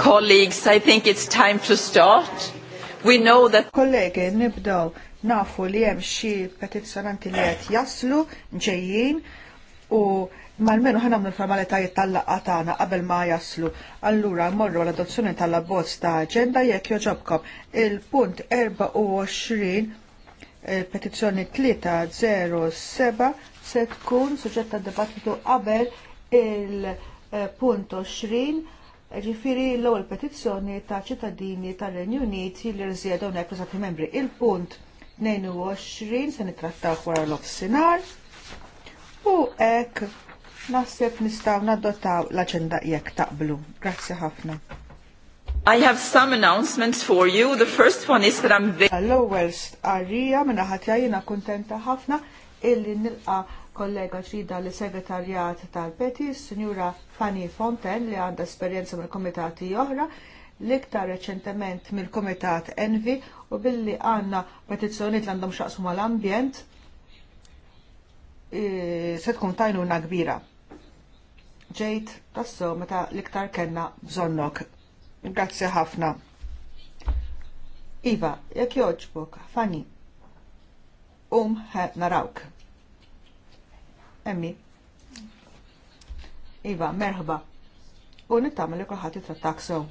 Colleagues, I think it's time to start. We know that... Kollegi, nibdaw nafu li hemm xi petizzjonanti li qed jaslu ġejjin u mal-menu ħanam l-formalitajiet tal-laqqa tagħna qabel ma jaslu. Allura morru l-adozzjoni tal-abbozz ta' aġenda jekk joġobkom il-punt 24 il-petizzjoni 307 se tkun suġġett tad-dibattitu qabel il-punt eh, 20 Ġifiri l-ewwel petizzjoni ta' ċittadini tal-Renju Unit li rżieda hawnhekk l membri. Il-punt 22 se nittrattaw wara l-offsinar u hekk naħseb nistgħu nadotaw l-aġenda jekk taqblu. Grazzi ħafna. I have some announcements for you. The first one is that I'm very... l west arrija minna ħatja jiena kuntenta ħafna illi nilqa' kollega ġdida li segretarjat tal-Peti, Sinjura Fanny Fonten li għandha esperjenza mill komitati oħra, l-iktar reċentement mill kumitat Envi u billi għandna petizzjonijiet li għandhom xaqsu mal-ambjent e, se tkun tajnuna kbira. Ġejt tassu meta l-iktar kellna bżonnok. Grazzi ħafna. Iva, jekk joġbuk, fani. Um, narawk. Emmi. Iva, merħba. U nittam li kolħat jitrattak sew.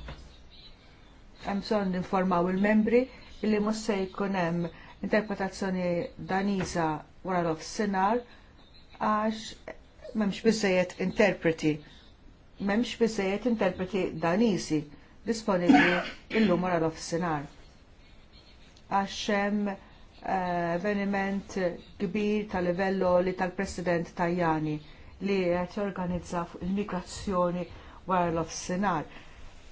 Hemm bżonn ninformaw il-membri illi mhux se jkun hemm interpretazzjoni daniża wara l sinar għax m'hemmx biżejjed interpreti. M'hemmx biżejjed interpreti daniżi disponibbli illum wara l sinar. Għax hemm Eh, avveniment kbir tal-livello li tal-President Tajani li għet jorganizza fuq il-migrazzjoni għar l-offsinar.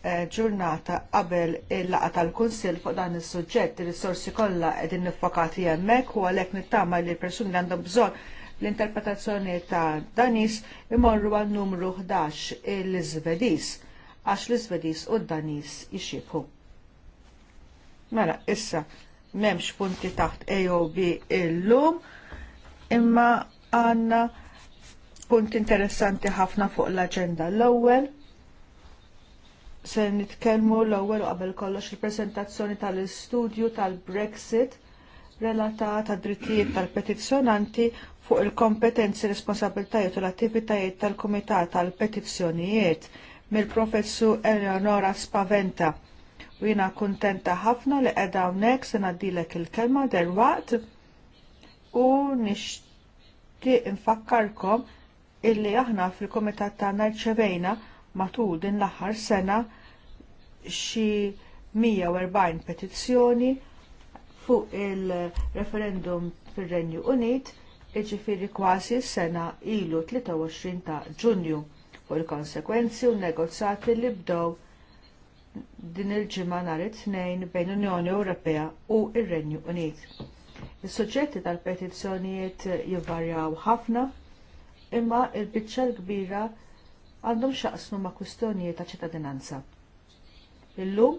Eh, ġurnata qabel il laqgħa tal-Kunsill fuq dan is-suġġett ir-risorsi kollha qegħdin niffokati hemmhekk u għalhekk nittama li l-persuni għandhom bżonn l-interpretazzjoni ta' Danis imorru għal numru 11 l zvedis għax l zvedis u d-Danis jixieku. Mela, issa, memx punti taħt AOB illum imma għanna punti interessanti ħafna fuq l-agenda l-ewwel se nitkellmu l-ewwel qabel kollox il-preżentazzjoni tal-istudju tal-Brexit relatata drittijiet tal-petizzjonanti fuq il-kompetenzi, responsabiltajiet u l-attivitajiet tal-Kumitat tal-Petizzjonijiet mill-Professur Eleonora Spaventa U jina kontenta ħafna li edha unnek se naddilek il-kelma derwaqt u nishtiq infakkarkom illi aħna fil-komitat tagħna rċevejna matul din l-aħħar sena xi 140 petizzjoni fuq il-referendum fir-Renju Unit iġifiri kważi s-sena ilu 23 ta' ġunju u l-konsekwenzi u negozjati li bdew din il-ġimgħa nhar it-tnejn bejn Unjoni Ewropea u r-Renju Unit. Is-suġġetti tal-petizzjonijiet jivvarjaw ħafna, imma il-biċċa l-kbira għandhom xaqsnu ma' kwistjonijiet ta' ċittadinanza. Illum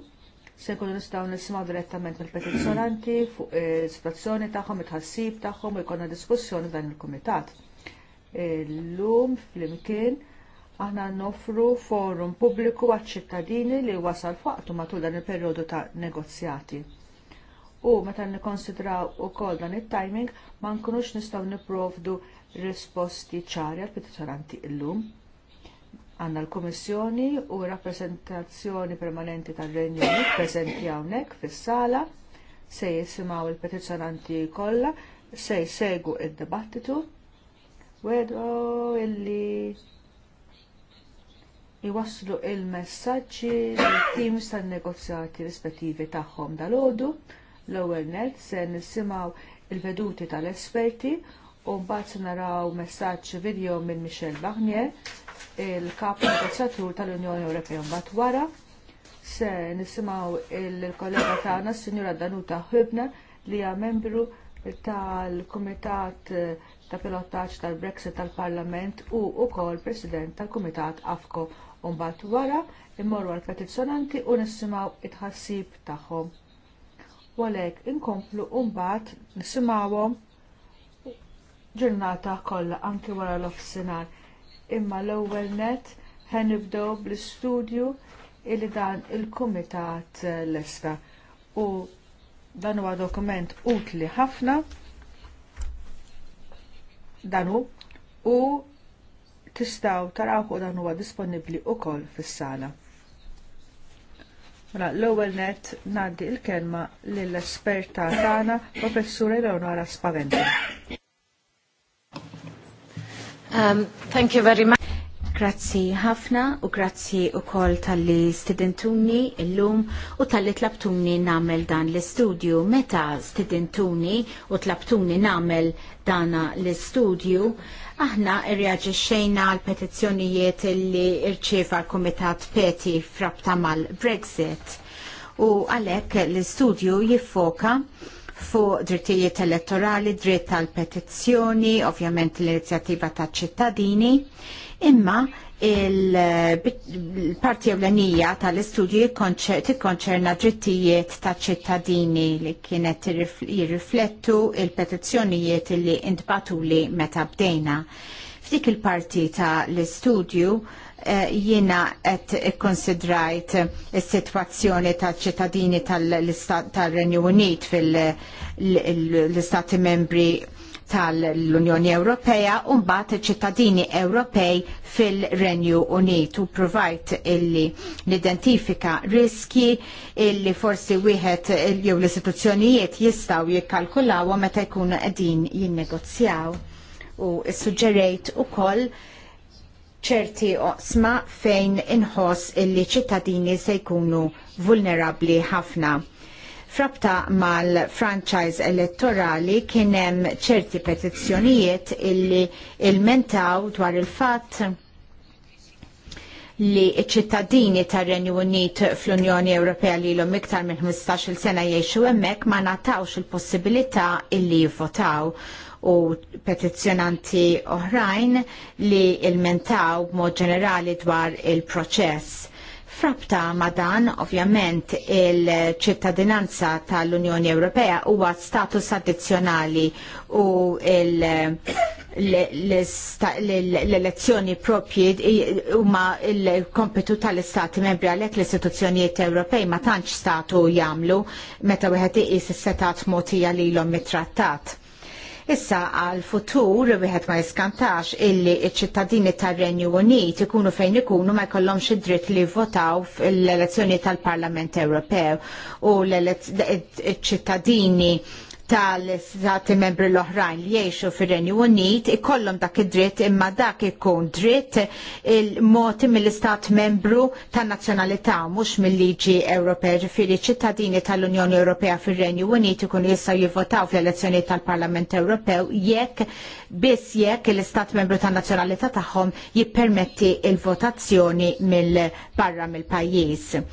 se jkunu nistgħu nisimgħu direttament mill-petizzjonanti fuq is-sitwazzjoni tagħhom, it-ħassib tagħhom u jkollna diskussjoni dan il-kumitat. Illum flimkien aħna noffru forum pubbliku għaċ-ċittadini li wasal faqtu matul dan il-perjodu ta' negozjati. U meta nikkonsidraw ukoll dan it-timing ma nkunux nistgħu nipprovdu risposti ċari għal petizzjonanti illum. Għanna l-Komissjoni u rappresentazzjoni permanenti tal-Renju Unit preżenti hawnhekk fis-sala se jisimaw il petizzjonanti kollha se jsegu id-dibattitu Wedo illi iwasslu il-messagġi l-teams tan-negozjati rispettivi tagħhom dal-għodu, l-ewwel net se nisimgħu il-veduti tal-esperti u mbagħad se naraw messaġġ video minn Michel Barnier, il-kap negozjatur tal-Unjoni Ewropea mbagħad wara se nisimgħu il-kollega tagħna s-Sinjura Danuta Hübner li hija membru tal-Kumitat ta' pilotaġġ tal-Brexit tal-Parlament u wkoll President tal-Kumitat AFCO u mbagħad wara immorru għall petizzjonanti u nisimgħu it-ħassib tagħhom. U għalhekk inkomplu u mbagħad nisimgħuhom ġurnata kollha anki wara l-offsinar. Imma l-ewwel net ħen nibdew bl-istudju illi dan il-kumitat l-esta u dan huwa dokument utli ħafna danu u tistgħu taraw u dan huwa disponibbli wkoll fis-sala. Mela l-ewwel nett ngħaddi l-kelma lill-esperta tagħna Professur Eleonora Spaventi. Um, thank you very much. Grazzi ħafna u grazzi u koll tal-li il illum u tal-li tlabtuni namel dan l-istudju. Meta studentuni u tlabtuni namel dana l-istudju, Aħna irreaġixxejna għal petizzjonijiet li rċieva l-Kumitat Peti frabta mal-Brexit u għalhekk l-istudju jiffoka fuq drittijiet elettorali, dritt tal petizzjoni, ovvjament l-inizjattiva ta' ċittadini, imma il-parti ewlenija tal-istudju tikkonċerna drittijiet ta' ċittadini li kienet jirriflettu il-petizzjonijiet li intbatu li meta bdejna. F'dik il-parti ta' l-istudju eh, jiena qed ikkonsidrajt is-sitwazzjoni tal-ċittadini tal-Renju Unit fil-Istati membri tal-Unjoni Ewropea u mbagħad iċ-ċittadini Ewropej fil-Renju Unit u provajt illi nidentifika riski illi forsi wieħed jew l-istituzzjonijiet jistgħu jikkalkulaw meta jkunu qegħdin jinnegozjaw u suġġerejt ukoll ċerti oqsma fejn inħoss illi ċittadini se jkunu vulnerabbli ħafna Frabta mal-franchise elettorali kien hemm ċerti petizzjonijiet illi il-mentaw dwar il-fatt li ċittadini tar renju Unit fl-Unjoni Ewropea li l iktar minn 15 sena jiexu hemmhekk ma natawx il-possibilità illi jivvotaw u petizzjonanti oħrajn li il-mentaw b'mod ġenerali dwar il-proċess Frabta ma dan, ovvjament, il-ċittadinanza tal-Unjoni Ewropea huwa status addizzjonali u l-elezzjoni propji huma l-kompetu tal-Istati membri għalhekk l-istituzzjonijiet Ewropej ma tantx statu jagħmlu meta wieħed iqis is-setat mogħtija lilhom mit-trattat Issa għal futur wieħed ma jiskantax illi ċ ċittadini tar-Renju Unit ikunu fejn ikunu ma jkollhomx id-dritt li votaw fil-elezzjoni tal-Parlament Ewropew u l-ċittadini tal-istati membri l-oħrajn li jiexu fir-Renju Unit ikollhom dak id-dritt imma dak ikun dritt il-moti mill-istat membru tan nazzjonalità mhux mill-liġi Ewropea ġifieri ċittadini tal-Unjoni Ewropea fir-Renju Unit ikun jistgħu jivvotaw fl-elezzjoni tal-Parlament Ewropew jekk biss jekk l-istat membru tan nazzjonalità tagħhom jippermetti il-votazzjoni mill-barra mill-pajjiż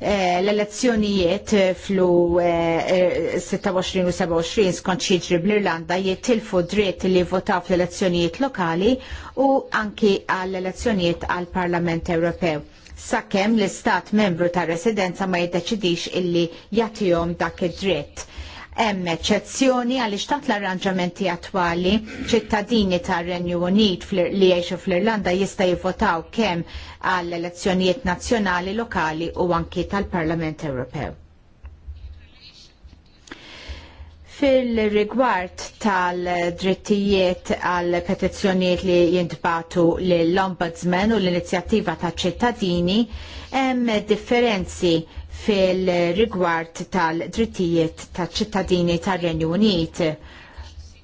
l-elezzjonijiet fl-26 u 27 skont xiġri bl-Irlanda jittilfu dritt li votaw fl-elezzjonijiet lokali u anki għall-elezzjonijiet għall-Parlament Ewropew sakemm l-istat membru ta' residenza ma jiddeċidix illi jagħtihom dak id-dritt. Hemm eċċezzjoni għaliex taħt l-arranġamenti attwali ċittadini tar-Renju Unit li jgħixu fl-Irlanda jista' jivvotaw kemm għall elezzjonijiet nazzjonali, lokali u anki tal-Parlament Ewropew. Fil-rigward tal-drittijiet għal petizzjonijiet li jintbatu l-Ombudsman u l-inizjattiva ta' ċittadini, hemm differenzi fil-rigward tal-drittijiet tal-ċittadini tal-Renju Unit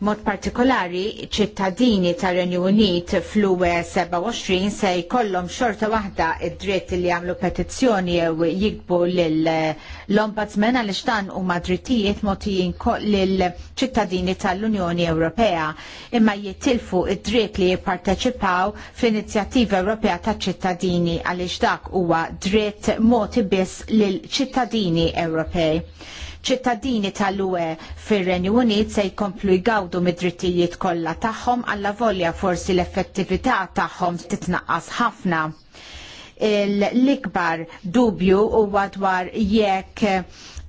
Mod partikolari, ċittadini tar renju Unit fl-UE27 se jkollhom xorta waħda id-dritt li jagħmlu petizzjoni jew jikbu lill-Ombudsman eh, għaliex dan huma drittijiet mogħtijin lill-ċittadini tal-Unjoni Ewropea imma jittilfu id-dritt li jipparteċipaw fl Ewropea taċ-ċittadini għaliex dak huwa dritt mogħti biss lill-ċittadini Ewropej ċittadini tal-UE fir-Renju Unit se jkomplu jgawdu mid-drittijiet kollha tagħhom alla volja forsi l-effettività tagħhom titnaqqas ħafna l-ikbar dubju huwa dwar jekk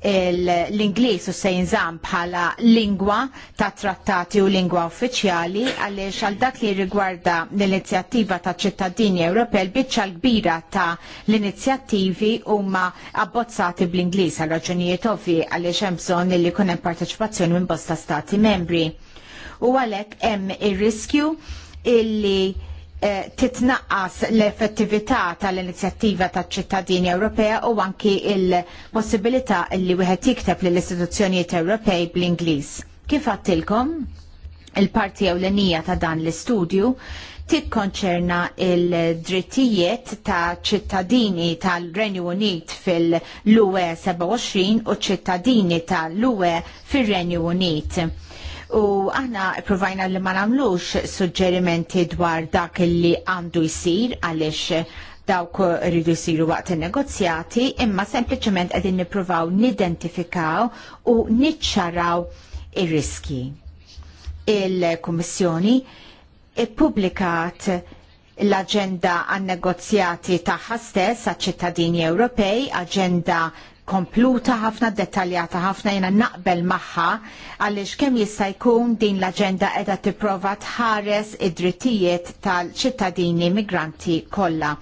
l-Inglis u se zam bħala lingwa ta' trattati u lingwa uffiċjali għaliex għal dak li rigwarda l-inizjattiva ta' ċittadini Ewropej biċċa l-kbira ta' l-inizjattivi huma abbozzati bl-Inglis għal raġunijiet ovvi għaliex hemm bżonn li jkun hemm parteċipazzjoni minn bosta stati membri. U għalhekk hemm ir-riskju illi Eh, titnaqqas l-effettività tal-inizjattiva taċ ċittadini Ewropea u anki il-possibilità li wieħed jikteb lill istituzzjonijiet Ewropej bl-Ingliż. Kif għattilkom? Il-parti ewlenija ta' dan l-istudju tikkonċerna il-drittijiet ta' ċittadini tal-Renju Unit fil-UE 27 u ċittadini tal-UE fil-Renju Unit u aħna provajna li ma nagħmlux suġġerimenti dwar dak li għandu jsir għaliex dawk rridu jsiru waqt in-negozjati imma sempliċement qegħdin nippruvaw nidentifikaw u niċċaraw ir-riski. Il-Kummissjoni ippubblikat l-agenda għan negozjati tagħha stess għaċ ċittadini Ewropej, agenda kompluta ħafna, dettaljata ħafna jena naqbel maħħa għaliex kemm jista' jkun din l-aġenda qiegħda tipprova tħares id-drittijiet tal-ċittadini migranti kollha.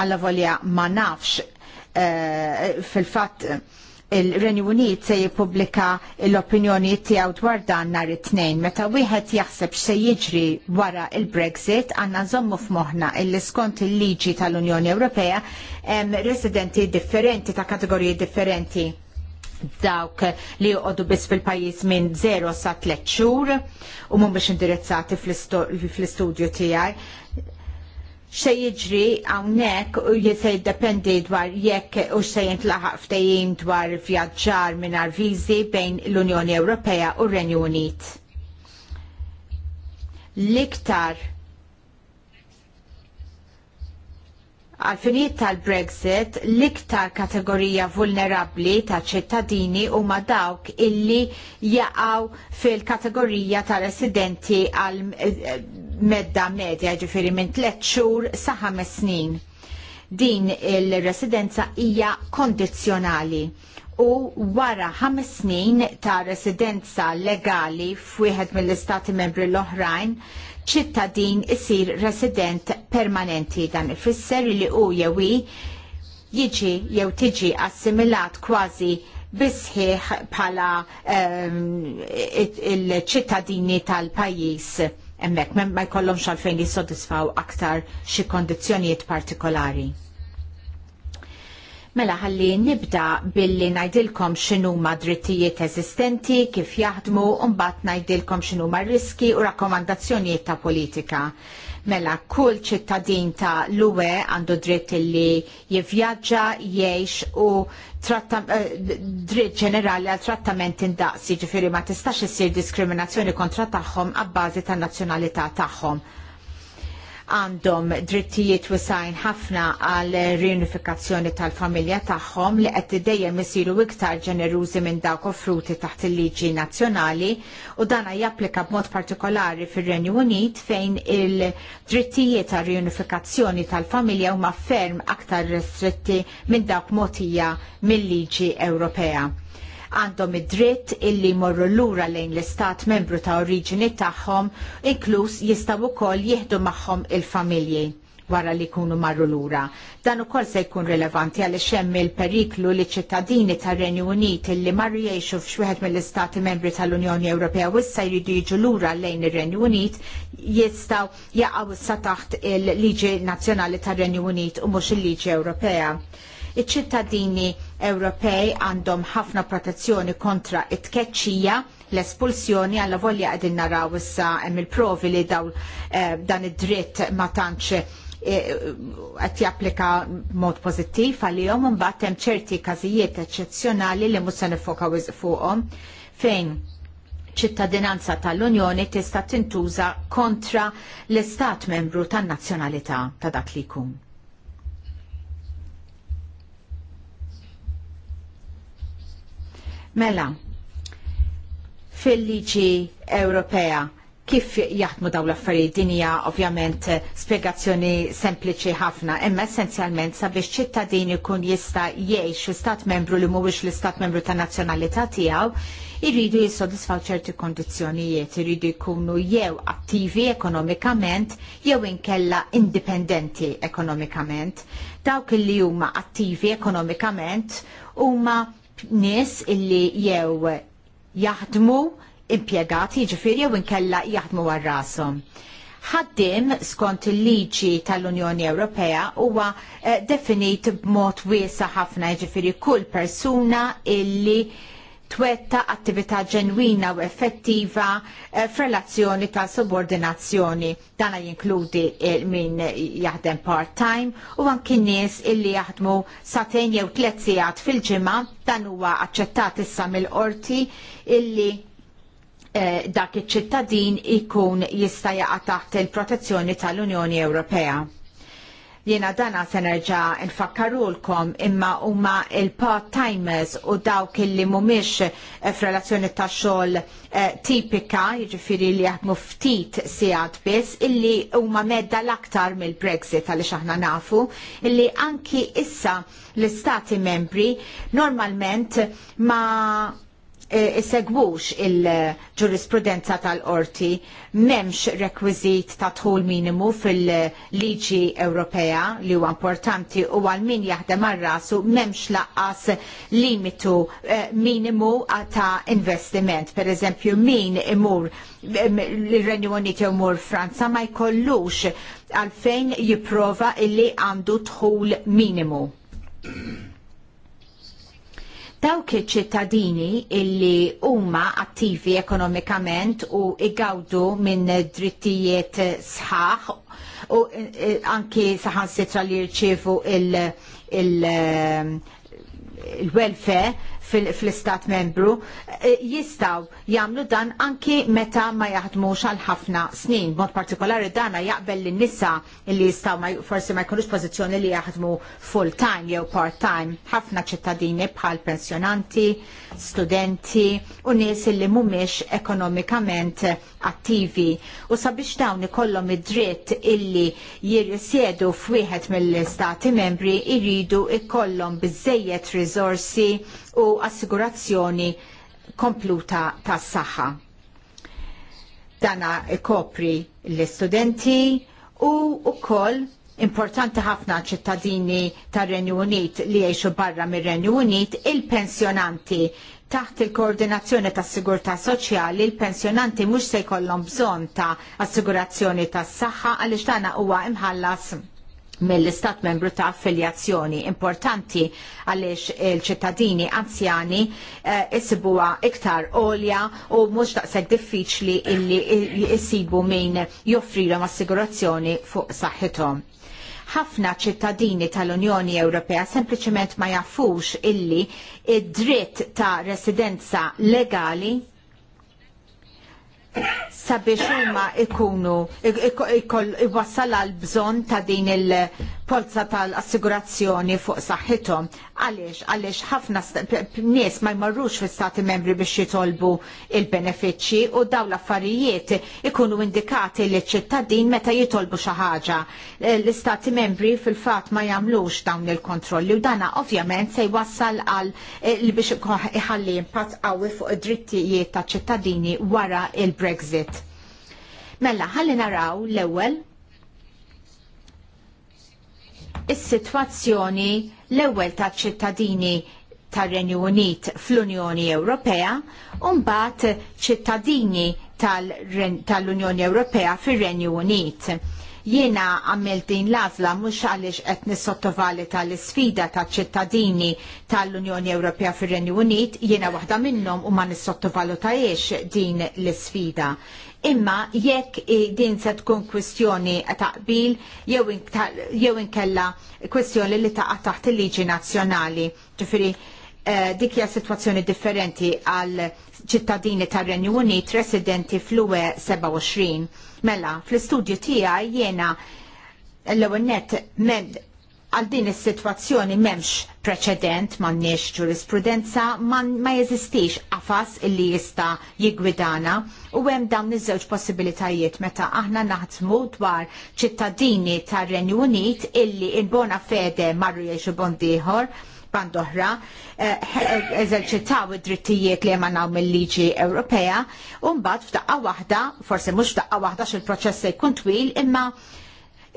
Alla volja ma nafx uh, fil-fatt il-Renju Unit se jippubblika l-opinjoni tiegħu dwar dan nhar it-tnejn meta wieħed jaħseb x'se jiġri wara il-Brexit għandna nżommu f'moħħna illi skont il-liġi tal-Unjoni Ewropea hemm residenti differenti ta' kategoriji differenti dawk li joqogħdu biss fil-pajjiż minn 0 sa 3 xhur u mhumiex indirizzati fl-istudju tiegħi xe jiġri għawnek u jisaj dependi dwar jekk u xe jintlaħaq ftejim dwar vjaġġar mingħajr viżi bejn l-Unjoni Ewropea u r-Renju Unit. L-iktar għalfinijiet tal-Brexit l-iktar kategorija vulnerabli ta' ċittadini huma dawk illi jaqgħu fil-kategorija ta' residenti għal eh, medda medja ġifiri minn tliet xhur sa' ħames snin. Din il-residenza hija kondizzjonali u wara ħames snin ta' residenza legali f'wieħed mill-istati membri l-oħrajn ċittadin isir resident permanenti dan ifisser li u jewi jiġi jew tiġi assimilat kważi bisħiħ bħala um, il-ċittadini tal-pajis emmek, ma jkollhomx għalfejn jissodisfaw aktar xi kondizzjonijiet partikolari. Mela ħalli nibda billi ngħidilkom x'inhu ma drittijiet eżistenti, kif jaħdmu, u mbagħad ngħidilkom x'inhu ma riski u rakkomandazzjonijiet ta' politika. Mela kull ċittadin ta' l-UE għandu dritt li jivvjaġġa, jgħix u eh, dritt ġenerali għal trattament indaqs, jiġifieri ma tistax issir diskriminazzjoni kontra tagħhom għabbażi tan nazzjonalità tagħhom għandhom drittijiet wisajn ħafna għal riunifikazzjoni tal-familja tagħhom li qed dejjem isiru iktar ġenerużi minn dawk offruti taħt il-liġi nazzjonali u dana japplika b'mod partikolari fir-Renju Unit fejn il-drittijiet ta' riunifikazzjoni tal-familja huma ferm aktar restritti minn dawk mogħtija mill-liġi Ewropea għandhom id-dritt illi morru lura lejn l-istat membru ta' oriġini tagħhom, inkluż jistgħu wkoll jieħdu magħhom il-familji wara li jkunu marru lura. Dan ukoll se jkun rilevanti għaliex hemm il-periklu li ċittadini tar-Renju Unit li marru jgħixu f'xwieħed mill-Istati Membri tal-Unjoni Ewropea u issa jridu jiġu lura lejn ir-Renju Unit jistgħu jaqgħu issa taħt il-liġi nazzjonali tar-Renju Unit u mhux il-liġi Ewropea. Iċ-ċittadini Ewropej għandhom ħafna protezzjoni kontra it-tkeċċija l-espulsjoni għalla volja għedin naraw issa hemm il-provi li daw eh, dan id-dritt ma tantx eh, qed eh, japplika mod pożittiv għalihom imbagħad hemm ċerti każijiet eċċezzjonali li mhux se nifokaw fuqhom fejn ċittadinanza tal-Unjoni tista' tintuża kontra l-Istat membru tan-nazzjonalità ta' dak li jkun. Mela, fil-liġi Ewropea kif jaħdmu daw l-affarijiet din hija ovvjament spjegazzjoni sempliċi ħafna, imma essenzjalment sabiex ċittadin ikun jista' jgħix fl-istat membru li mhuwiex l-istat membru ta' nazzjonalità tiegħu jridu jissodisfaw ċerti kondizzjonijiet, jridu jkunu jew attivi ekonomikament jew inkella indipendenti ekonomikament. Dawk li huma attivi ekonomikament huma nies illi jew jaħdmu impjegati ġifiri jew inkella jaħdmu għarrasom. rashom. Ħaddim skont il-liġi tal-Unjoni Ewropea huwa eh, definit b'mod wiesa ħafna ġifiri kull persuna illi twetta attività ġenwina u effettiva eh, f'relazzjoni ta' subordinazzjoni. Dana jinkludi min jaħdem part-time u anki nies illi jaħdmu satejn jew tliet sigħat fil-ġimgħa dan huwa aċċettat issa mill-qorti illi eh, dak iċ-ċittadin ikun jista' jaqa' taħt il-protezzjoni tal-Unjoni Ewropea. Jiena dana se nerġa' nfakkarulkom imma huma il-part-timers u dawk illi mhumiex eh, f'relazzjoni ta' xogħol eh, tipika, jiġifieri li jaħdmu ftit sijad biss, illi huma medda l-aktar mill-Brexit għaliex aħna nafu, illi anki issa l-istati membri normalment ma Eh, isegwux il-ġurisprudenza tal-qorti memx rekwizit ta' tħul minimu fil-liġi Ewropea li huwa importanti u għal min jaħdem għal rasu memx laqqas limitu eh, minimu ta' investiment. Per eżempju, min imur l-Renju Uniti imur Franza ma jkollux għalfejn jipprova illi għandu tħul minimu. Dawk iċ-ċittadini illi huma attivi ekonomikament u igawdu minn drittijiet sħaħ u eh, eh, anki saħansitra li jirċievu eh, il-welfare fil istat membru eh, jistaw jamlu dan anki meta ma jaħdmux għal ħafna snin. Mod partikolari dana jaqbel li nisa li jistaw ma forsi ma jkunux pozizjoni li jaħdmu full time jew part time. ħafna ċittadini bħal pensjonanti, studenti u nies li mumiex ekonomikament attivi. U sabiex dawn ikollhom id-dritt illi jirrisjedu f'wieħed mill-istati membri jridu ikollhom biżejjed riżorsi u assigurazzjoni kompluta tas saħħa. Dana ikopri l istudenti u wkoll importanti ħafna ċittadini tar renju Unit li jgħixu barra mir renju Unit il-pensjonanti taħt il-koordinazzjoni tas sigurtà soċjali il-pensjonanti mhux se jkollhom bżonn ta' assigurazzjoni tas saħħa għaliex tagħna huwa imħallas mill-istat membru ta' affiljazzjoni importanti għaliex il-ċittadini anzjani jisibuwa eh, iktar olja u mhux daqshekk diffiċli illi jisibu min joffrilhom assigurazzjoni fuq saħħithom ħafna ċittadini tal-Unjoni Ewropea sempliċement ma jafux illi id-dritt ta' residenza legali sabiex huma ikunu iwassal għal bżonn ta' din il- polza tal-assigurazzjoni fuq saħħithom. Għaliex, għaliex ħafna nies ma jmarrux fl-Stati membri biex jitolbu il-benefiċċji u daw l-affarijiet ikunu indikati li ċittadin meta jitolbu xi ħaġa. Eh, L-Istati membri fil-fatt ma jagħmlux dawn il-kontrolli u dana ovvjament se jwassal għal eh, li biex iħalli impatt qawwi fuq id-drittijiet ta' ċittadini wara il-Brexit. Mella, ħalli naraw l-ewwel is-sitwazzjoni l-ewwel taċ-ċittadini tar-Renju Unit fl-Unjoni Ewropea u mbagħad ċittadini tal-Unjoni Ewropea fir-Renju Unit. Jiena għamil din l mhux għaliex qed nissottovali tal-isfida taċ ċittadini tal-Unjoni Ewropea fir-Renju Unit, jiena waħda minnhom u ma nissottovalutajiex din l-isfida imma jekk din se tkun kwistjoni ta' qbil jew inkella kwistjoni li taqa' taħt il-liġi nazzjonali. Ġifiri, eh, dik hija sitwazzjoni differenti għal ċittadini tar-Renju Unit residenti fl-UE 27. Mela, fl-istudju tija jiena l-ewwel net għal din is-sitwazzjoni m'hemmx preċedent, m'għandniex ġurisprudenza, ma jeżistix qafas illi jista' jiggwidana u hemm dawn iż-żewġ possibilitajiet meta aħna naħdmu dwar ċittadini tar-Renju Unit illi in-bona fede marru jgħixu bondieħor band oħra eh, eżerċitaw id-drittijiet li emanaw mill-liġi Ewropea u mbagħad f'daqqa waħda, forsi mhux f'daqqa waħda x'il-proċess se jkun twil, imma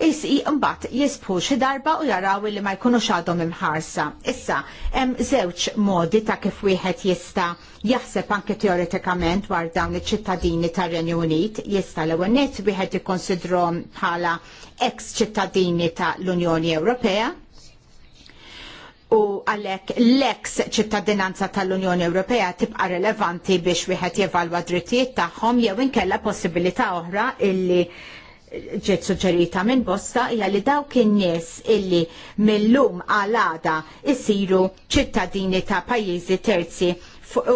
isi mbagħad jisbħu xi darba u jaraw li ma jkunux għadhom imħarsa. Issa, hemm żewġ modi ta' kif wieħed jista' jaħseb anke teoretikament dwar dawn iċ-ċittadini tar-Renju Unit, jista' l-ewwel nett wieħed ikkonsidrhom bħala ex ċittadini ta' l-Unjoni Ewropea, u għalek l-eks ċittadinanza tal-Unjoni Ewropea tibqa rilevanti biex wieħed jevalwa drittijiet tagħhom jew inkella possibilità oħra illi ġiet suġġerita minn bosta hija li dawk in-nies illi mill-lum għal-għada isiru ċittadini ta' pajjiżi terzi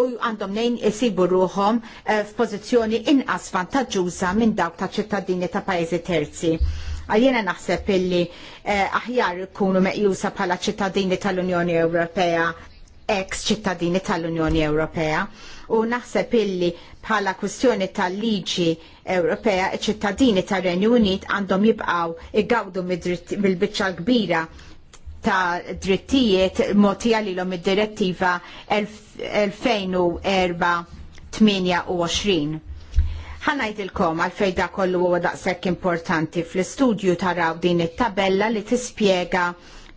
u għandhom nejn isibu ruhom eh, f'pożizzjoni inqas vantaġġuża minn dawk ta' ċittadini ta' pajjiżi terzi. Għaljena naħseb illi eh, aħjar ikunu meqjusa bħala ċittadini tal-Unjoni Ewropea ex ċittadini tal-Unjoni Ewropea u naħseb illi bħala kwistjoni tal-liġi Ewropea ċittadini tar renju Unit għandhom jibqaw igawdu mill-biċċa kbira ta' drittijiet moti għalilhom id-direttiva 2004-28. Ħanajdilkom għalfej da kollu huwa daqshekk importanti fl-istudju taraw din it-tabella li tispjega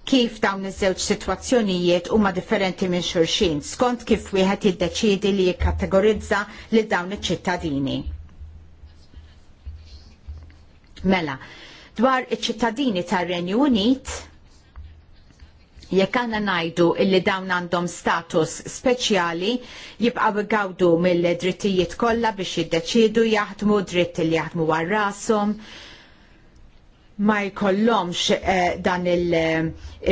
kif dawn iż-żewġ sitwazzjonijiet huma differenti minn xulxin skont kif wieħed jiddeċiedi li jikkategorizza lil dawn iċ-ċittadini. Mela, dwar iċ-ċittadini tar-Renju Unit, jekk għandna ngħidu illi dawn għandhom status speċjali jibqgħu igawdu mill-drittijiet kollha biex jiddeċiedu jaħdmu dritt li jaħdmu għal rashom, ma jkollhomx eh, dan eh,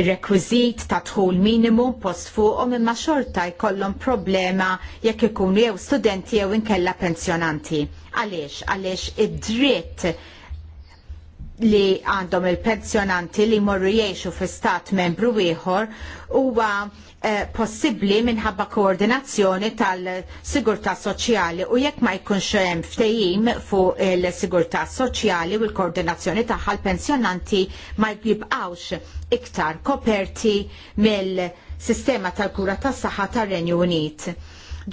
il-rekwizit ta' dħul minimu post fuqhom imma xorta jkollhom problema jekk ikunu jew studenti jew inkella pensjonanti. Għaliex, għaliex id-dritt li għandhom il-pensjonanti li morru jiexu fi stat membru ieħor huwa eh, possibbli minħabba koordinazzjoni tal-sigurtà soċjali u jekk ma jkunx hemm ftehim fuq il-sigurtà soċjali u l-koordinazzjoni tagħha l-pensjonanti ma jibqgħux iktar koperti mill-sistema tal-kura tas-saħħa tar-Renju Unit.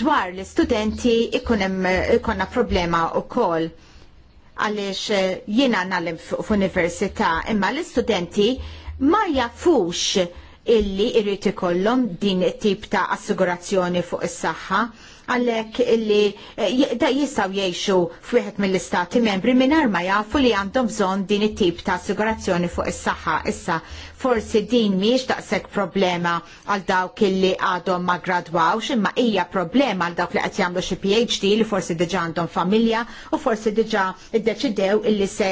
Dwar l-istudenti ikun hemm ikonna problema wkoll għaliex eh, jiena nagħlem f'università imma l-istudenti ma jafux illi irrid ikollhom din it-tip ta' assigurazzjoni fuq is-saħħa għalhekk illi eh, da jistgħu jgħixu fwiħet mill-istati membri mingħajr ma jafu li għandhom bżonn din it-tip ta' assigurazzjoni fuq is-saħħa issa forsi din miex daqshekk problema għal dawk illi għadhom ma gradwawx imma hija problema għal dawk li qed jagħmlu xi PhD li forsi diġà għandhom familja u forsi diġà iddeċidew illi se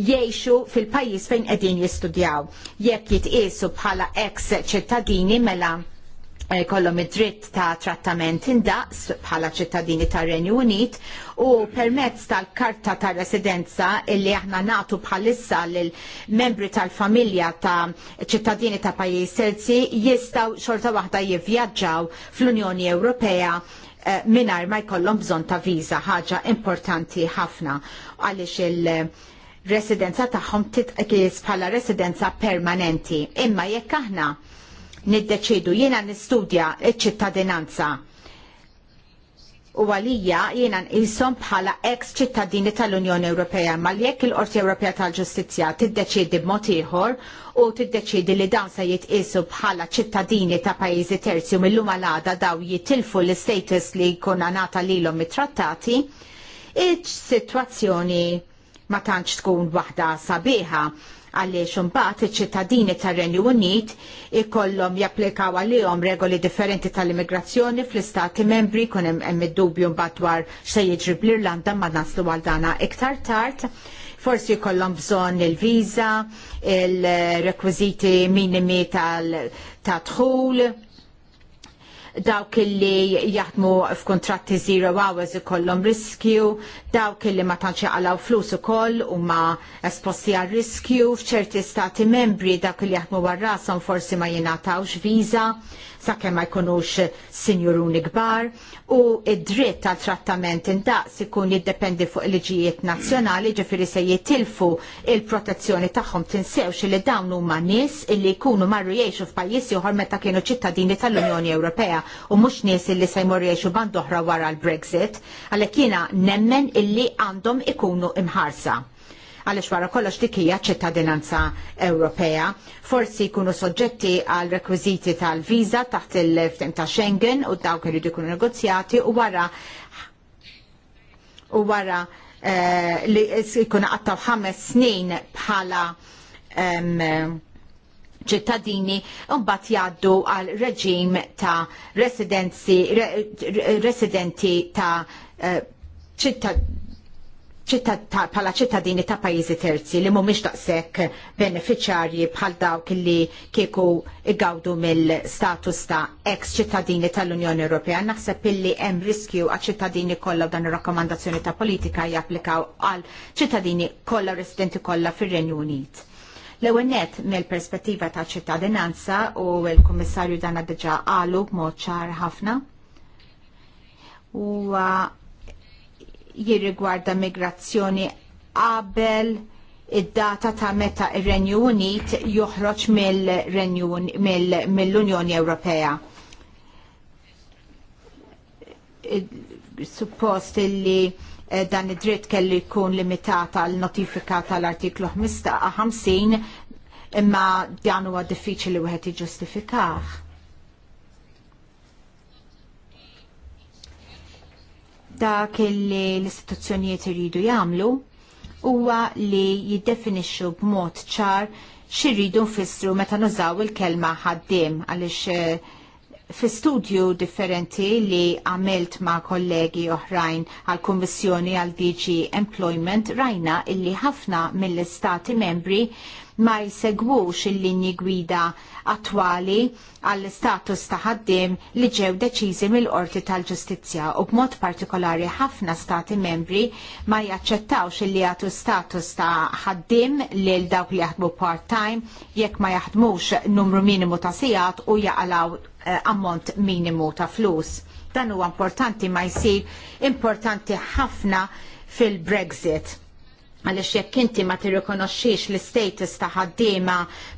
jgħixu fil-pajjiż fejn qegħdin jistudjaw. Jekk jitqiesu bħala ex ċittadini mela Eh, kollom id-dritt ta' trattament indaqs bħala ċittadini tar Renju Unit u permezz tal-karta ta' residenza illi aħna natu bħalissa l-membri tal-familja ta' ċittadini ta' pajjiż terzi jistaw xorta waħda jivvjaġġaw fl-Unjoni Ewropea eh, mingħajr minar ma jkollhom bżonn ta' viża ħaġa importanti ħafna għaliex il- residenza tagħhom titqis bħala residenza permanenti. Imma jekk aħna niddeċidu. Jiena nistudja ċ-ċittadinanza u għalija jiena nqishom bħala ex ċittadini tal-Unjoni Ewropea ma li jekk il-Qorti Ewropea tal-Ġustizzja tiddeċiedi b'mod ieħor u tiddeċiedi li dawn se jitqisu bħala ċittadini ta' pajjiżi terzi u mill-lum daw jitilfu l-status li jkunna nata lilhom mit-trattati, iċ-sitwazzjoni ma tantx tkun waħda sabiħa għaliex mbagħad iċ-ċittadini tar-Renju Unit ikollhom japplikaw għalihom regoli differenti tal-immigrazzjoni fl-istati membri kun hemm id-dubju mbagħad dwar se jiġri bl-Irlanda ma naslu għal dana iktar tard. Forsi jkollhom bżonn il-viża, il-rekwiżiti minimi tal-tadħul, dawk illi jaħdmu f'kontratti zero hours ikollhom riskju, dawk illi ma tantx jaqalaw flus ukoll huma esposti għal riskju f'ċerti stati membri dawk li jaħdmu warrasom forsi ma jingħatawx viża sakemm ma jkunux sinjuruni kbar u id-dritt tal trattament indaqs ikun jiddependi fuq liġijiet nazzjonali ġifiri se jitilfu il-protezzjoni tagħhom tinsewx li dawn huma nies illi jkunu marru jgħixu f'pajjiżi ieħor meta kienu ċittadini tal-Unjoni Ewropea u mhux nies illi se jmorru jgħixu band oħra wara l-Brexit għalhekk jiena nemmen illi għandhom ikunu imħarsa għaliex wara kollox dik hija ċittadinanza Ewropea. Forsi jkunu soġġetti għal rekwiżiti tal-viża taħt il-ftim ta' Schengen u dawk iridu jkunu negozjati u wara u wara eh, li jkunu għattaw ħames snin bħala ċittadini mbagħad jgħaddu għal reġim ta' residenzi residenti ta' eh, ċittadini pala ċittadini ta' pajizi terzi li mumiex daqsek beneficjarji bħal dawk li kieku igawdu mill-status ta' ex ċittadini tal-Unjoni Ewropea. Naħseb illi hemm riskju għal ċittadini kollha dan ir-rakkomandazzjoni ta' politika japplikaw għal ċittadini kollha residenti kollha fir-Renju Unit. L-ewwel nett mill-perspettiva ta' ċittadinanza u l-Kummissarju dan diġà qalu b'mod ċar ħafna. U jirrigwarda migrazzjoni qabel id-data ta' meta ir-Renju Unit joħroġ mill-Unjoni Ewropea. Suppost illi eh, dan id-dritt kelli jkun limitata għal notifika tal-artiklu 50 imma dan huwa diffiċli wieħed jiġġustifikah. dak li l-istituzzjonijiet iridu jagħmlu huwa li jiddefinixxu b'mod ċar xirridu nfissru meta nużaw il-kelma ħaddiem għaliex eh, fi studju differenti li għamilt ma' kollegi oħrajn għal kummissjoni għal DG Employment rajna illi ħafna mill-istati membri ma jsegwux il-linji gwida attwali għall-status ta' ħaddiem li ġew deċiżi mill-Qorti tal-Ġustizzja u b'mod partikolari ħafna stati membri ma jaċċettawx li jagħtu status ta' ħaddiem lil dawk li jaħdmu part-time jekk ma jaħdmux numru minimu ta' sigħat u jaqalaw eh, ammont minimu ta' flus. Dan huwa importanti ma jsir importanti ħafna fil-Brexit għalix jekk inti ma tirrikonoxxix l-status ta' ħaddiema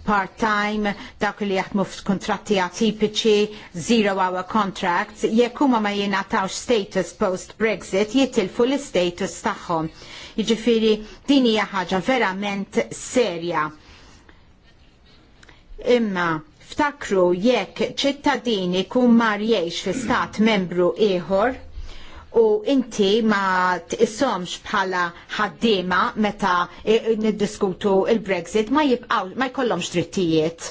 part-time, dak li jaħdmu f'kuntratti atipiċi, zero hour contracts, jekk huma ma jingħatawx status post-Brexit jitilfu l-status tagħhom. Jiġifieri din hija ħaġa verament serja. Imma ftakru jekk ċittadini kun mar jgħix fi stat membru ieħor, u inti ma t-issomx bħala ħaddiema meta niddiskutu il-Brexit ma jibqaw ma jkollhomx drittijiet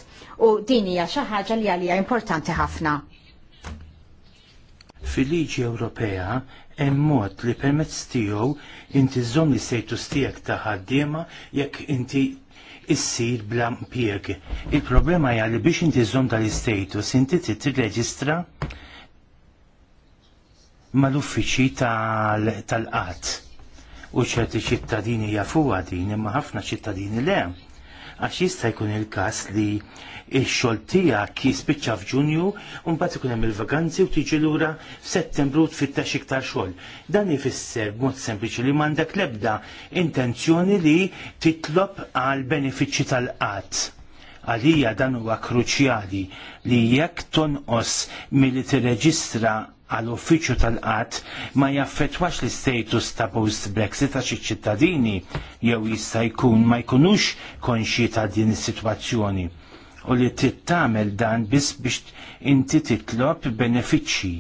u din hija xi ħaġa li għalija importanti ħafna. Fil-liġi Ewropea hemm mod li permezz tiegħu inti żżomm li status tiegħek ta' ħaddiema jekk inti issir bla impjeg. Il-problema hija li biex inti żżomm dal-istatus inti titreġistra mal-uffiċi tal-qat. U ċerti ċittadini jafuha din, imma ħafna ċittadini le. Għax jista' jkun il-każ li x-xogħol tiegħek jispiċċa f'Ġunju u mbagħad ikun hemm il-vaganzi u tiġi lura f'Settembru tfittex iktar xogħol. Dan ifisser b'mod sempliċi li m'għandek l-ebda intenzjoni li titlob għal benefiċċji tal-qatt għalija dan huwa kruċjali li jekk tonqos milli tirreġistra għall-uffiċċju tal-qatt ma jaffettwax l-status ta' post-Brexit għax iċ-ċittadini jew jista' jkun ma jkunux konxji ta' din is-sitwazzjoni u li tittamel dan biss biex inti titlob benefiċċji.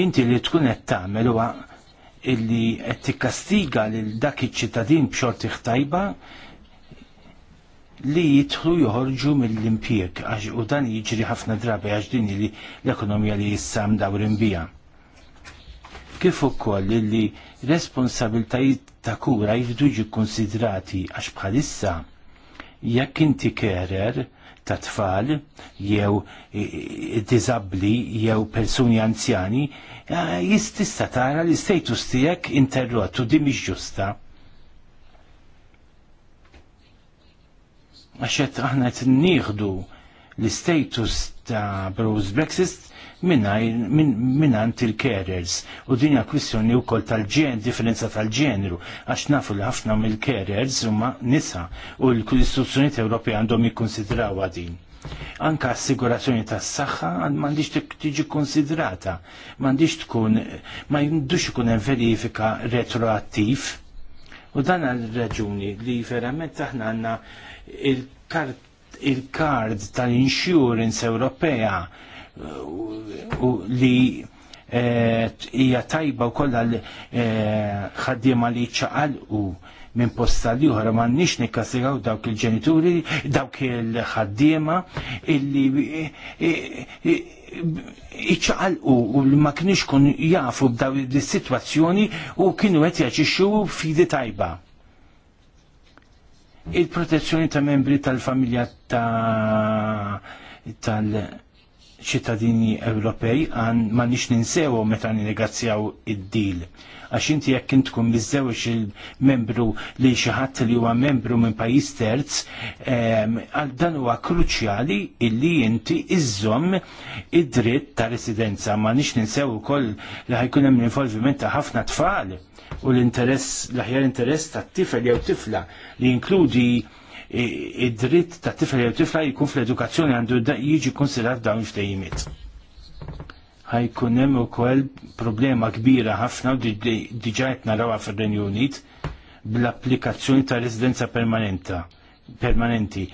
Inti li tkun qed tagħmel huwa illi qed tikkastiga lil dak iċ-ċittadin b'xorti ħtajba li jitħlu joħorġu mill-impjeg għax u dan jiġri ħafna drabi għax din li l-ekonomija li jissam dawrin bija. Kif ukoll li responsabiltajiet ta' kura jridu jiġu konsidrati għax bħalissa jekk inti kerer ta' tfal jew disabli jew persuni anzjani eh, jistista tara li status tiegħek interrottu di mhix ġusta għaxet aħna qed nieħdu l-status ta' Bruce Brexit minnant il-carers. U din hija kwistjoni wkoll tal-ġen, differenza tal-ġenru, għax nafu li ħafna mill-carers huma nisa u l-istituzzjonijiet Ewropej għandhom jikkonsidraw din. Anka assigurazzjoni tas saħħa m'għandix tiġi konsidrata, m'għandix tkun ma jindux ikun hemm verifika retroattiv. U dan għal raġuni li verament aħna għandna il-kard il tal-insurance Ewropea li eh, hija e, tajba u kollha eh, ħaddiema li u minn posta li uħra ma nix nikkasigaw dawk il-ġenituri, dawk il-ħaddiema illi eh, iċaqalqu u li ma kienx kun jafu b'daw il-situazzjoni u kienu qed jaġixxu fidi tajba il-protezzjoni ta' membri tal-familja tal-ċittadini Ewropej għan ma nix ninsewu meta ninegazzjaw id-dil. Għax inti jekk int tkun il-membru li xi ħadd li huwa membru minn pajjiż terz, għal dan huwa kruċjali illi inti iżżomm id-dritt ta' residenza ma nix ninsew ukoll li ħajkun hemm l-involviment ta' ħafna tfal u l-interess, l-aħjar interess ta' tifel jew tifla li inkludi e, id-dritt ta' tifel jew tifla jkun fl-edukazzjoni għandu jiġi konsiderat dawn ftejjimiet. Ħajkun hemm ukoll problema kbira ħafna u diġà qed narawha fir-Renju Unit bl-applikazzjoni ta' residenza permanenta permanenti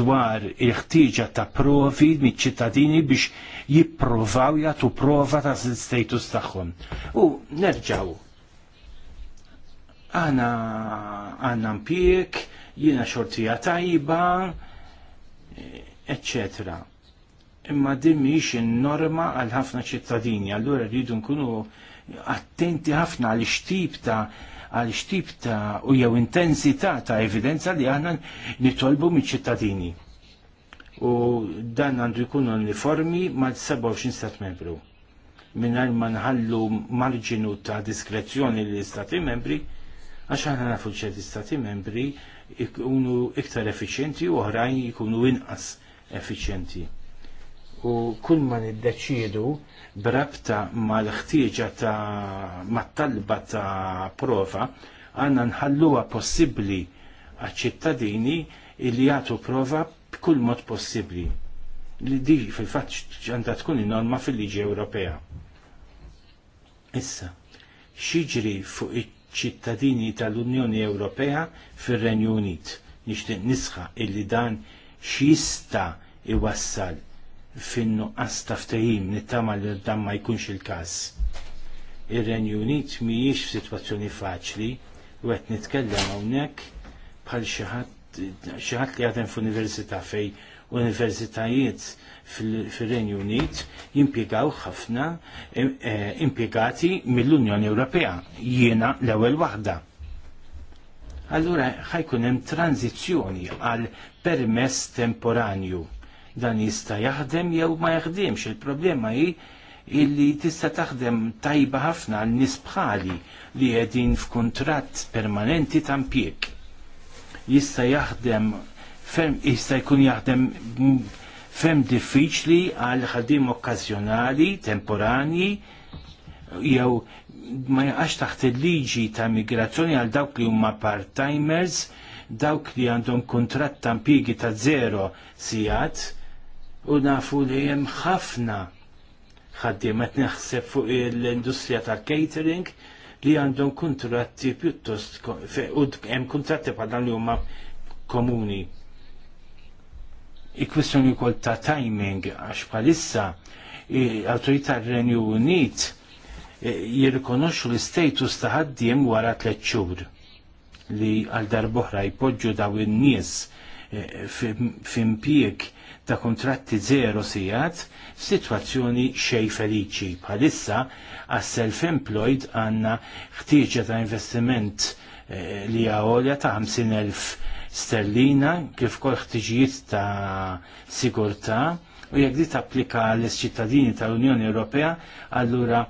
dwar il-ħtieġa ta' provi miċ-ċittadini biex jipprovaw jagħtu prova ta' status tagħhom. U nerġaw għana għanna mpijek, jina xortija tajba, etc. Imma din miex norma għal ħafna ċittadini, allura rridu nkunu attenti ħafna għal xtib ta' għal xtib ta' u jew intensità ta' evidenza li aħna nitolbu miċ ċittadini. U dan għandu jkun uniformi ma' 27 stat membru. Minn ma nħallu marġinu ta' diskrezzjoni li istati membri, Għax nafu ċerti stati membri ikunu iktar effiċjenti u oħrajn ikunu inqas effiċenti. U kull ma niddeċiedu brabta mal-ħtieġa ta' mat-talba ta' prova għanna nħalluha possibbli għaċ-ċittadini li jagħtu prova b'kull mod possibbli li di fil-fatt ġanda tkun norma fil-liġi Ewropea. Issa, xiġri fuq ċittadini tal-Unjoni Ewropea fir-Renju Unit. Nixtieq nisħa illi dan x'jista iwassal fin-nuqqas ta' ftehim nittama li dan ma jkunx il-każ. Ir-Renju Unit mhijiex f'sitwazzjoni faċli u qed nitkellem hawnhekk bħal xi ħadd li għadem f'università fej universitajiet fil-Renju Unit jimpiegaw ħafna eh, eh, impiegati mill-Unjoni Ewropea, jiena l-ewwel waħda. Allura ħajkun hemm tranzizzjoni għal permess temporanju. Dan jista' jaħdem jew ma jaħdimx, il-problema hi illi tista' taħdem tajba ħafna għal nies bħali li qegħdin f'kuntratt permanenti ta' impjieg. Jista' jaħdem fem jista' jkun jaħdem fem diffiċli għal ħaddim okkażjonali, temporani, jew ma jaqax taħt il-liġi ta' migrazzjoni għal dawk li huma part-timers, dawk li għandhom kuntratt ta' impjiegi ta' zero sigħat u nafu li hemm ħafna ħaddiem qed neħseb fuq l-industrija tal-catering li għandhom kontratti pjuttost u hemm kontratti bħal dan li huma komuni il-kwistjoni wkoll ta' timing għax bħalissa l r Renju Unit e, jirrikonoxxu l status ta' ħaddiem wara tliet xhur li għal darboħra jpoġġu daw in-nies e, f'impjieg ta' kontratti zero sijat situazzjoni xej feliċi. Bħalissa għas self-employed għanna ħtieġa ta' investiment e, li għolja ta' 50.000 sterlina kif kol ħtiġijiet ta' sigurtà u jekk di tapplika l-ċittadini tal-Unjoni Ewropea, allura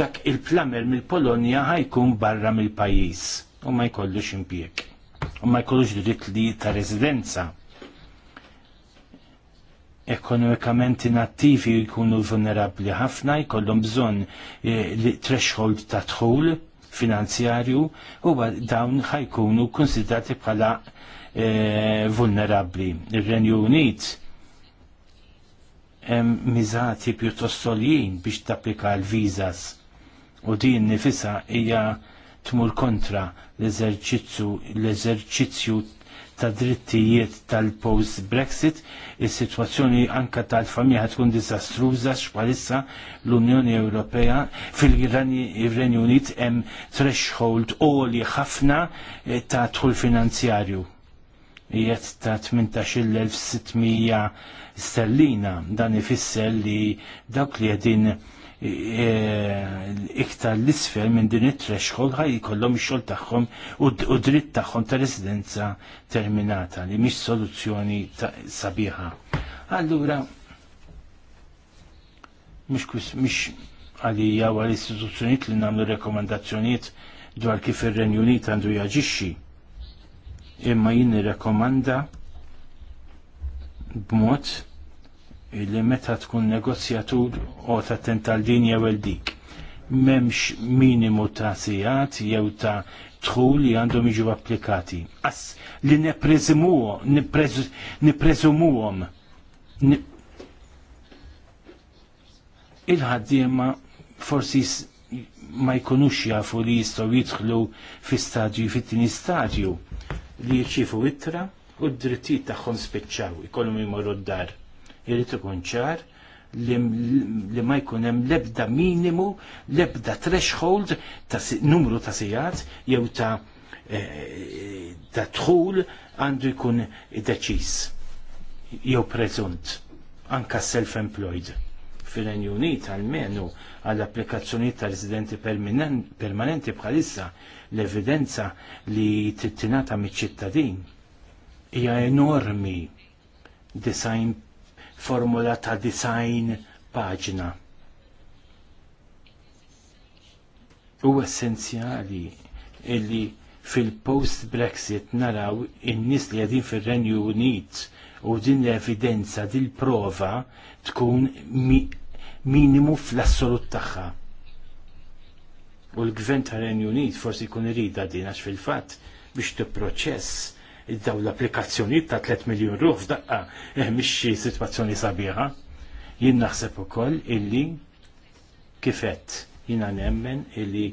dak il-plamer mill-Polonja ħajkun barra mill-pajjiż u ma jkollux impjeg u ma jkollux dritt li ta' residenza ekonomikament inattivi jkunu vulnerabli ħafna, jkollhom bżonn eh, li threshold ta' dħul finanzjarju u dawn ħajkunu konsidrati bħala E, vulnerabli. Ir-Renju Unit miżati pjuttost soljin biex tapplika l-vizas u din nifisa hija tmur kontra l-eżerċizzju l-eżerċizzju ta' drittijiet tal-post-Brexit, is-sitwazzjoni anka tal-familja tkun diżastruża xbalissa l-Unjoni Ewropea fil-Renju Unit hemm threshold għoli ħafna eh, ta' tħul finanzjarju jiet ta' 18.600 sterlina dan ifisser li dawk li jedin e, e, iktar l-isfel minn din it-threshold ħaj jkollhom ix-xogħol tagħhom u dritt tagħhom ta' residenza terminata li mhix soluzzjoni sabiħa. Allura mhux mhux għalija l istituzzjonijiet li nagħmlu rekomandazzjonijiet dwar kif ir-Renju Unit għandu jaġixxi imma jien nirrekomanda b'mod illi meta tkun negozjatur o ta' tal din jew il dik. Memx minimu ta' sijat jew ta' tħul li għandhom jiġu applikati. Ass li neprezumuhom il-ħaddiema forsi ma jkunux jafu li jistgħu jidħlu fi stadju fit-tieni stadju li jirċifu ittra u d-drittijiet tagħhom spiċċaw ikollhom jmorru d-dar. Jrid ikun ċar li ma jkun hemm l-ebda minimu, l-ebda threshold ta' numru ta' sigħat jew ta' eh, ta' dħul għandu jkun deċiż jew preżunt anka self-employed fil-Renju Unit għal-menu għall applikazzjoni ta' residenti permanenti bħalissa l-evidenza li t-tinata mit-ċittadin hija enormi design formula ta' design paġna. U essenzjali illi fil-post-Brexit naraw in-nies li għadin fir-Renju Unit u din l-evidenza, din prova tkun mi minimu fl-assolut tagħha u l-gvern ta' renju Unit forsi jkun irida din għax fil-fatt biex tipproċess daw l-applikazzjoni ta' 3 miljon ruħ f'daqqa eh mhix xi sitwazzjoni sabiħa. Jien naħseb ukoll illi kifet jiena nemmen illi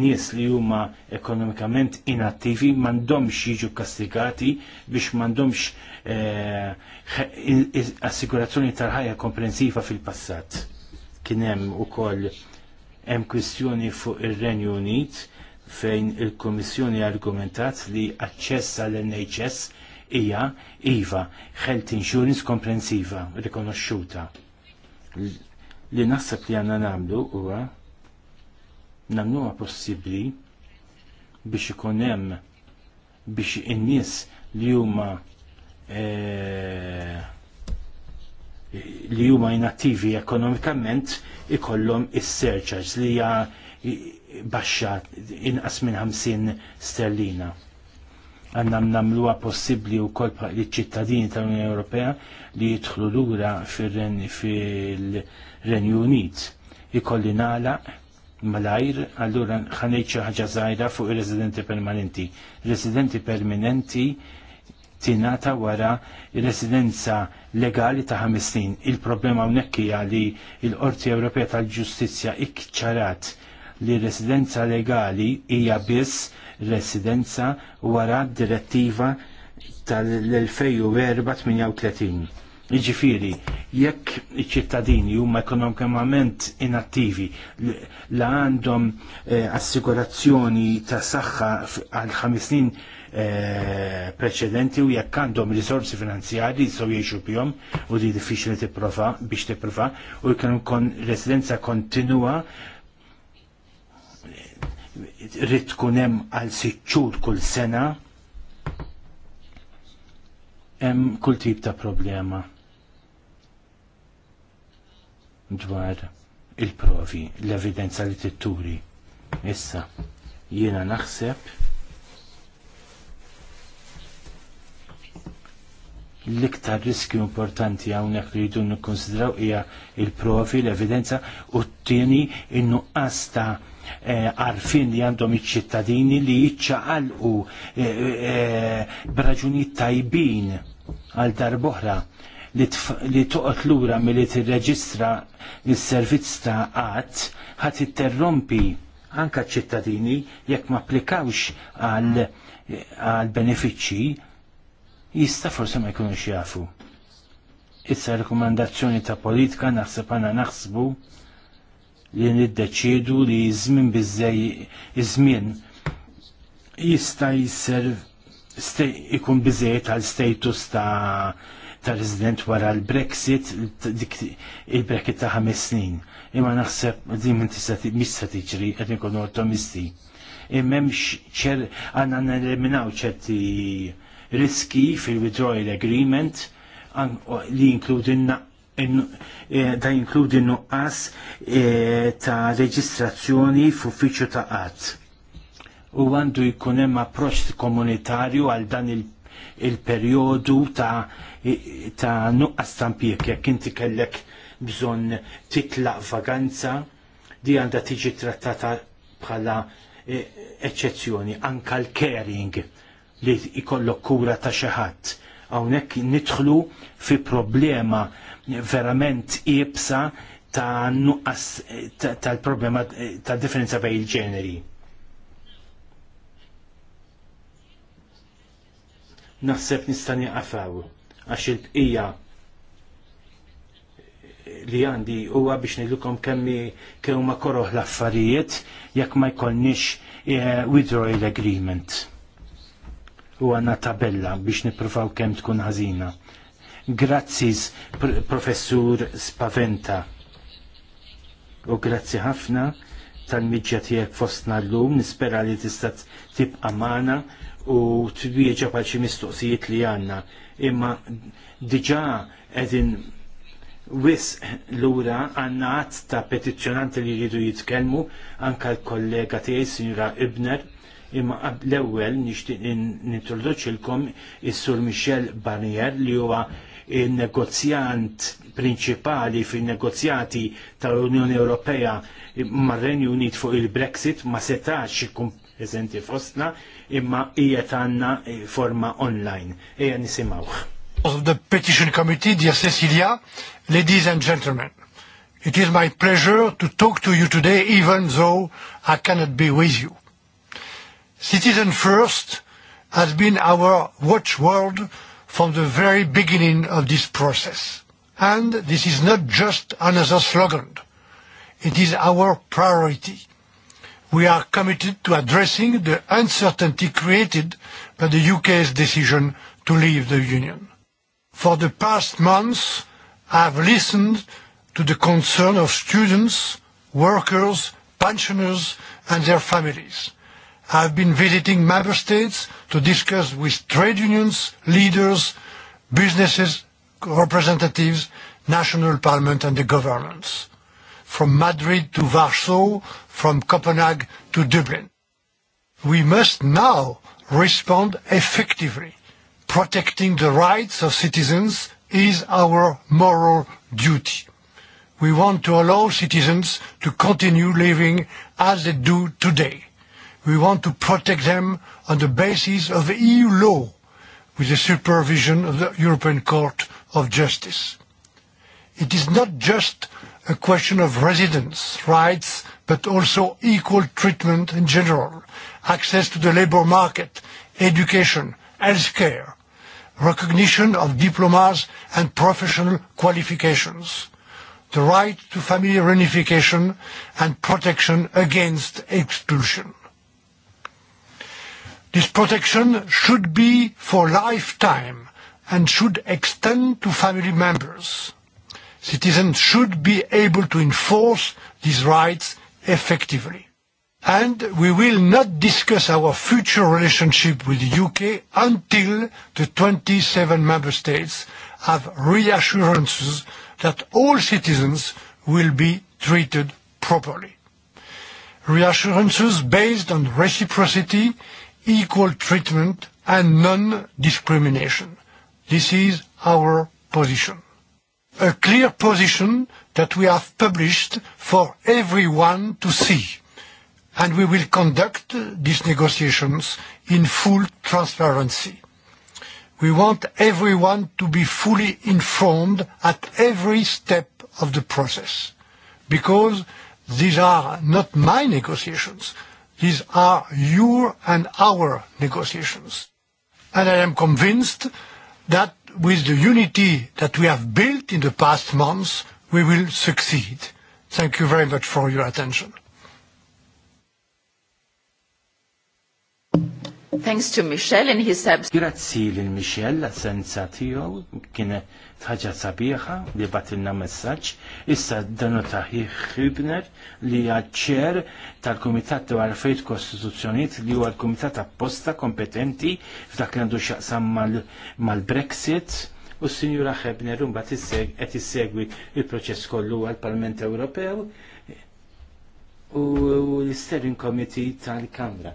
nies li huma ekonomikament inattivi m'għandhomx jiġu kastigati biex m'għandhomx eh, assigurazzjoni tal-ħajja komprensiva fil-passat. Kien hemm ukoll Hemm kwistjoni fuq ir-Renju Unit fejn il-Kummissjoni argumentat li aċċess għall nhs hija iva health insurance komprensiva rikonoxxuta. Li naħseb li għandna nagħmlu huwa nagħmluha possibbli biex ikun hemm biex in-nies li huma eh, li huma inattivi ekonomikament ikollhom is-surcharge li hija baxxa inqas minn 50 sterlina. Għanna namluwa possibbli u kol li ċittadini tal-Unjoni Ewropea li jidħlu lura fil-Renju Unit. Ikolli nagħlaq malajr, allura ħanejt xi ħaġa żgħira fuq ir-residenti permanenti. Residenti permanenti tingħata wara residenza legali ta' ħames snin. Il-problema hawnhekk hija li l-Qorti Ewropea tal-Ġustizzja ikċarat li residenza legali hija biss residenza wara d direttiva tal 2004 Ġifiri, jekk iċ-ċittadini huma ekonomikament inattivi la għandhom eh, assigurazzjoni ta' saħħa għal ħames snin eh, preċedenti u jekk għandhom risorsi finanzjari so jgħixu bihom u di diffiċli tipprova biex tipprova u jkun kon residenza kontinua rrid tkun hemm għal siċċur kull sena hemm kull tip ta' problema dwar il-provi, l-evidenza li titturi. Issa, jiena naħseb l-iktar riskju importanti hawnhekk li jridu nikkonsidraw hija il-provi, l-evidenza u t-tieni innu għasta eh, għarfin li għandhom iċ-ċittadini li jiċċaqalqu eh, eh, braġuni tajbin għal darboħra li toqgħod lura milli tirreġistra il servizz ta' qatt ħat itterrompi anka ċ-ċittadini jekk ma applikawx għal benefiċċji jista' forsi ma jkunux jafu. Issa rekomandazzjoni ta' politika naħseb għana naħsbu li niddeċiedu li żmien bizzej iż-żmien jista' jisser ikun bizzej tal status ta' ta' resident wara l-Brexit, il-Brexit ta' ħames snin. Imma naħseb di minn tista' tiġri qed ikunu ottomisti. Immemx ċer għandna neliminaw ċerti riski fil-withdrawal agreement li jinkludi e, da jinkludi nuqqas e, ta' reġistrazzjoni f'uffiċċju ta' qatt. U għandu jkun hemm approċċ komunitarju għal dan il-perjodu ta' ta' nuqqas tampijek jekk inti kellek bżonn titlaq vaganza di għandha tiġi trattata bħala eċċezzjoni anka l-caring li ikollok kura ta' xi ħadd. Hawnhekk nidħlu fi problema verament iebsa ta' nuqqas tal-problema ta' differenza bejn il-ġeneri. Naħseb nistani għafawu għax il-bqija li għandi huwa biex nilukom kemmi kemm ma koroħ l-affarijiet jekk ma jkollniex eh, withdrawal agreement. U għanna tabella biex nippruvaw kemm tkun ħażina. Grazzi professur Spaventa. U grazzi ħafna tal-mijġa tiegħek fostna llum, nispera li tista' tibqa' magħna u twieġa għal xi mistoqsijiet li għandna. Imma diġà qegħdin wis lura għandna għadd ta' petizzjonanti li jridu jitkellmu anke l-kollega tiegħi Sinjura Ibner imma l-ewwel nixtieq nintroduċilkom is-Sur Michel Barnier li huwa il-negozjant prinċipali fin negozjati tal-Unjoni Ewropea mar-Renju Unit fuq il-Brexit ma setax prezenti fostna, imma hija tanna eh, forma online. Ejja nisimawh. Of the Petition Committee, dear Cecilia, ladies and gentlemen, it is my pleasure to talk to you today even though I cannot be with you. Citizen First has been our watchword from the very beginning of this process. And this is not just another slogan. It is our priority we are committed to addressing the uncertainty created by the UK's decision to leave the Union. For the past months, I have listened to the concern of students, workers, pensioners and their families. I have been visiting member states to discuss with trade unions, leaders, businesses, representatives, national parliament and the governments from Madrid to Warsaw, from Copenhagen to Dublin. We must now respond effectively. Protecting the rights of citizens is our moral duty. We want to allow citizens to continue living as they do today. We want to protect them on the basis of EU e law with the supervision of the European Court of Justice. It is not just a question of residence rights, but also equal treatment in general, access to the labor market, education, healthcare, recognition of diplomas and professional qualifications, the right to family reunification and protection against expulsion. This protection should be for lifetime and should extend to family members. Citizens should be able to enforce these rights effectively. And we will not discuss our future relationship with the UK until the 27 member states have reassurances that all citizens will be treated properly. Reassurances based on reciprocity, equal treatment and non-discrimination. This is our position a clear position that we have published for everyone to see. And we will conduct these negotiations in full transparency. We want everyone to be fully informed at every step of the process because these are not my negotiations. These are your and our negotiations. And I am convinced that with the unity that we have built in the past months, we will succeed. Thank you very much for your attention. Thanks to Michelle and his abs. Grazzi lil Michel la senza tiegħu kien ħaġa sabiħa li batilna messaġġ. Issa danu taħih Hübner li ċer tal-Kumitat ta' Warfejt Kostituzzjoniet li huwa l-Kumitat apposta kompetenti f'dak li għandu xaqsam mal-Brexit. u s-Sinjura Hebner mbagħad qed issegwi il-proċess kollu għall-Parlament Ewropew u l-Steering Committee tal-Kamra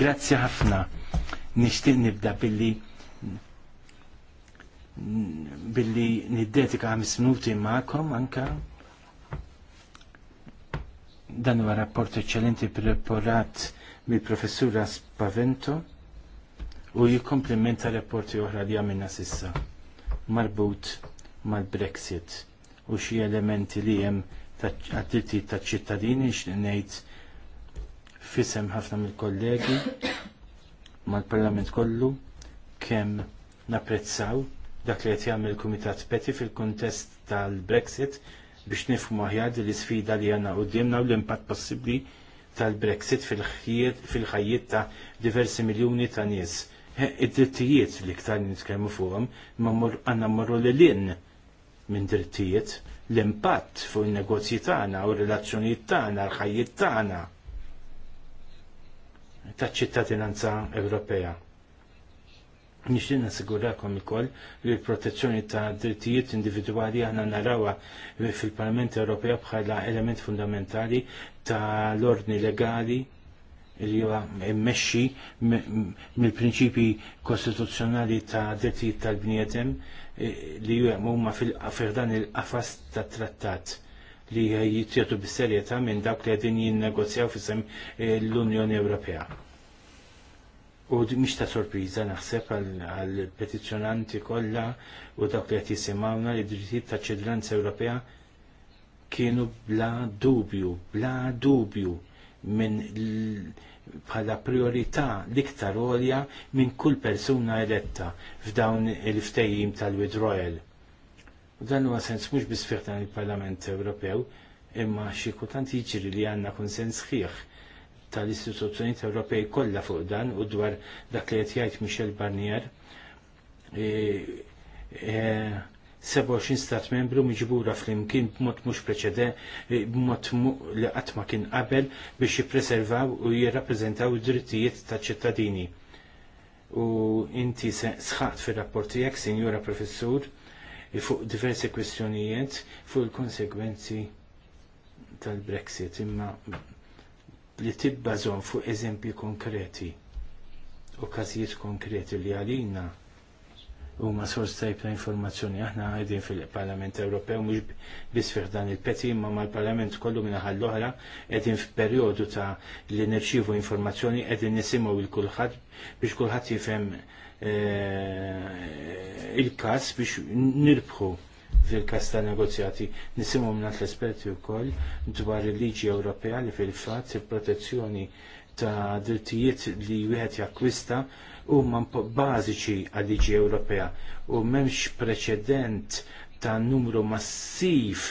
Grazzi ħafna. Nixtieq nibda billi billi niddedika ħames minuti maħkom anka dan huwa rapport eċċellenti preparat mill-professura Spavento u jikkomplimenta rapporti oħra li għamilna sissa marbut mal-Brexit u xi elementi li hemm għad-dritti taċ-ċittadini x'ngħid fisem ħafna mill-kollegi mal-Parlament kollu kemm napprezzaw dak li qed jagħmel kumitat Peti fil-kuntest tal-Brexit biex nifhmu aħjar li l-isfida li għandna qudiemna u l-impatt possibbli tal-Brexit fil-ħajjiet ta' diversi miljuni ta' nies. Id-drittijiet li ktar nitkellmu fuqhom ma għandna mmorru l lin minn drittijiet l-impatt fuq in-negozji tagħna u r-relazzjonijiet tagħna, l-ħajjiet tagħna taċ ċittadinanza Ewropea. Nixtieq nassigurakom ukoll li l-protezzjoni ta' drittijiet individwali aħna narawha fil-Parlament Ewropea bħala element fundamentali tal ordni legali li huwa mmexxi mill prinċipji kostituzzjonali ta' drittijiet tal-bniedem eh, li huma fil-dan il-qafas tat-trattat li jittietu bis-serjetà minn dawk li għedin jinnegozjaw fissem eh, l-Unjoni Ewropea. U mish ta' sorpriża naħseb għall-petizzjonanti kollha u dak li qed jisimgħuna li d-drittijiet ta' ċittadinanza Ewropea kienu bla dubju, bla dubju minn bħala priorità l-iktar għolja minn kull persuna eletta f'dawn il-ftejjim tal-withdrawal Dan huwa sens mhux biss fih dan il-Parlament Ewropew, imma xi kultant jiġri li għandna konsens ħieħ tal-istituzzjonijiet Ewropej kollha fuq dan u dwar dak li qed jgħid Michel Barnier. E, e, 27 stat membru miġbura fl-imkien b'mod mhux preċede, e, b'mod li qatt ma kien qabel biex jippreservaw u jirrappreżentaw id-drittijiet taċ ċittadini. U inti sħaqt fir rapport tiegħek, Sinjura Professur, fuq diversi kwestjonijiet fuq il-konsekwenzi tal-Brexit imma li tibbażon fuq eżempji konkreti u każijiet konkreti li għalina huma sors tajb ta' informazzjoni aħna għajdin fil-Parlament Ewropew mhux biss fih dan il-peti imma mal-Parlament kollu minn l oħra qegħdin f'perjodu ta' li nirċievu informazzjoni qegħdin nisimgħu il kulħadd biex kulħadd jifhem Eh, il-kas biex nirbħu fil-kas ta' negozjati nisimu minnat l-esperti u koll dwar il-liġi Ewropea li fil-fat il-protezzjoni ta' drittijiet li wieħed jakkwista huma bażiċi għal-liġi Ewropea u m'hemmx preċedent ta' numru massiv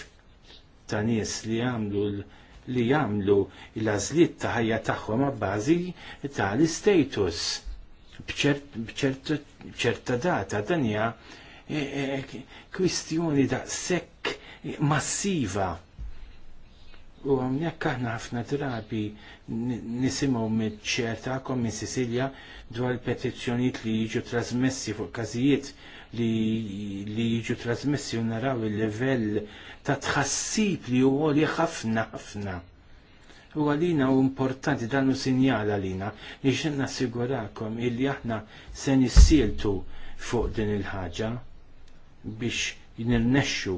ta' nies li għamlu li jagħmlu l azliet ta' ħajja tagħhom ma' bażi tal-istatus. Ta bċerta data dan hija e, e, e, kwistjoni da' sekk massiva. U għamnek aħna ħafna drabi nisimaw ċerta kom minn Sisilja dwar petizjoniet li jiġu trasmessi fuq każijiet li, li jiġu trasmessi u naraw il-level ta' tħassib li huwa li ħafna ħafna u għalina u importanti dan u sinjal għalina li xen nassigurakom illi aħna se nissieltu fuq din il-ħaġa biex nirnexxu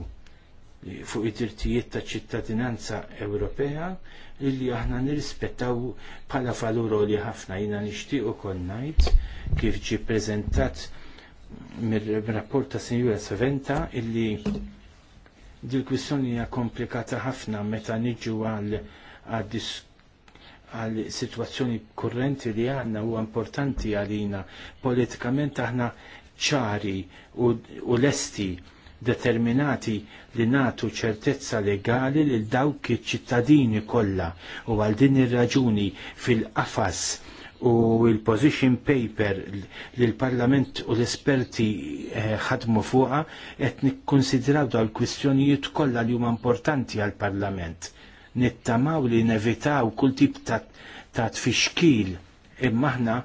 fuq it-tirtijiet ta' ċittadinanza Ewropea illi aħna nirrispettaw bħala valur li ħafna jina nixtieq ukoll ngħid kif ġi preżentat mir-rapport ta' Sinjura Saventa illi dil kwistjoni hija komplikata ħafna meta niġu għal għal situazzjoni kurrenti li għanna u importanti għalina politikament aħna ċari u, u lesti determinati li natu ċertezza legali li dawk iċ-ċittadini kollha u għal din ir-raġuni fil-qafas u il-position paper li l-Parlament u l-esperti eh, ħadmu fuqa qed nikkonsidraw dawn il kwistjonijiet kollha li huma importanti għall-Parlament nittamaw li nevitaw kull tip ta' tfixkil imma aħna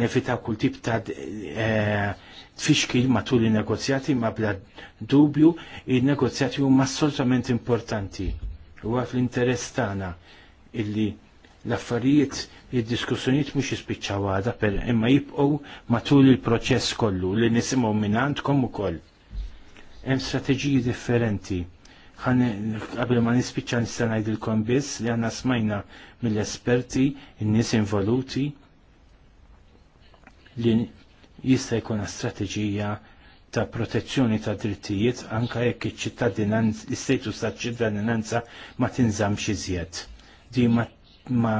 nevitaw kull tip ta' eh, tfixkil matul il-negozjati ma bla dubju il-negozjati huma assolutament importanti u għaf l-interess tagħna illi l-affarijiet, il-diskussjoniet mux jispiċċaw għada, per imma jibqgħu matul il-proċess kollu li nisimgħu minn għandkom ukoll. Hemm strateġiji differenti Qabel ma nispiċċa nista' ngħidilkom biss li għandna smajna mill-esperti, n nies involuti li jista' jkuna strateġija ta' protezzjoni ta' drittijiet anke jekk iċ-ċittadinanza, l-istatus ta' ċittadinanza ma tinżamx iżjed. Di ma, ma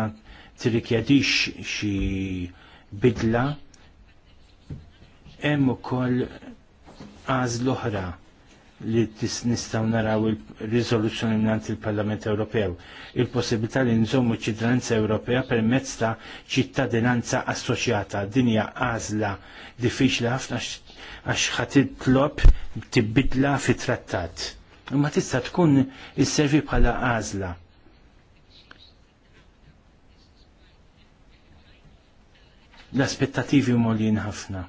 tirrikjedix xi bidla hemm ukoll għażl oħra li nistaw naraw il-rizoluzzjoni minnant il-Parlament Ewropew. Il-possibilità li nżommu ċittadinanza Ewropea permezz ta' ċittadinanza assoċjata. Dinja għażla diffiċli ħafna għax ħatitlob tibbidla fi trattat. Ma tista' tkun isservi bħala għażla. L-aspettativi molin ħafna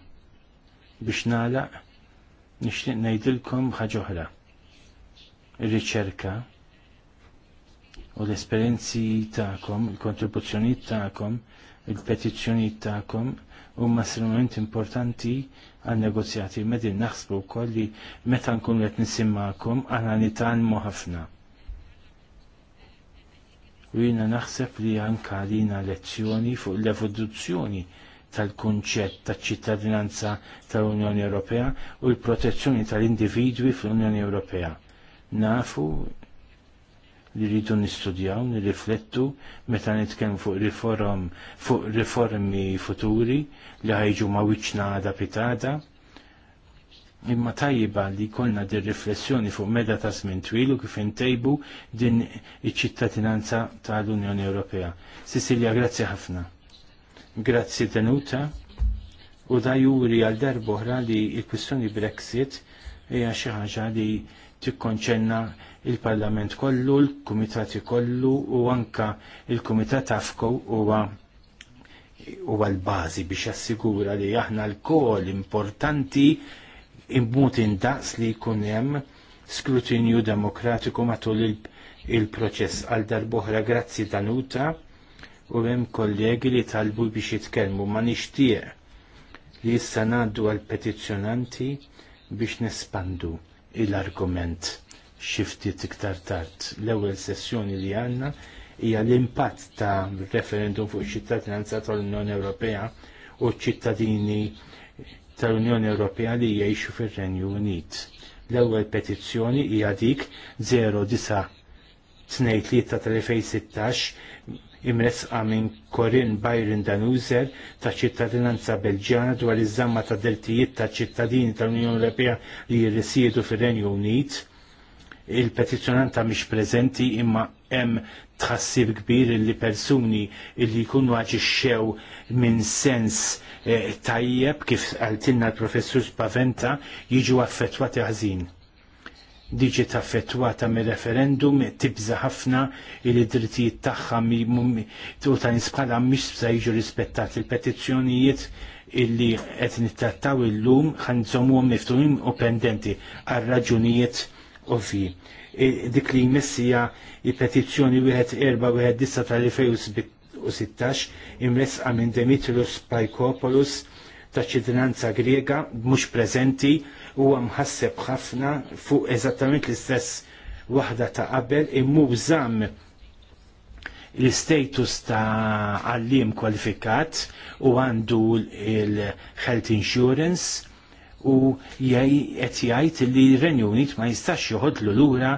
biex nalaq nixtieq ngħidilkom ħaġa oħra. Ir-riċerka u l-esperjenzi tagħkom, il-kontribuzzjonijiet tagħkom, il-petizzjonijiet tagħkom huma strument importanti għal negozjati medin naħsbu wkoll li meta nkunu qed nisimgħakom aħna nitalmu ħafna. U jiena naħseb li anka għalina lezzjoni fuq l-evoluzzjoni tal-kunċett taċ-ċittadinanza tal-Unjoni Ewropea u l-protezzjoni tal-individwi fl-Unjoni Ewropea. Nafu li rridu nistudjaw, nirriflettu meta nitkellmu fuq riform fuq riformi futuri li ħajġu ma' wiċċnada pitada. Imma tajba li jkollna din riflessjoni fuq meda ta' żmien twil u kif intejbu din iċ-ċittadinanza tal-Unjoni Ewropea. Sisilja, grazzi ħafna. Grazzi Danuta. U da juri għal darbohra li il-kwistjoni Brexit hija xi ħaġa li tikkonċenna il-Parlament kollu, l-Kumitati kollu u anka il-Kumitat Afko huwa huwa l-bażi biex assigura li aħna l-kol importanti imbut indaqs li jkun hemm skrutinju demokratiku matul il-proċess għal darbohra grazzi Danuta u hemm kollegi li talbu biex jitkellmu ma nixtieq li issa ngħaddu għall petizzjonanti biex nespandu l-argument xi ftit iktar tard. L-ewwel sessjoni li għandna hija l-impatt ta' referendum fuq iċ-ċittadinanza tal-Unjoni Ewropea u ċ-ċittadini tal-Unjoni Ewropea li jgħixu fir-Renju Unit. L-ewwel petizzjoni hija dik 0923 tal-2016 imresqa minn Korin Byron Danuser ta' ċittadinanza Belġjana dwar iż-żamma ta' deltijiet ta' ċittadini tal-Unjoni Ewropea li jirrisiedu fir-Renju Unit. Il-petizzjonanta mhix preżenti imma hemm tħassib kbir li persuni li jkunu aġixxew minn sens eh, tajjeb kif għaltinna l-professur Spaventa jiġu affettwati ħażin diġi taffettwata mir referendum tibza ħafna il drittijiet tagħha u ta' nisbħala mhix se jiġu rispettat il-petizzjonijiet illi qed nittattaw illum ħanżomhom miftuħin u pendenti għal raġunijiet ovvi. Dik li jmissija il-petizzjoni wieħed erba' wieħed tal-2016 imresqa minn Dimitrios Pajkopoulos ta' ċittadinanza Griega mhux preżenti huwa mħasseb ħafna fuq eżattament l-istess waħda ta' qabel immu bżamm l-status ta' għallim kwalifikat u għandu l-health insurance u qed jgħid li r-Renju Unit ma jistax joħodlu lura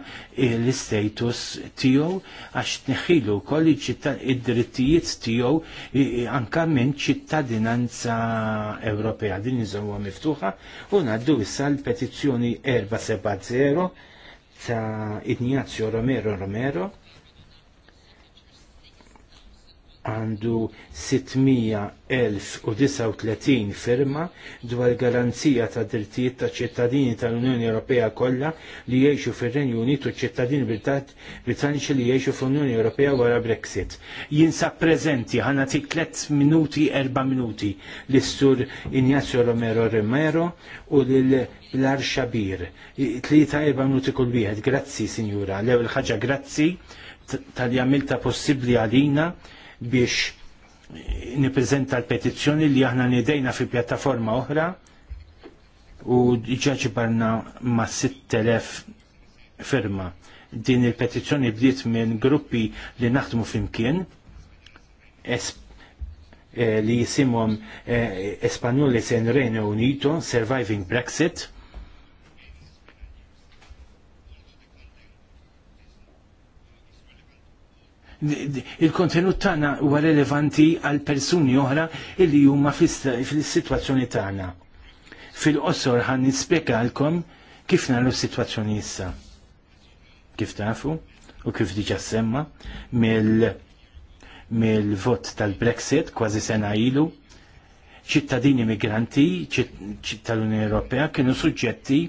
l-istatus tiegħu għax tneħħilu wkoll id-drittijiet tiegħu anka minn ċittadinanza Ewropea din iżomwa miftuħa u ngħaddu issa l-petizzjoni 470 ta' Ignazio Romero Romero għandu 639 firma dwar garanzija ta' drittijiet ta' ċittadini tal-Unjoni Ewropea kollha li jgħixu fir-Renju Unit u ċittadini Britanniċi li jgħixu fl-Unjoni Ewropea wara Brexit. Jinsab preżenti ħana tik 3 minuti 4 minuti l istur Ignazio Romero Romero u lil Lar Xabir. Tlieta 4 minuti kull wieħed. Grazzi, Sinjura. l-ewwel ħaġa grazzi tal-jamilta possibbli għalina biex nippreżenta l-petizzjoni li aħna nidejna fi pjattaforma oħra u ġaġi barna ma' 6000 firma. Din il-petizzjoni bdiet minn gruppi li naħdmu fimkien, eh, li jisimhom eh, Espanjoli sen Reino Unito, Surviving Brexit, il-kontenut tagħna huwa relevanti għal persuni oħra li huma fis-sitwazzjoni tagħna. Fil-qosor ħan nispjegalkom kif nagħmlu s-sitwazzjoni issa. Kif tafu u kif diġà semma mill mill-vot tal-Brexit kważi sena ilu, ċittadini migranti tal-Unjoni Ewropea kienu suġġetti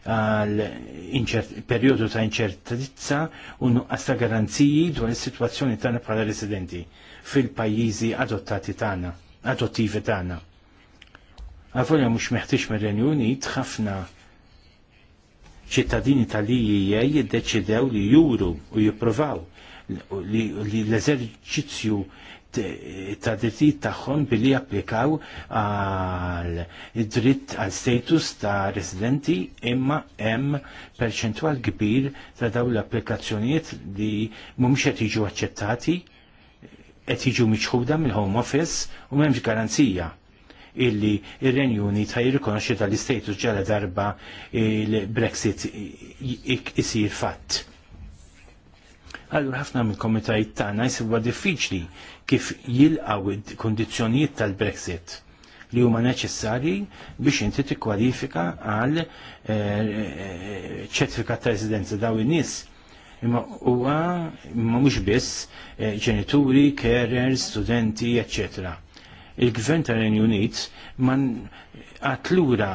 għal periodu ta' inċertizza u nuqqas ta' garanziji dwar is-sitwazzjoni tagħna bħala residenti fil-pajjiżi adottati tagħna, adottivi tagħna. Għafolja mhux meħtieġ mir-Renju Unit ħafna ċittadini tal-IEA jiddeċidew li juru u jippruvaw li l-eżerċizzju ta' drittijiet tagħhom billi applikaw għal dritt għal status ta' residenti imma hemm perċentwal kbir ta' dawn l-applikazzjonijiet li mhumiex qed jiġu aċċettati qed jiġu miċħuda mill-Home Office u m'hemmx garanzija illi ir-Renju Unit ħaj jirrikonoxxi tal-istatus ġala darba il-Brexit isir fatt. Allura ħafna minn komitajt tagħna jsibwa diffiċli kif jilqaw il-kondizjonijiet tal-Brexit li huma neċessarji biex inti tikkwalifika għal eh, eh, ċertifikat ta' residenza daw in-nies imma huwa imma mhux biss eh, ġenituri, carers, studenti, eccetera il-gvern tal-Renju Unit man għatlura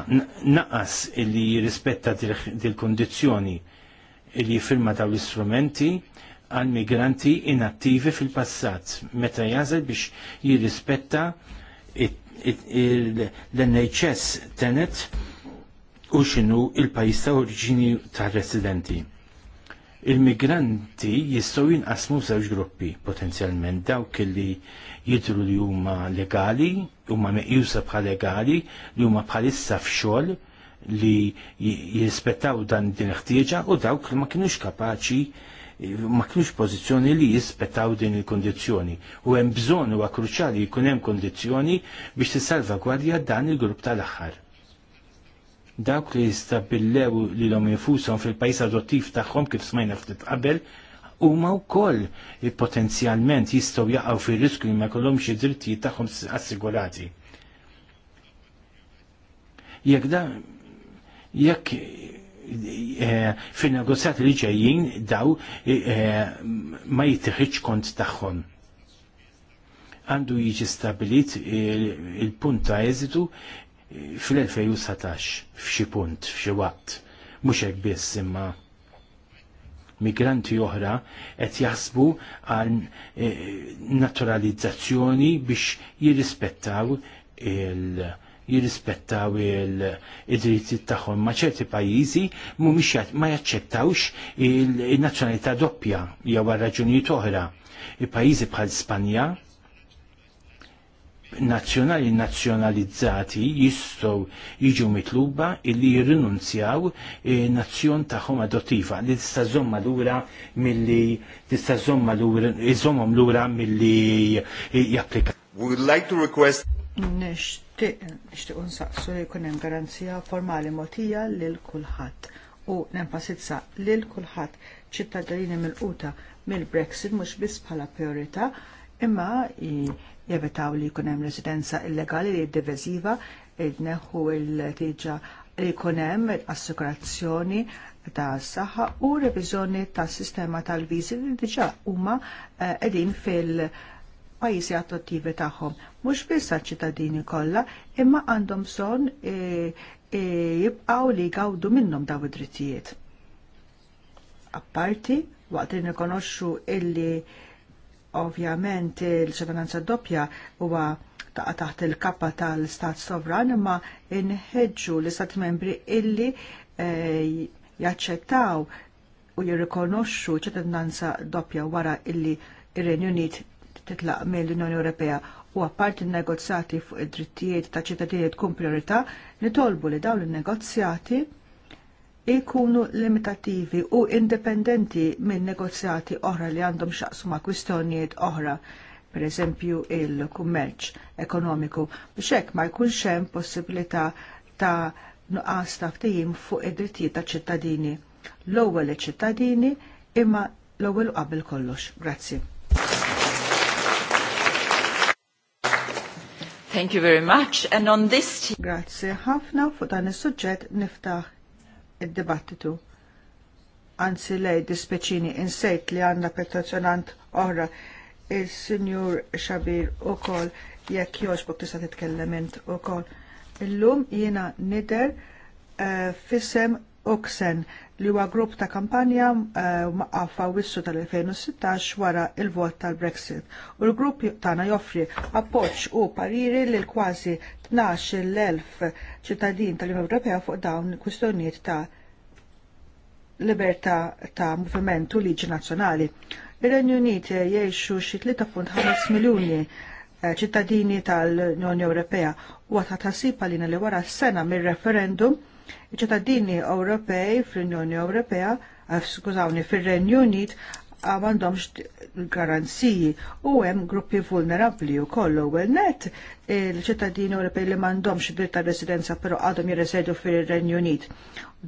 naqas illi jirrispetta dil-kondizjoni illi jifirma daw l-istrumenti għal migranti inattivi fil-passat meta jażel biex jirrispetta l-NHS tenet u xinu il-pajis ta' oriġini ta' residenti. Il-migranti jistaw jinqasmu f'żewġ gruppi potenzjalment dawk li jidru li huma legali, huma meqjusa bħal legali, li huma bħalissa f'xogħol li jirrispettaw dan din ħtieġa u dawk li ma kienux kapaċi ma kienx pożizzjoni li jispettaw din il-kondizzjoni. U hemm bżonn huwa kruċjali jkun hemm kondizzjoni biex tissalvagwardja dan il-grupp tal-aħħar. Dawk li jistabillew li l-om infushom fil-pajjiż adottiv tagħhom kif smajna ftit qabel, huma wkoll potenzjalment jistgħu jaqgħu fir-riskju li ma jkollhomx id-drittijiet tagħhom assigurati. Jekk da jekk Eh, fin-negozjati li ġejjin daw eh, ma jittiħiċ kont tagħhom għandu jiġi stabilit il-punt ta' eżitu eh, fil-2017 f'xi punt, f'xi watt, mhux hekk biss imma migranti oħra qed jaħsbu għal naturalizzazzjoni biex jirrispettaw il- jirrispettaw il-drittijiet tagħhom ma' ċerti pajjiżi mhumiex ma jaċċettawx il-nazzjonalità doppja jew għal raġunijiet oħra. Il-pajjiżi bħal Spanja nazzjonali nazzjonalizzati jistgħu jiġu mitluba illi jirrinunzjaw eh, nazzjon tagħhom adottiva li tista' żomma lura milli tista' żomma lura iżommhom lura milli japplika. We would like to request Nish Nixtieq unsaqsu li jkun hemm garanzija formali mogħtija lil kulħadd u nenfasizza lil kulħadd ċittadini mill-quta mill-Brexit mhux biss bħala priorità imma jevitaw li jkun hemm residenza illegali li diviżiva id-neħu il-tiġa li jkun hemm assikurazzjoni ta' saħħa u reviżjoni tas sistema tal-viżi li diġà huma qegħdin eh, fil- uh, pajjiżi attrattivi tagħhom. Mhux biss għaċ-ċittadini kollha, imma għandhom bżonn e, e, jibqgħu li jgawdu minnhom daw id-drittijiet. Apparti, waqt li nikonoxxu illi ovvjament il-ċittadinanza doppja huwa taqa taħt il-kappa tal-Stat Sovran imma inħedġu l-Istat membri illi e, jaċċettaw u jirrikonoxxu ċittadinanza doppja wara illi ir-Renju Unit titlaq mill-Unjoni Ewropea u apparti n-negozjati fuq id-drittijiet ta' ċittadini tkun priorità, nitolbu li dawn il-negozjati ikunu limitativi u indipendenti minn negozjati oħra li għandhom xaqsu ma' kwistjonijiet oħra, per eżempju il-kummerċ ekonomiku, biex hekk ma jkunx hemm possibilità ta' nuqqas ta' fuq id-drittijiet ta' ċittadini. L-ewwel iċ-ċittadini imma l-ewwel qabel kollox. Grazzi. Thank you very much. And on this... Grazie ħafna fuq dan is-suġġett niftaħ id-dibattitu. Anzi lej dispeċini insejt li għandna petizjonant oħra il-Sinjur Xabir u kol jekk joġbok tista' titkellem int ukoll. Illum jiena nider uh, fisem Uksen li huwa grupp ta' kampanja eh, maqqa wissu tal-2016 wara il-vot tal-Brexit. U l-grupp tagħna joffri appoġġ u pariri lil kważi 12,000 ċittadin tal-Unjoni Ewropea fuq dawn kwistjonijiet ta' libertà ta' movement u liġi nazzjonali. Ir-Renju Unit jgħixu xi 3.5 miljuni eh, ċittadini tal-Unjoni Ewropea u għata tasipa li wara s sena mir-referendum Iċ-ċittadini Ewropej fl-Unjoni Ewropea, eh, skużawni, fir-Renju Unit għamandomx garanziji u hemm gruppi vulnerabli u kollu u net il-ċittadini Ewropej li mandomx dritta residenza però għadhom jirresedu fir-Renju Unit.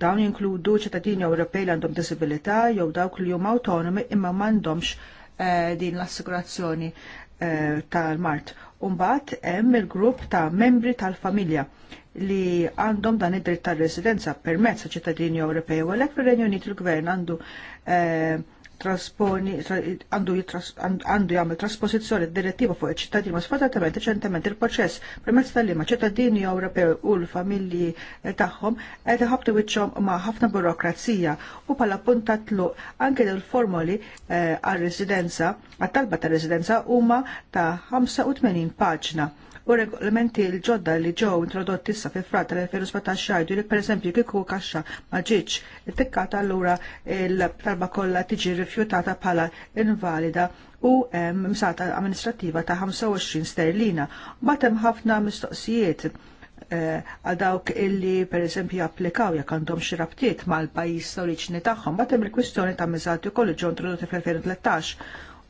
Dawn jinkludu ċittadini Ewropej li għandhom disabilità jew dawk li huma autonomi imma mandomx eh, din l-assigurazzjoni eh, tal-mart. Umbat hemm il-grupp ta' membri tal-familja li għandhom dan id-dritt ta' residenza permezz ta' ċittadini Ewropej u għalhekk fir-Renju Unit il-Gvern għandu eh, trasponi għandu jagħmel trasposizzjoni direttiva fuq iċ-ċittadini ma sfortunatament riċentement il-proċess permezz tal ma ċittadini Ewropew u l-familji eh, tagħhom qed iħabtu wiċċhom ma' ħafna burokrazija u bħala punta tluq anke il formoli eh, għar residenza għat-talba ta' residenza huma ta' 85 paġna u regolamenti l-ġodda li ġew introdotti issa fi frat tal-2017 jgħidu li pereżempju kieku kaxxa ma ġietx ittikkata allura l tarba kollha tiġi rifjutata bħala invalida u msata amministrativa ta' 25 sterlina. Mbagħad hemm ħafna mistoqsijiet eh, għal dawk illi per eżempju applikaw jekk għandhom xi rabtiet mal-pajjiż ta' oriġini tagħhom bagħad hemm il-kwistjoni ta' miżati kollu ġew introdotti fl-2013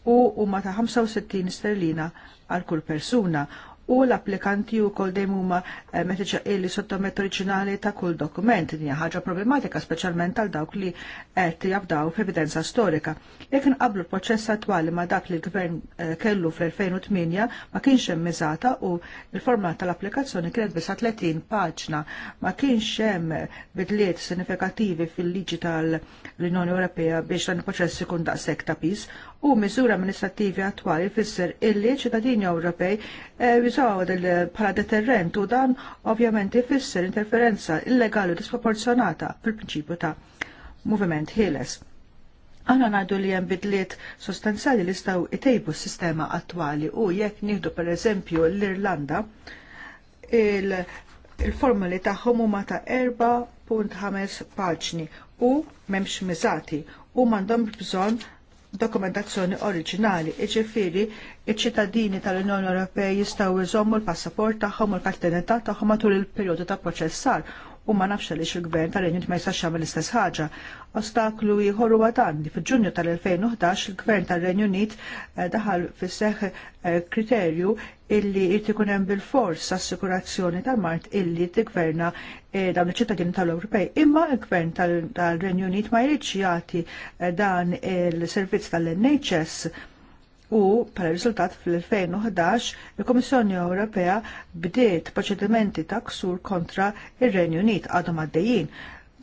u huma ta' 65 sterlina għal kull persuna u l-applikanti u kol dejjem huma eh, meħtieġa illi sottomet oriġinali ta' kull dokument din ħaġa problematika speċjalment għal dawk li qed jabdaw f'evidenza storika. Jekk inqablu l-proċess attwali ma' dak li l-gvern eh, kellu fl-2008 ma kienx hemm miżata u l-forma tal-applikazzjoni kienet biss 30 paġna ma kienx hemm eh, bidliet sinifikattivi fil-liġi tal-Unjoni Ewropea biex dan il-proċess ikun daqshekk ta' u miżura amministrativi attwali fisser illi ċittadini Ewropej jintużaw bħala deterrent u dan ovvjament ifisser interferenza illegali u disproporzjonata fil-prinċipju ta' moviment ħieles. Għana ngħidu li hemm bidliet sostanzjali li staw itejbu s-sistema attwali u jekk nieħdu pereżempju l-Irlanda il-formuli tagħhom huma ta' 4.5 paġni u m'hemmx miżati u m'għandhom bżonn dokumentazzjoni oriġinali, iġifiri iċ-ċittadini tal-Unjoni Ewropea jistgħu jżommu l-passaport tagħhom u l-kartenità tagħhom matul il-perjodu ta' proċessar u ma nafx li il-gvern tal-Renju ma jistax jagħmel l-istess ħaġa. Ostaklu ieħor huwa dan li fil-Ġunju tal-2011 il-gvern tal-Renju Unit eh, daħal fis-seħ eh, kriterju illi jrid ikun hemm bil-fors assikurazzjoni tal-mart illi tigverna eh, dawn iċ-ċittadini tal-Ewropej. Imma l-gvern tal-Renju Unit ma jridx jagħti dan il-servizz tal-NHS U pala riżultat fl-2011 il-Komissjoni Ewropea bdiet proċedimenti ta' ksur kontra ir-Renju Unit għadhom għaddejjin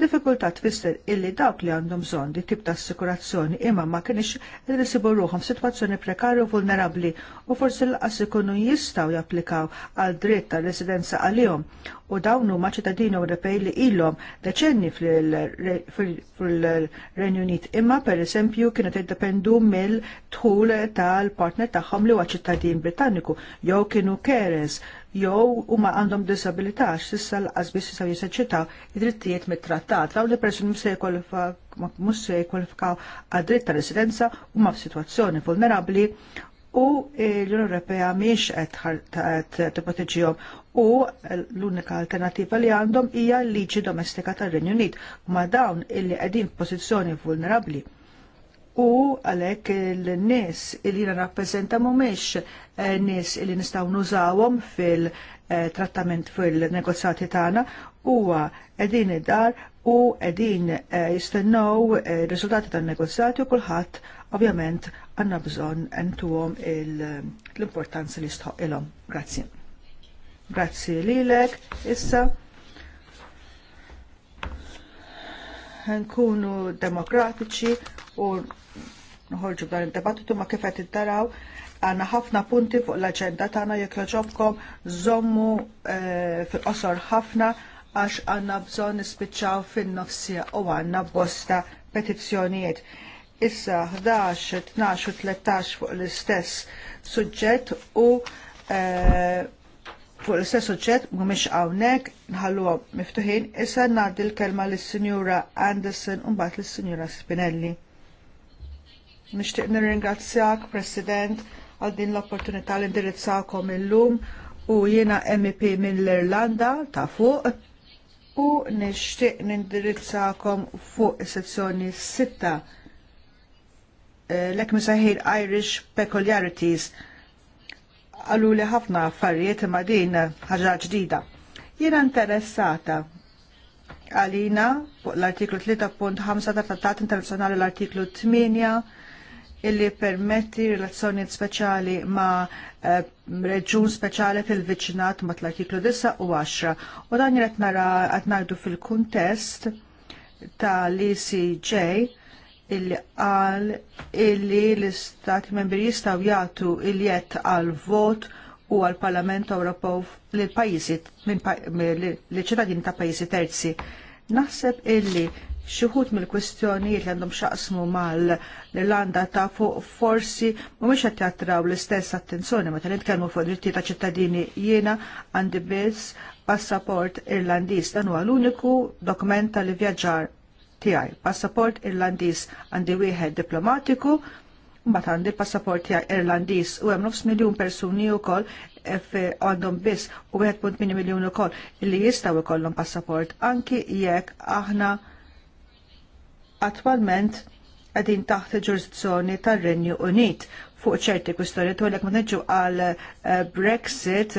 Diffikultà tfisser illi dawk li għandhom bżonn di tip ta' assikurazzjoni imma ma kienx irrisibu ruħhom f'sitwazzjoni prekarju vulnerabbli u forsi l-qas ikunu jistgħu japplikaw għal dritt ta' residenza għalihom u dawn huma ċittadini Ewropej li ilhom deċenni fil-Renju Unit imma pereżempju kienu tiddependu mill-dħul tal-partner tagħhom li huwa ċittadin Britanniku jew kienu keres jew huma għandhom disabilità x'issa l biss jistgħu jeżerċitaw id-drittijiet mit-trattat dawn li persuni mhux se jkwalifikaw għad-dritt ta' residenza huma f'sitwazzjoni vulnerabbli u l-Unjoni Ewropea mhijiex qed tipproteġihom u l-unika alternativa li għandhom hija l-liġi domestika tar-Renju Unit ma dawn illi qegħdin f'pożizzjoni vulnerabbli u għalek il-nis il jina rappresenta mumiex eh, nis il nistaw nużawom fil-trattament eh, fil-negozjati tagħna huwa qegħdin id-dar u qegħdin eh, jistennow ir-riżultati tan-negozjati u kulħadd ovvjament għandna bżonn għentuwom l-importanza li jistħoq ilhom. Grazzi. Grazzi lilek issa. Nkunu demokratiċi u nħolġu b'dan id-debattitu ma kif qed daraw għandna ħafna punti fuq l-aġenda tagħna jekk joġobkom żommu eh, fil-qosor ħafna għax għandna bżonn nispiċċaw fin-nofsija u għandna bosta petizzjonijiet. Issa 11, 12 u 13 fuq l-istess suġġett u eh, fuq l-istess suġġett mhumiex hawnhekk nħalluhom miftuħin issa ngħaddi l-kelma lis-Sinjura Anderson u mbagħad lis-Sinjura Spinelli. Nixtieq nirringrazzjak, President, għal din l-opportunità li indirizzakom illum u jiena MEP mill-Irlanda ta' fuq u nixtieq nindirizzakom fuq is-sezzjoni 6 eh, l-ek misaħir Irish Peculiarities għallu li ħafna affarijiet ma din ħaġa ġdida. Jiena interessata għalina fuq l-artiklu 3.5 ta' Trattat Internazzjonali l-artiklu 8 illi permetti relazzjoni speċjali ma' eh, reġun speċjali fil-viċinat ma' l-artiklu 9 u 10. U dan jret nara għatnajdu fil-kontest ta' l-ECJ illi għal illi l-istati membri jistaw jgħatu il-jett għal vot u għal Parlament Ewropew li pajjiżi l-ċittadini ta' pajjiżi terzi. Naħseb illi xuħut mill-kwestjonijiet li għandhom xaqsmu mal-Irlanda ta' fuq forsi mhumiex qed jattraw l-istess attenzjoni meta nitkellmu fuq dritti ta' ċittadini jiena għandi biss passaport Irlandiż dan huwa l-uniku dokument tal vjaġġar tiegħi. Passaport Irlandiż għandi wieħed diplomatiku mbagħad għandi passaport tiegħi Irlandiż u hemm nofs miljun persuni wkoll għandhom biss u 1.8 miljun ukoll li jistgħu jkollhom passaport anki jekk aħna attualment għedin taħt ġurizzjoni tar-Renju Unit fuq ċerti kustori tu ma neġu għal eh, Brexit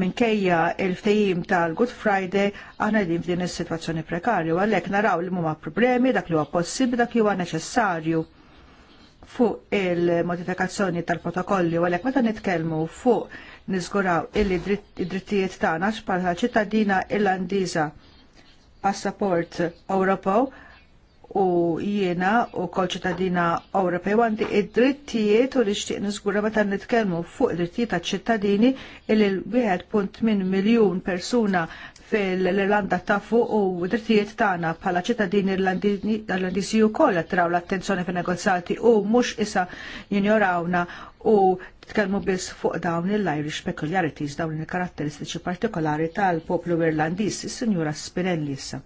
minkejja il-ftejim tal-Good Friday għana din f'din is-sitwazzjoni prekarju għalek naraw li huma problemi dak li huwa possibbli dak li huwa neċessarju fuq il-modifikazzjoni tal-protokolli għalek għalhekk meta nitkellmu fuq nizguraw il-drittijiet tagħna bħala ċittadina Irlandiża passaport Ewropew u jiena u kol ċittadina Ewropew għandi id-drittijiet u nixtieq niżgura meta nitkellmu fuq id-drittijiet taċ-ċittadini il l 18 miljun persuna fil-Irlanda ta' fuq u drittijiet tagħna bħala ċittadini irlandiżi wkoll qed traw l-attenzjoni fin-negozjati u mhux isa jinjorawna u tkellmu biss fuq dawn il-Irish peculiarities dawn il-karatteristiċi partikolari tal-poplu Irlandiż, is-Sinjura Spinelli issa.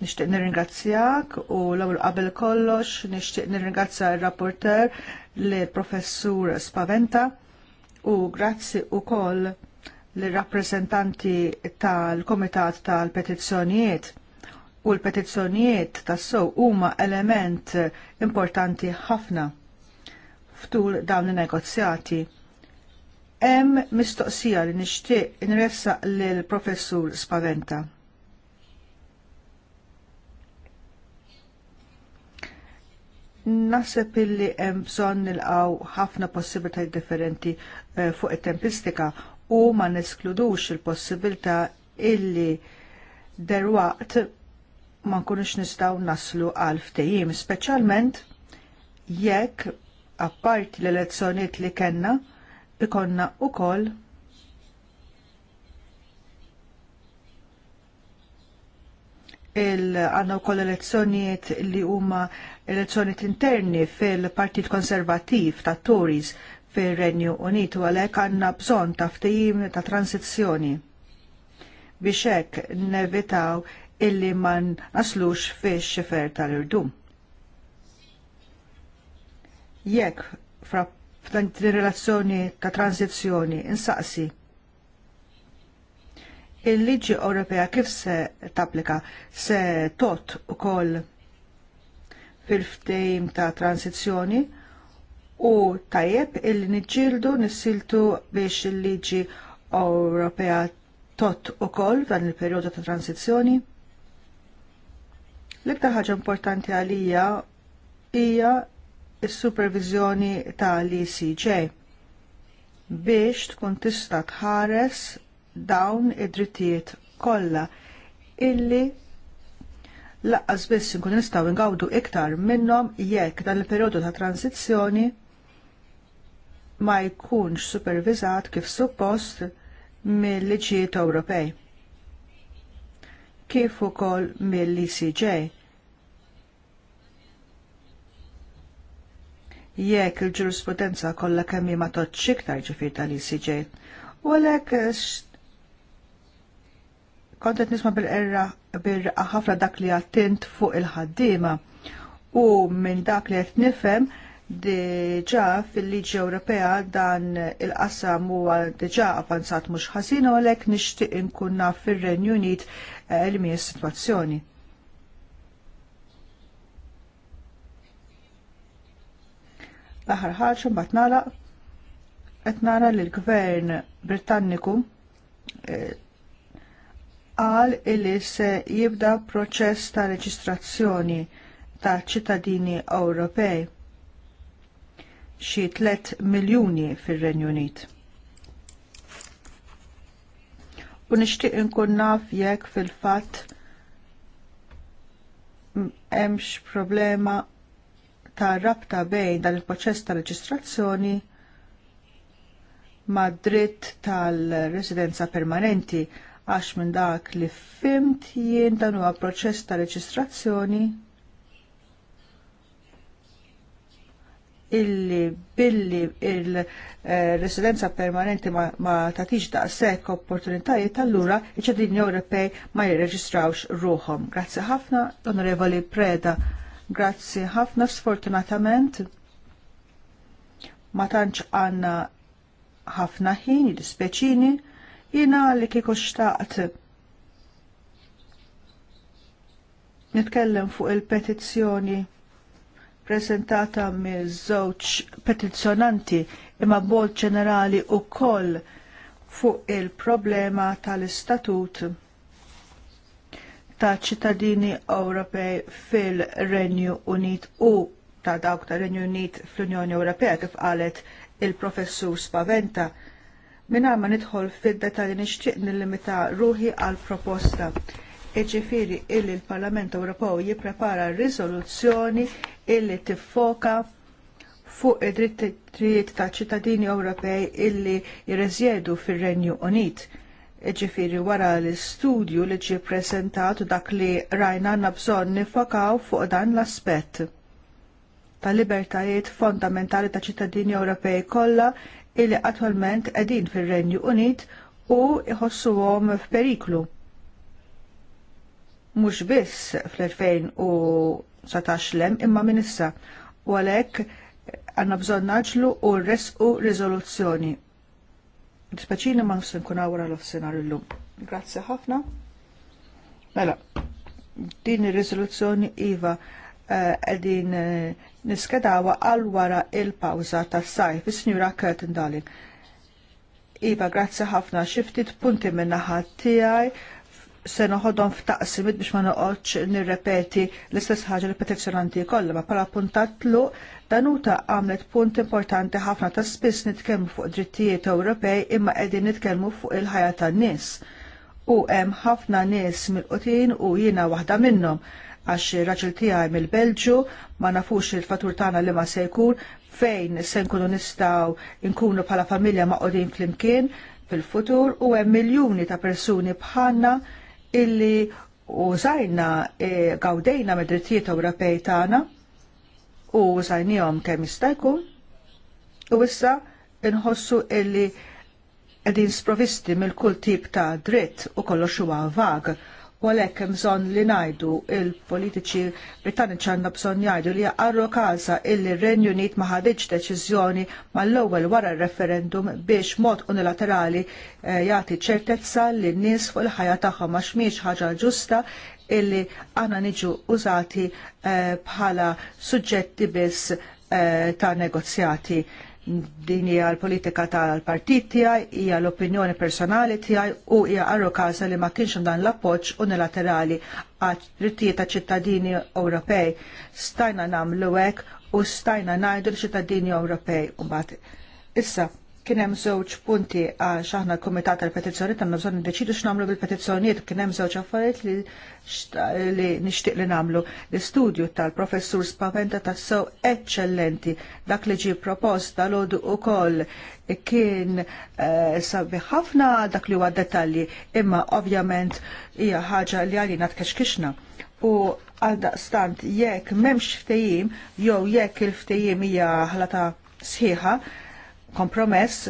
Nixtieq nirringrazzjak u l-ewwel qabel kollox nixtieq nirringrazzja r-rapporter li professur Spaventa u grazzi wkoll l-rappreżentanti tal-Komitat tal-Petizzjonijiet u l-petizzjonijiet tas-sew huma element importanti ħafna ftul dawn il negozjati Hemm mistoqsija li nixtieq nressaq lill professur Spaventa Naseb illi hemm bżonn nilqgħu ħafna possibilitajiet differenti eh, fuq it-tempistika u ma neskludux il-possibilità illi derwaqt ma nkunux nistgħu naslu għal ftehim, speċjalment jekk apparti l-elezzjonijiet li kellna ikonna wkoll il-għanna u koll elezzjoniet li huma elezzjoniet interni fil-Partit Konservativ ta' Tories fil-Renju Unitu għalek għanna bżon ta' ftejim ta' transizjoni biex hekk nevitaw illi ma naslux fix xifer tal-irdum. Jekk fra f'dan relazzjoni ta' transizjoni insaqsi il-liġi Ewropea kif se tapplika se tot ukoll fil-ftejm ta' transizzjoni u tajjeb illi niġġieldu nissiltu biex il-liġi Ewropea tot ukoll dan il-perjodu ta' transizzjoni. L-iktar ħaġa importanti għalija hija s-supervizjoni tal-ECJ biex tkun tista' tħares dawn id-drittijiet kollha illi laqqas biss nkun nistgħu ngawdu iktar minnhom jekk dan il-perjodu ta' transizzjoni ma jkunx supervizat kif suppost mill-liġijiet Ewropej kif ukoll mill-ECJ. Jekk il-ġurisprudenza kollha kemm ma toġġ iktar ġifier tal-ECJ. U għalhekk kontet nisma bil-erra bil-raqqa ħafna dak li għattint fuq il-ħaddima u minn dak li għett nifem diġa fil-liġi Ewropea dan il-qassam huwa diġa avanzat mhux ħażin u għalek nixtieq inkun naf fir-Renju Unit eh, li mija s-sitwazzjoni. L-aħħar ħaġa mbagħad nagħlaq qed nara li l-Gvern Britanniku eh, qal illi se jibda proċess ta' reġistrazzjoni ta' ċittadini Ewropej xi 3 miljuni fir-Renju Unit. U nixtieq inkun naf jekk fil-fatt hemmx problema ta' rabta bejn dan il-proċess ta' reġistrazzjoni ma' dritt tal-residenza permanenti għax minn dak li fimt jien dan huwa proċess ta' reġistrazzjoni illi billi il-residenza permanenti ma, ma tatix da' sekk opportunitajiet tal-lura iċedin Ewropej ma jirreġistrawx ruħom. Grazzi ħafna, Onorevoli Preda. Grazzi ħafna, sfortunatament. Ma tantx għanna ħafna ħin, id-speċini Jina li kiko xtaqt nitkellem fuq il-petizzjoni presentata mill żewġ petizzjonanti imma bol ġenerali u koll fuq il-problema tal-istatut ta' ċittadini Ewropej fil-Renju Unit u ta' dawk ta' Renju Unit fl-Unjoni Ewropea kif qalet il-professur Spaventa Minna ma nidħol fid-detalji nixtieq nillimita ruħi għal proposta. Eġifiri illi l-Parlament Ewropew jipprepara riżoluzzjoni illi tiffoka fuq id-drittijiet ta' ċittadini Ewropej illi jirreżjedu fir-Renju Unit. Eġifiri wara l-istudju li ġie ppreżentat dak li rajna għandna bżonn nifokaw fuq dan l-aspett tal-libertajiet fondamentali ta' ċittadini Ewropej kollha illi attwalment qegħdin fir-Renju Unit u jħossuhom f'periklu. Mhux biss fl-2019 lem imma minn issa u għalhekk għandna bżonn naġlu u resqu riżoluzzjoni. Dispaċini ma nofsin kun għawra l-offsinar l-lum. Grazzi ħafna. Mela, din ir-riżoluzzjoni iva qegħdin eh, niskedawa għal wara il pawza tas-sajf. Is-Sinjura Curtin Dalin. Iva, grazzi ħafna. Xiftit punti minna tiegħi se noħodhom f'taqsimit biex ma noqgħodx nirrepeti l-istess ħaġa li petizzjonanti kollha, ma bħala puntatlu Danuta għamlet punt importanti ħafna ta' spiss nitkellmu fuq drittijiet Ewropej imma qegħdin nitkellmu fuq il-ħajja tan-nies. U hemm ħafna nies mill-qutin u jiena waħda minnhom għax raġel tiegħi mill-Belġu ma nafux il-fatur tagħna li ma se jkun fejn se nkunu nistgħu nkunu bħala familja maqodin flimkien fil-futur u hemm miljuni ta' persuni bħalna illi użajna e, gawdejna mid-drittijiet Ewropej tagħna u użajnihom kemm jista' jkun u issa inħossu illi qegħdin sprovisti mill kull tip ta' dritt u kollox huwa vag U għalhekk hemm bżonn li ngħidu il-politiċi Britanniċi għandna bżonn jgħidu li għarru Kaza illi r-Renju Unit ma ħadiġ deċiżjoni mal-ewwel wara r-referendum biex mod unilaterali eh, jagħti ċertezza li n nies fuq il-ħajja tagħhom għax miex ħaġa ġusta illi għana niġu użati eh, bħala suġġetti biss eh, ta' negozjati din hija l-politika tal-partit tiegħi, hija l-opinjoni personali tiegħi u hija arrokasa li ma kienx dan l-appoġġ unilaterali għad drittijiet ta' ċittadini Ewropej. Stajna nagħmlu hekk u stajna ngħidu l-ċittadini Ewropej u mbagħad. Issa, Kien hemm żewġ punti għax aħna l-Kumitat tal-Petizzjoni tagħna bżonn x x'nagħmlu bil-petizzjonijiet kien hemm żewġ affarijiet li, li nixtieq li nagħmlu. L-istudju tal-Professur Spaventa tassew eċċellenti dak li ġie propost dal-għodu koll kien sabbi eh, sabi ħafna dak li huwa dettalji imma ovvjament hija ħaġa li għalina tkexkixna. u għaldaqstant jekk memx ftejim jew jekk il-ftejim hija ħlata sħiħa, kompromess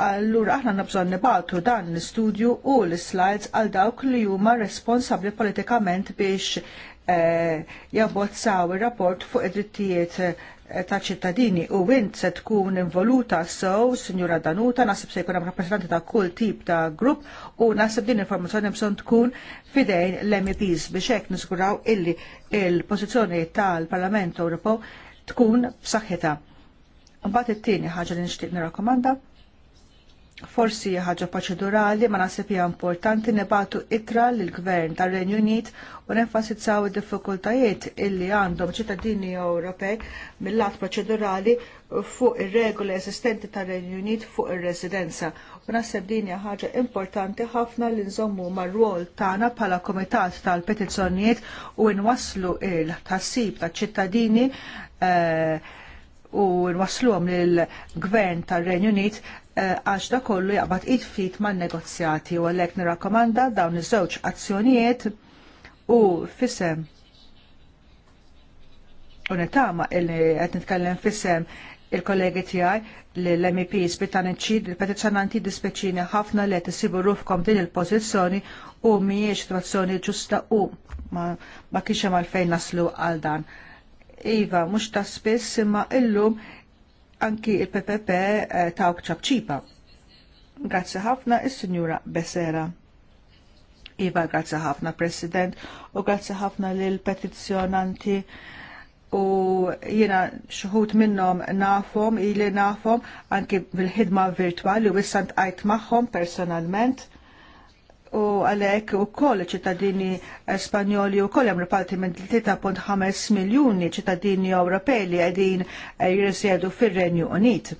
allura aħna nabżon nibaltu dan l-studju u l-slides għal dawk li huma responsabli politikament biex eh, jabbozzaw ir-rapport fuq id-drittijiet eh, ta' ċittadini u int se tkun involuta sow, Signora Danuta, nasib se jkun hemm rappresentanti ta' kull tip ta' grupp u nasib din informazzjoni bżonn tkun fidejn l-MEPs biex hekk nisguraw illi il-pożizzjoni tal-Parlament Ewropew tkun b'saħħitha Mbagħad it-tieni ħaġa li nixtieq nirrakkomanda forsi hija ħaġa proċedurali ma naħseb hija importanti nibatu itra lill gvern tar-Renju Unit u nenfasizzaw id-diffikultajiet illi għandhom ċittadini Ewropej mill-lat proċedurali fuq ir-regoli eżistenti tar-Renju Unit fuq ir-residenza. U naħseb din hija ħaġa importanti ħafna li nżommu mar-rwol tagħna bħala Komitat tal-Petizzjonijiet u nwasslu il-tassib taċ-ċittadini eh, u nwasluhom lill-Gvern tar-Renju Unit eh, għax da kollu jaqbad id-fit man negozjati u għalek nirakomanda dawn iż-żewġ azzjonijiet u fisem unetama il-li qed nitkellem fisem il-kollegi tiegħi li l-MEPs Britanniċi il-petizzjonanti dispeċini ħafna li qed sibu rufkom din il-pożizzjoni u mhijiex situazzjoni ġusta u ma, ma kienx hemm għalfejn naslu għal dan. Iva, mhux ta' spiss imma illum anki il-PPP eh, ta' ċabċipa. Grazzi ħafna is-Sinjura Besera. Iva, grazzi ħafna President u grazzi ħafna l petizzjonanti u jiena xuħut minnom nafom, ili nafom, anki bil-ħidma virtuali u issa għajt magħhom personalment u għalek u koll ċittadini spanjoli u koll hemm parti minn 3.5 miljuni ċittadini Ewropej li għedin eh, jirsjedu fir-Renju Unit.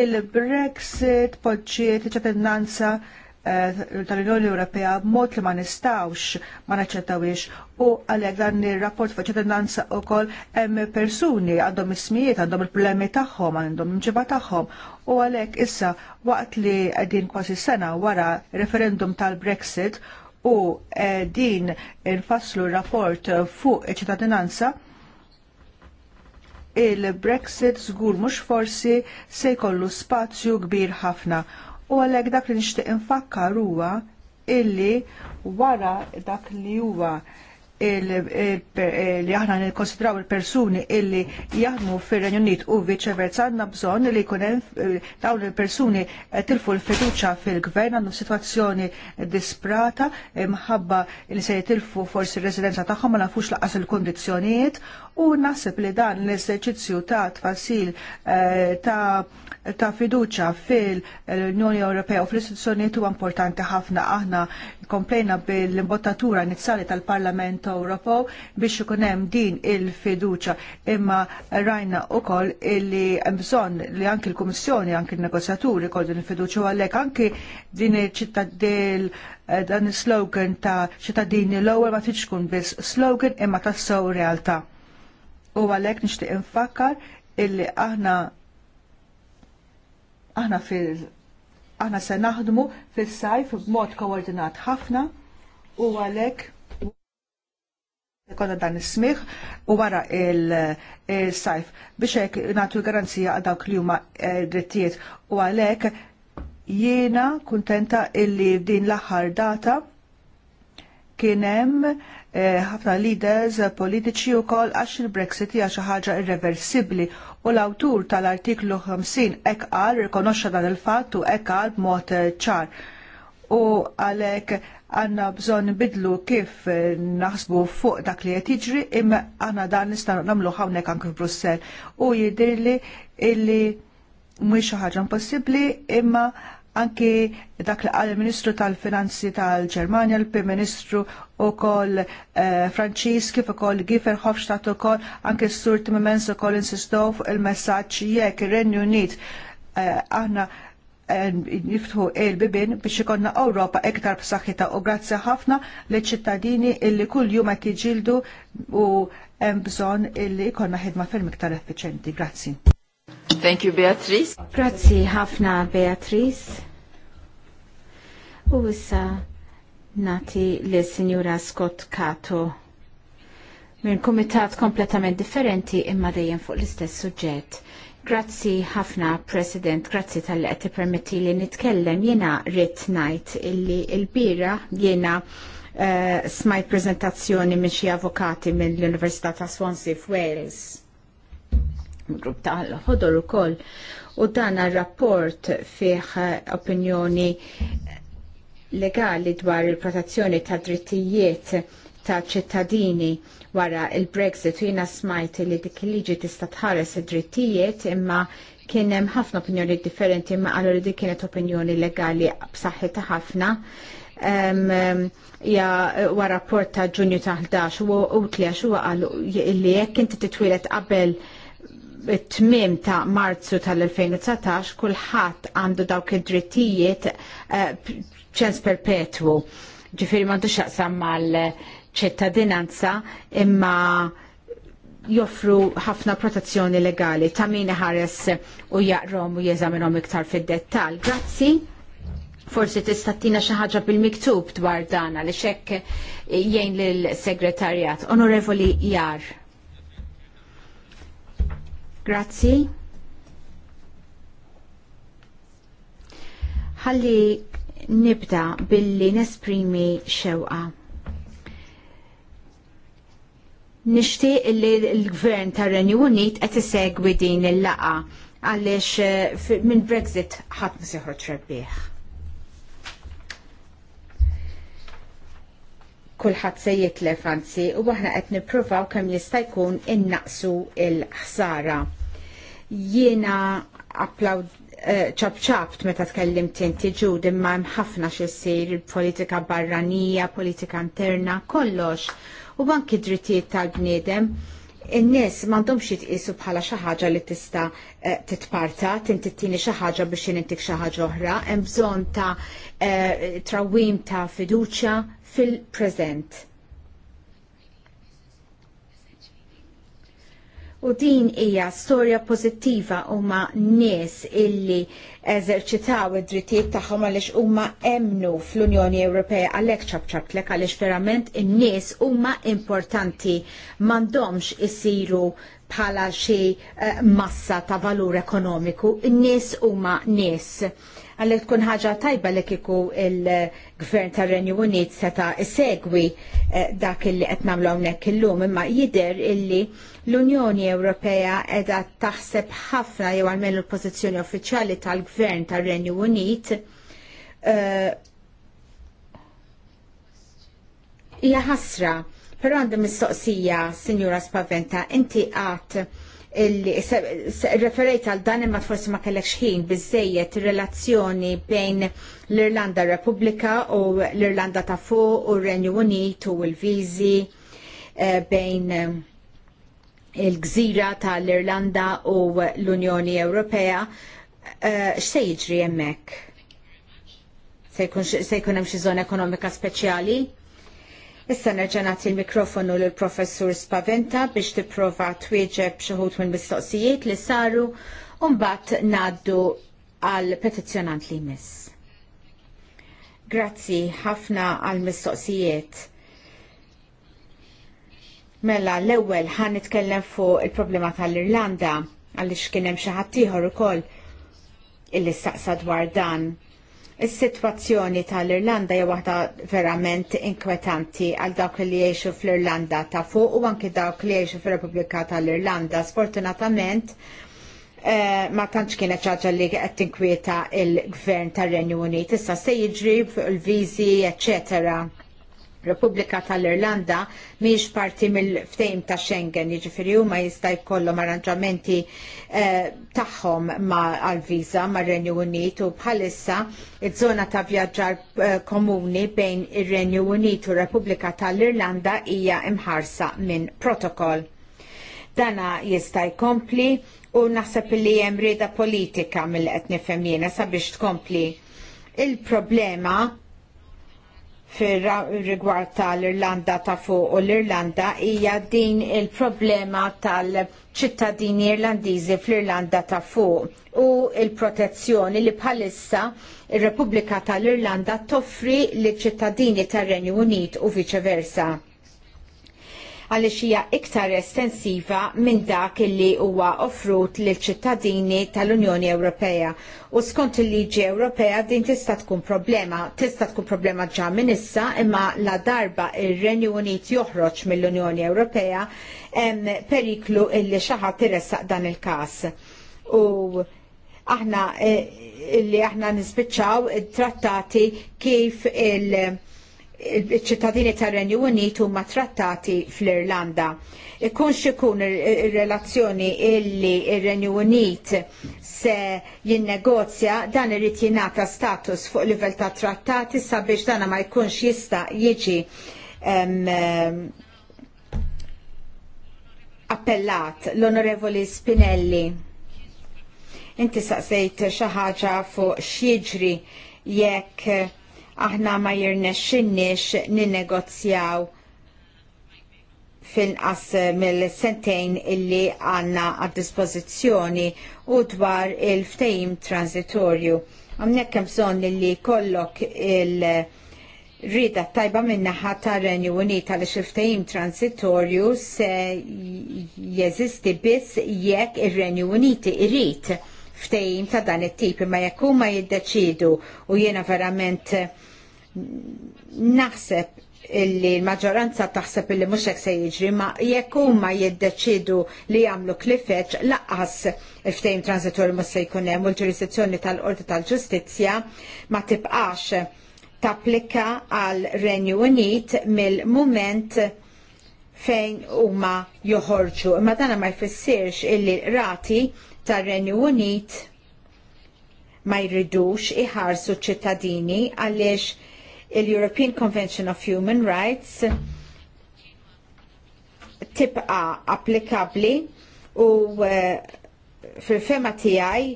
Il-Brexit poġġiet ċittadinanza Eh, tal-Unjoni Ewropea b'mod li ma nistawx ma naċċettawiex u għalhekk dan ir-rapport fuq ċittadinanza wkoll hemm persuni għandhom ismijiet, għandhom il-problemi tagħhom, għandhom imġiba tagħhom. U għalhekk issa waqt li qegħdin kważi sena wara referendum tal-Brexit u eh, din infasslu rapport fuq iċ ċittadinanza, il-Brexit żgur mhux forsi se jkollu spazju kbir ħafna U għalhekk dak li nixtieq infakkar huwa illi wara dak li huwa li aħna nikkonsidraw il-persuni illi jaħdmu fir-Renju Unit u viċeversa għandna bżonn li jkun hemm eh, dawn il-persuni eh, tilfu l-fiduċja fil-gvern għandhom sitwazzjoni disprata imħabba eh, li se jitilfu forsi r-residenza tagħhom ma nafux laqas il-kundizzjonijiet u naħseb li dan l-eserċizzju ta' tfasil eh, ta' ta' fiduċa fil-Unjoni Ewropea u fl-istituzzjonijiet huwa importanti ħafna aħna komplejna bil-imbottatura nizzali tal-Parlament Ewropew biex ikun hemm din il-fiduċa imma rajna wkoll illi hemm bżonn li anki l-Kummissjoni anki l-negozjaturi jkollu din il-fiduċa u għalhekk anki din il ċittadin eh, dan is slogan ta' ċittadini l-ewwel ma tiġ tkun biss slogan imma tassew realtà. U għalhekk nixtieq infakkar illi aħna aħna fil aħna se naħdmu fis-sajf b'mod koordinat ħafna u għalhekk konna dan is u wara il-sajf biex hekk nagħtu garanzija għal dawk li huma eh, drittijiet u għalhekk jiena kuntenta illi din l-aħħar data kien hemm ħafna leaders politiċi wkoll għax il-Brexit hija xi ħaġa irreversibbli u l-awtur tal-artiklu 50 hekk qal rikonoxxa dan il-fatt u hekk qal b'mod ċar. U għalhekk għandna bżonn bidlu kif naħsbu fuq dak li qed jiġri imma għandna dan nista' nagħmlu hawnhekk anke f'Brussell. U jidhirli illi mhux xi ħaġa impossibbli imma anki dak li għal ministru tal-Finanzi tal-Ġermanja, l-Prim Ministru u kol eh, Franċis, kif u kol Gifer Hofstadt u kol, anki s-sur Timmens u kol insistow fuq il-messagġ jek il-Renju Unit eh, aħna eh, niftħu il-bibin biex ikonna Ewropa iktar b'saħħitha u grazzi ħafna li ċittadini illi kull jum qed jiġildu u hemm bżonn illi ikonna ħidma ferm iktar effiċenti. Grazzi. Thank you, Beatrice. Grazzi ħafna, Beatrice. U issa nati le Signora Scott Cato Min kumitat kompletament differenti imma dejjem fuq l-istess suġġett. Grazzi ħafna, President, grazzi tal qed għetti permetti li nitkellem jena rrit najt illi il-bira jena uh, eh, smajt prezentazzjoni minn xi avokati mill-Università ta' Swansea f'Wales grupp ta' ħodor ukoll u dan rapport fih opinjoni legali dwar il-protezzjoni ta' drittijiet ta' ċittadini wara il-Brexit u jina smajt li dik liġi tista' tħares id-drittijiet imma kien hemm ħafna opinjoni differenti imma għallu li dik kienet opinjoni legali b'saħħitha ħafna ja wa rapport ta' ġunju ta' 11 u utli għax huwa qalu li jekk inti titwilet qabel tmim ta' marzu tal-2019 kulħadd għandu dawk id-drittijiet eh, ċens uh, perpetwu. Ġifiri mandu xaqsam mal-ċittadinanza imma joffru ħafna protezzjoni legali ta' min ħares u jaqrom u jeżaminom iktar fid-dettal. Grazzi forsi tista' tina xi ħaġa bil-miktub dwar dan għaliex hekk jgħin lill-segretarjat. Onorevoli Jar. Grazzi. Ħalli nibda billi nesprimi xewqa. Nixtieq li l-gvern tar renju Unit qed isegwi din il laqgħa għaliex eh, minn Brexit ħadd ma rebbieħ. kulħadd se jitlef anzi u aħna qed nippruvaw kemm jista' jkun innaqsu il-ħsara. Jiena applaud eh, ċabċabt meta tkellimt tinti ġud imma hemm ħafna x'issir il-politika barranija, politika interna, kollox. U anki drittijiet tal-bniedem in-nies m'għandhomx jitqisu bħala xi ħaġa li tista' eh, titparta, tintittini xi ħaġa biex intik xi ħaġa oħra, hemm bżonn ta' eh, trawim ta' fiduċja, fil-preżent. U din hija storja pożittiva huma nies illi eżerċitaw id-drittijiet tagħhom għaliex huma emnu fl-Unjoni Ewropea għalhekk ċabċablek għaliex verament in-nies huma importanti m'għandhomx isiru bħala xi eh, massa ta' valur ekonomiku. In-nies huma nies. nies għalhekk tkun ħaġa tajba li kiku il-Gvern tar-Renju Unit seta' segwi eh, dak li qed nagħmlu hawnhekk illum imma jidher illi l-Unjoni Ewropea qiegħda taħseb ħafna jew għalmen l-pożizzjoni uffiċjali tal-Gvern tar-Renju Unit eh, hija ħasra. Però għandhom mistoqsija, Sinjura Spaventa, inti għat referejt għal dan imma forsi ma kellekx ħin biżejjed relazzjoni bejn l-Irlanda Repubblika u l-Irlanda ta' fuq u r-Renju Unit u l-viżi eh, bejn eh, il-gżira tal-Irlanda u l-Unjoni Ewropea. Eh, x'se jiġri hemmhekk? Se jkun hemm xi żona ekonomika speċjali? Issa nerġa' nagħti l-mikrofonu lill professur Spaventa biex tipprova twieġeb xi ħut mill-mistoqsijiet li saru u mbagħad ngħaddu għal petizzjonant li jmiss. Grazzi ħafna għal mistoqsijiet. Mela l-ewwel ħan nitkellem fuq il-problema tal-Irlanda għaliex kien hemm xi ħadd ieħor ukoll illi staqsa dwar dan Is-sitwazzjoni tal-Irlanda hija waħda verament inkwetanti għal dawk li jgħixu fl-Irlanda ta' fuq u anke dawk li jgħixu fir-Repubblika tal-Irlanda. Sfortunatament eh, ma tantx kienet ċaġa li qed tinkwieta il-Gvern tar-Renju Unit. Issa se jiġri fuq il-viżi, eċċetera Repubblika tal-Irlanda miex parti mill-ftejm ta' Schengen, jiġifieri huma jista' jkollhom arranġamenti eh, tagħhom ma' għal-viża ma' renju Unit u bħalissa iż-żona ta' vjaġġar eh, komuni bejn ir-Renju Unit u Repubblika tal-Irlanda hija imħarsa minn protokoll. Dana jista' jkompli u naħseb li hemm rieda politika mill-qed nifhem jiena sabiex tkompli il-problema fir-rigward tal-Irlanda ta' fuq u l-Irlanda hija din il-problema tal-ċittadini Irlandiżi fl-Irlanda ta' fuq u il-protezzjoni li bħalissa ir-Repubblika tal-Irlanda toffri liċ ċittadini tar-Renju Unit u viċeversa għaliex hija iktar estensiva minn dak li huwa offrut lil ċittadini tal-Unjoni Ewropea. U skont il-liġi Ewropea din tista' tkun problema, tista' tkun problema ġa minn issa imma la darba ir-Renju Unit joħroġ mill-Unjoni Ewropea hemm periklu illi xi ħadd iressaq dan il-każ. U aħna eh, li aħna nispiċċaw it-trattati kif il- ċittadini tar renju Unitu ma trattati fl-Irlanda. Ikkun xikun il-relazzjoni illi il-Renju Unit se jinnegozja dan irrit jinnata status fuq livell ta' trattati sabiex dana ma jkunx jista jiġi appellat l-Onorevoli Spinelli. Inti saqsejt xi ħaġa fuq x'jiġri jekk aħna ma jirnexxinniex ninnegozjaw finqas mill-sentejn illi għanna għad-dispożizzjoni u dwar il ftejm transitorju. Għamnek hemm bżonn illi kollok il- rida tajba minna ħata Renju Unita li xil-ftejm transitorju se jeżisti biss jekk ir-Renju Uniti irrit ftejim ta' dan it-tip imma jekk huma jiddeċidu u jiena verament mm, naħseb illi l-maġġoranza taħseb illi mhux hekk se jiġri ma jekk huma jiddeċidu li jagħmlu klifeċ laqqas ftehim transitorju mhux se jkun hemm u l-ġurisdizzjoni tal-Qorti tal-Ġustizzja ma tibqax tapplika għal Renju Unit mill-mument fejn huma joħorġu. Imma dana ma jfissirx illi rati tar-Renju Unit ma jridux iħarsu ċittadini għaliex il-European Convention of Human Rights tibqa applikabli u eh, fil-fema tiegħi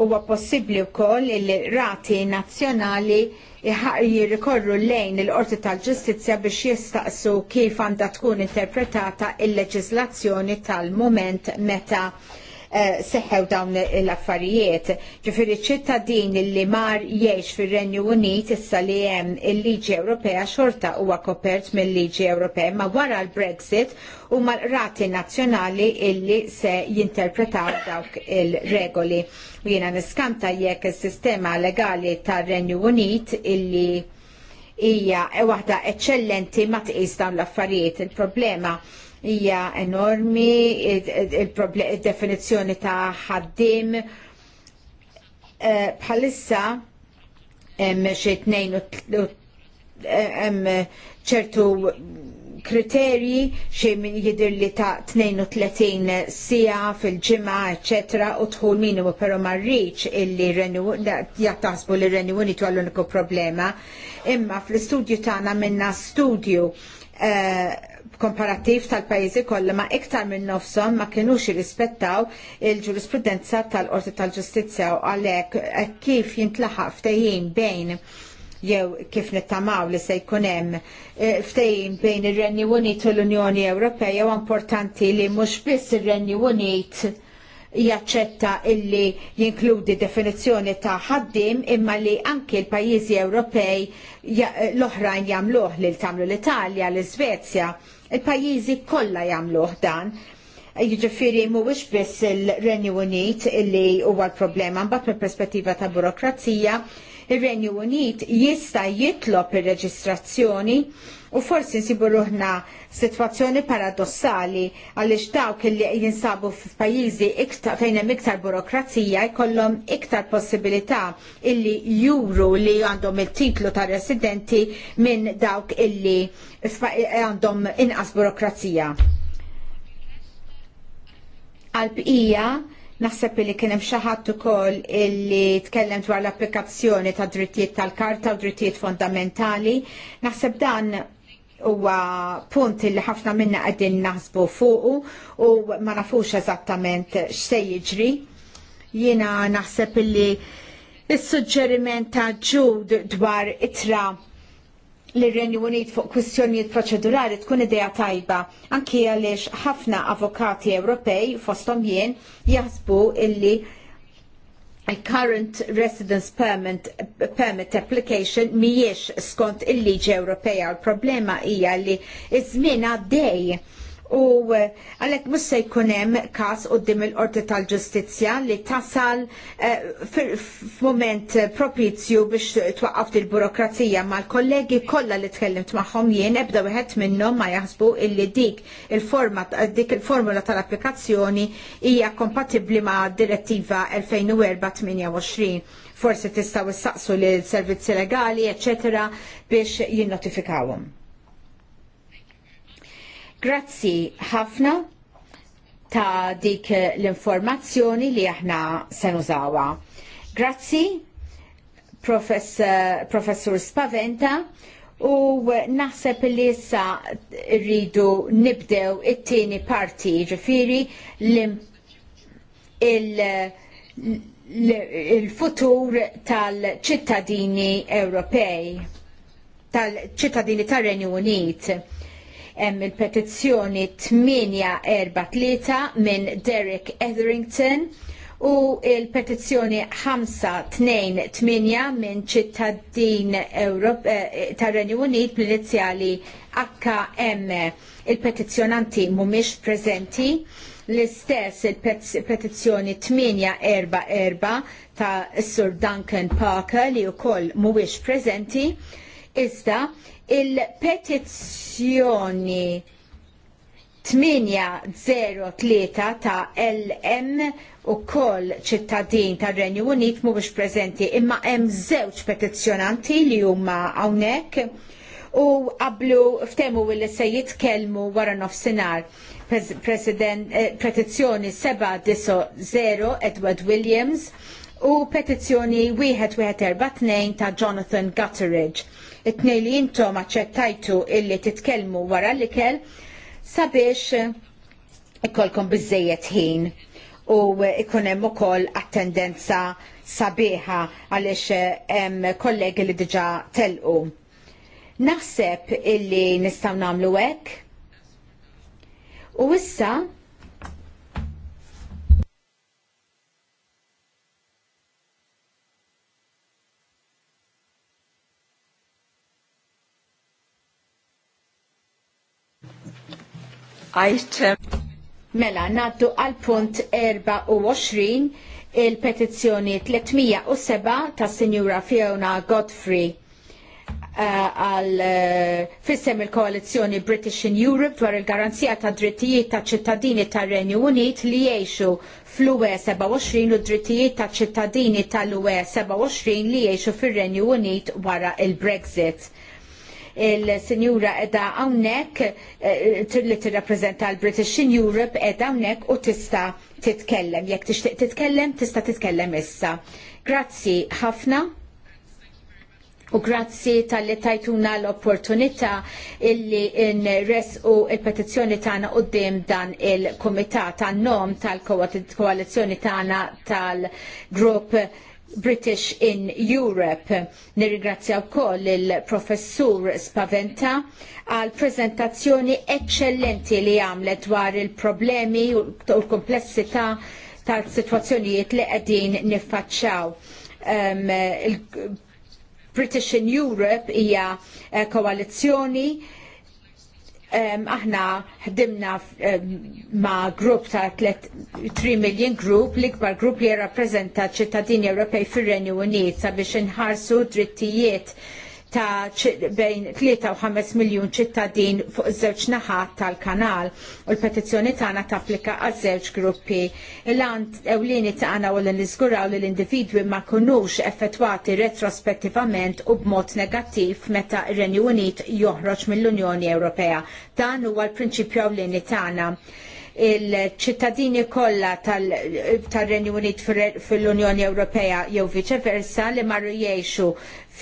huwa possibbli wkoll il-rati nazzjonali jirrikorru lejn il-Qorti tal-Ġustizzja biex jistaqsu kif għandha tkun interpretata il-leġislazzjoni tal mument meta Eh, seħħew dawn l-affarijiet. Ġifiri ċittadin li mar jiex fir renju Unit issa li hemm il-liġi Ewropea xorta huwa kopert mill-liġi Ewropea ma wara l-Brexit u l rati nazzjonali illi se jinterpretaw dawk il-regoli. U jiena niskanta jekk is-sistema legali tar-Renju Unit illi hija waħda eċċellenti ma tqis dawn l-affarijiet. Il-problema hija enormi, il-definizzjoni ta' ħaddim. Eh, bħalissa hemm xi tnejn ċertu kriterji xi min jidir li ta' 32 sija fil-ġimgħa, eċetera, u tħul minimu però ma rridx illi jattasbu li renju unitu għall-uniku problema. Imma fl-istudju tagħna minna studju uh, komparattiv tal-pajjiżi kollha ma' iktar minn nofshom ma kinux jirrispettaw il-ġurisprudenza tal-Qorti tal-Ġustizzja u għalhekk eh, kif jintlaħaq ftehim bejn jew kif nittamaw li se jkun hemm eh, ftehim bejn ir-Renju Unit u l-Unjoni Ewropea jew importanti li mhux biss ir-Renju Unit jaċċetta illi jinkludi definizzjoni ta' ħaddim imma li anki l-pajjiżi Ewropej l-oħrajn jagħmluh lil tagħmlu l-Italja, l-Iżvezja, Il-pajjiżi kollha jagħmluh dan. Jiġifieri mhuwiex biss il-Renju Unit illi huwa l-problema mbagħad mill-perspettiva ta' burokrazija ir-Renju Unit jista' jitlob ir-reġistrazzjoni u forsi nsibu ruħna sitwazzjoni paradossali għaliex dawk li jinsabu f'pajjiżi iktar fejn hemm iktar burokrazija jkollhom iktar possibilità illi juru li għandhom il-titlu ta' residenti minn dawk illi għandhom inqas burokrazija. Għalbqija Naħseb li kien hemm xi ħadd ukoll illi tkellem dwar l-applikazzjoni ta' drittijiet tal-karta u drittijiet fondamentali. Naħseb dan huwa punt li ħafna minna qegħdin naħsbu fuqu u ma nafux eżattament x'se jiġri. Jiena naħseb illi is-suġġeriment ta' ġud dwar itra l-Renju Unit fuq kwistjonijiet proċedurali tkun idea tajba anki għaliex ħafna avokati Ewropej fosthom jien jaħsbu illi current residence permit, permit application mhijiex skont il-liġi Ewropea. l problema hija li iż-żmien għaddej u eh, għalek mus se jkunem kas u dim il-qorti tal-ġustizja li tasal eh, f-moment propizju biex twaqqaf il-burokrazija ma l-kollegi kolla li tkellimt maħħom jien ebda wieħed minnhom ma jaħsbu illi dik il dik il-formula tal-applikazzjoni hija kompatibbli ma' direttiva 2024 28 forsi tistaw saqsu li servizzi legali, eccetera, biex jinnotifikawhom. Grazzi ħafna ta' dik l-informazzjoni li aħna se nużawha. Grazzi, profess, professur Spaventa, u naħseb li issa rridu nibdew it-tieni parti, ġifiri il-futur tal-ċittadini Ewropej, tal-ċittadini tar-Renju Unit hemm il-petizzjoni 843 minn Derek Etherington u il-petizzjoni 528 minn ċittadin eh, tar-Renju Unit bl-inizjali HM. Il-petizzjonanti mhumiex preżenti l-istess il-petizzjoni 844 ta' Sir Duncan Parker li wkoll mhuwiex preżenti iżda il-petizzjoni 803 ta' LM u koll ċittadin ta' Renju Unit mu biex prezenti imma hemm żewġ petizzjonanti li huma hawnhekk u qablu ftemu li se jitkellmu wara nofsinhar. Eh, petizzjoni 790 Edward Williams u petizzjoni 1142 ta' Jonathan Gutteridge it-tnej li jintom aċċettajtu illi titkellmu wara l-ikel sabiex eh, ikolkom bizzejiet ħin u eh, ikunem u koll attendenza sabiħa għalix eh, hemm kollegi li diġa telqu. Naħseb illi nistaw namlu hekk. U issa Item. Mela, naddu għal punt 24 il-petizzjoni 307 ta' Sinjura Fiona Godfrey eh, għal uh, fissem il-koalizjoni British in Europe dwar il-garanzija ta' drittijiet ta' ċittadini ta' Renju Unit li jiexu fl-UE 27 u drittijiet ta' ċittadini tal-UE 27 li jiexu fil-Renju Unit wara il-Brexit il-Sinjura edha hawnhekk eh, li tirrappreżenta l-British in Europe edha hawnhekk u tista' titkellem. Jekk tixtieq titkellem tista' titkellem issa. Grazzi ħafna. U grazzi tal-li tajtuna l-opportunità illi n-res u il-petizjoni tana u dan il-komitat tan nom tal-koalizjoni tana tal-grupp British in Europe. Nirringrazzja wkoll il-professur Spaventa għal prezentazzjoni eccellenti li għamlet dwar il-problemi u l-komplessità tal-situazzjonijiet li qegħdin nifacċaw. Um, British in Europe hija eh, koalizzjoni aħna ħdimna ma' grupp ta' 3 million group, l-ikbar grupp li jirrappreżenta ċittadini Ewropej fir-Renju Unit sabiex inħarsu drittijiet ta' bejn 3 u 5 miljun ċittadin fuq iż-żewġ naħat tal-kanal u l-petizzjoni tagħna tapplika għaż-żewġ gruppi. Il-għand ewlieni tagħna u l-niżguraw li l-individwi ma kunux effettwati retrospettivament u b'mod negattiv meta r-Renju Unit joħroġ mill-Unjoni Ewropea. Dan huwa l-prinċipju ewlieni tagħna il-ċittadini kollha tal-Renju Unit fil-Unjoni Ewropea jew viċeversa li marru jgħixu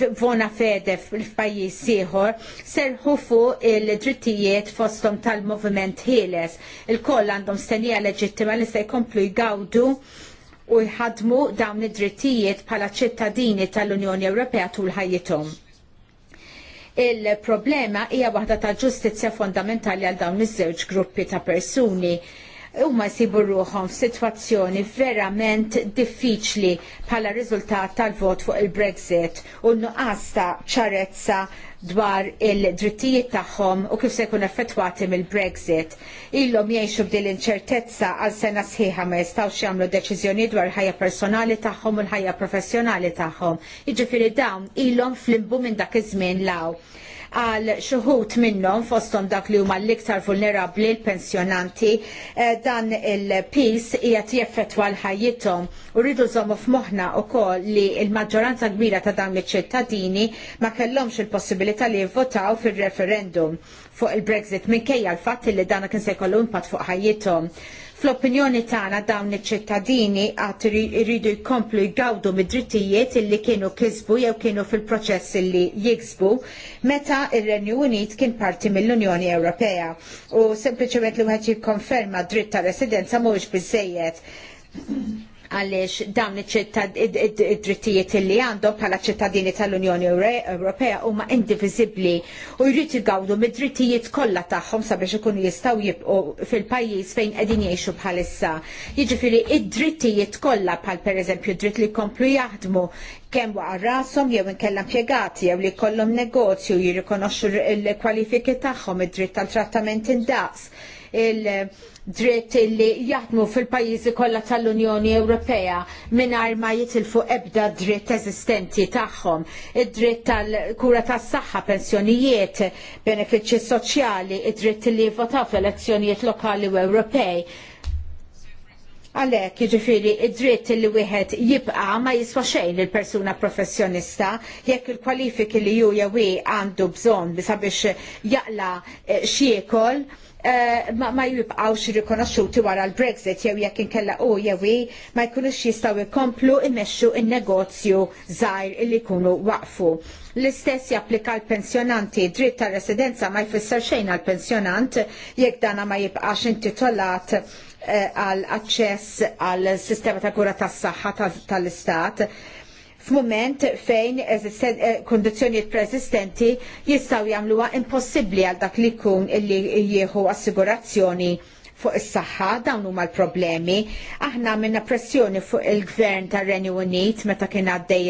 f'vona fede f'pajjiż ieħor serħu fuq il-drittijiet fosthom tal-moviment ħieles. Il-koll għandhom stenija leġittima li se jkomplu jgawdu u jħadmu dawn id-drittijiet bħala ċittadini tal-Unjoni Ewropea tul ħajjithom Il-problema hija waħda ta' ġustizzja fondamentali għal dawn iż-żewġ gruppi ta' persuni huma jsibu ruħhom f'sitwazzjoni verament diffiċli bħala riżultat tal-vot fuq il-Brexit u nuqqas ta' ċarezza dwar il-drittijiet tagħhom u kif se jkun effettwati mill-Brexit. Ilhom jgħixu b'dil inċertezza għal sena sħiħa ma jistgħux jagħmlu deċiżjoni dwar ħajja personali tagħhom u l-ħajja professjonali tagħhom. Jiġifieri dawn ilhom flimbu minn dak iż-żmien law għal xuħut minnhom fosthom dak li huma l-iktar vulnerabbli l-pensjonanti eh, dan il-pis qiegħed jeffettwa l-ħajjithom. Urridu żommu f'moħħna wkoll li l-maġġoranza kbira ta' dawn iċ-ċittadini ma kellhomx il-possibilità li jivvotaw fir-referendum fuq il-Brexit minkejja l-fatt li dan kien se jkollu impatt fuq ħajjithom. Fl-opinjoni tagħna dawn iċ-ċittadini għad iridu jkomplu jgawdu mid-drittijiet illi kienu kisbu jew kienu fil-proċess illi jiksbu meta ir-Renju Unit kien parti mill-Unjoni Ewropea u sempliċement li wieħed jikkonferma dritt ta' residenza mhuwiex biżejjed għaliex dawn id-drittijiet li għandhom bħala ċittadini tal-Unjoni Ewropea huma indiviżibbli u jrid igawdu mid-drittijiet kollha tagħhom sabiex ikunu jistgħu jibqgħu fil-pajjiż fejn qegħdin jgħixu bħalissa. Jiġifieri id-drittijiet kollha bħal pereżempju dritt li jkomplu jaħdmu kemm waqa' rashom jew inkella impjegati jew li jkollhom negozju jirrikonoxxu l-kwalifiki tagħhom id-dritt tal-trattament indaqs il-dritt li jaħdmu fil-pajjiżi kollha tal-Unjoni Ewropea mingħajr ma jitilfu ebda dritt eżistenti tagħhom, id-dritt tal-kura tas-saħħa, pensjonijiet, benefiċċji soċjali, id-dritt li jivvotaw fl-elezzjonijiet lokali u Ewropej għalek ġifiri id-dritt li wieħed jibqa ma jiswa xejn il-persuna professjonista jekk il-kwalifiki li ju jew għandu bżonn sabiex jaqla xiekol Eh, ma jibqawx rikonoxxuti wara l-Brexit jew jekk inkella u jewi ma jkunux jistgħu jkomplu immexxu in-negozju żgħir li jkunu waqfu. L-istess japplika l-pensjonanti dritt ta' residenza ma jfisser xejn għal-pensjonant jekk dana ma jibqax intitolat eh, għal aċċess għal sistema ta' kura tas saħħa tal-istat f'mument fejn eh, kondizjoni preżistenti jistgħu jagħmluha impossibbli għal dak li jkun illi jieħu assigurazzjoni fuq is-saħħa dawn huma l-problemi. Aħna minna pressjoni fuq il-gvern tar-Renju Unit meta kien għaddej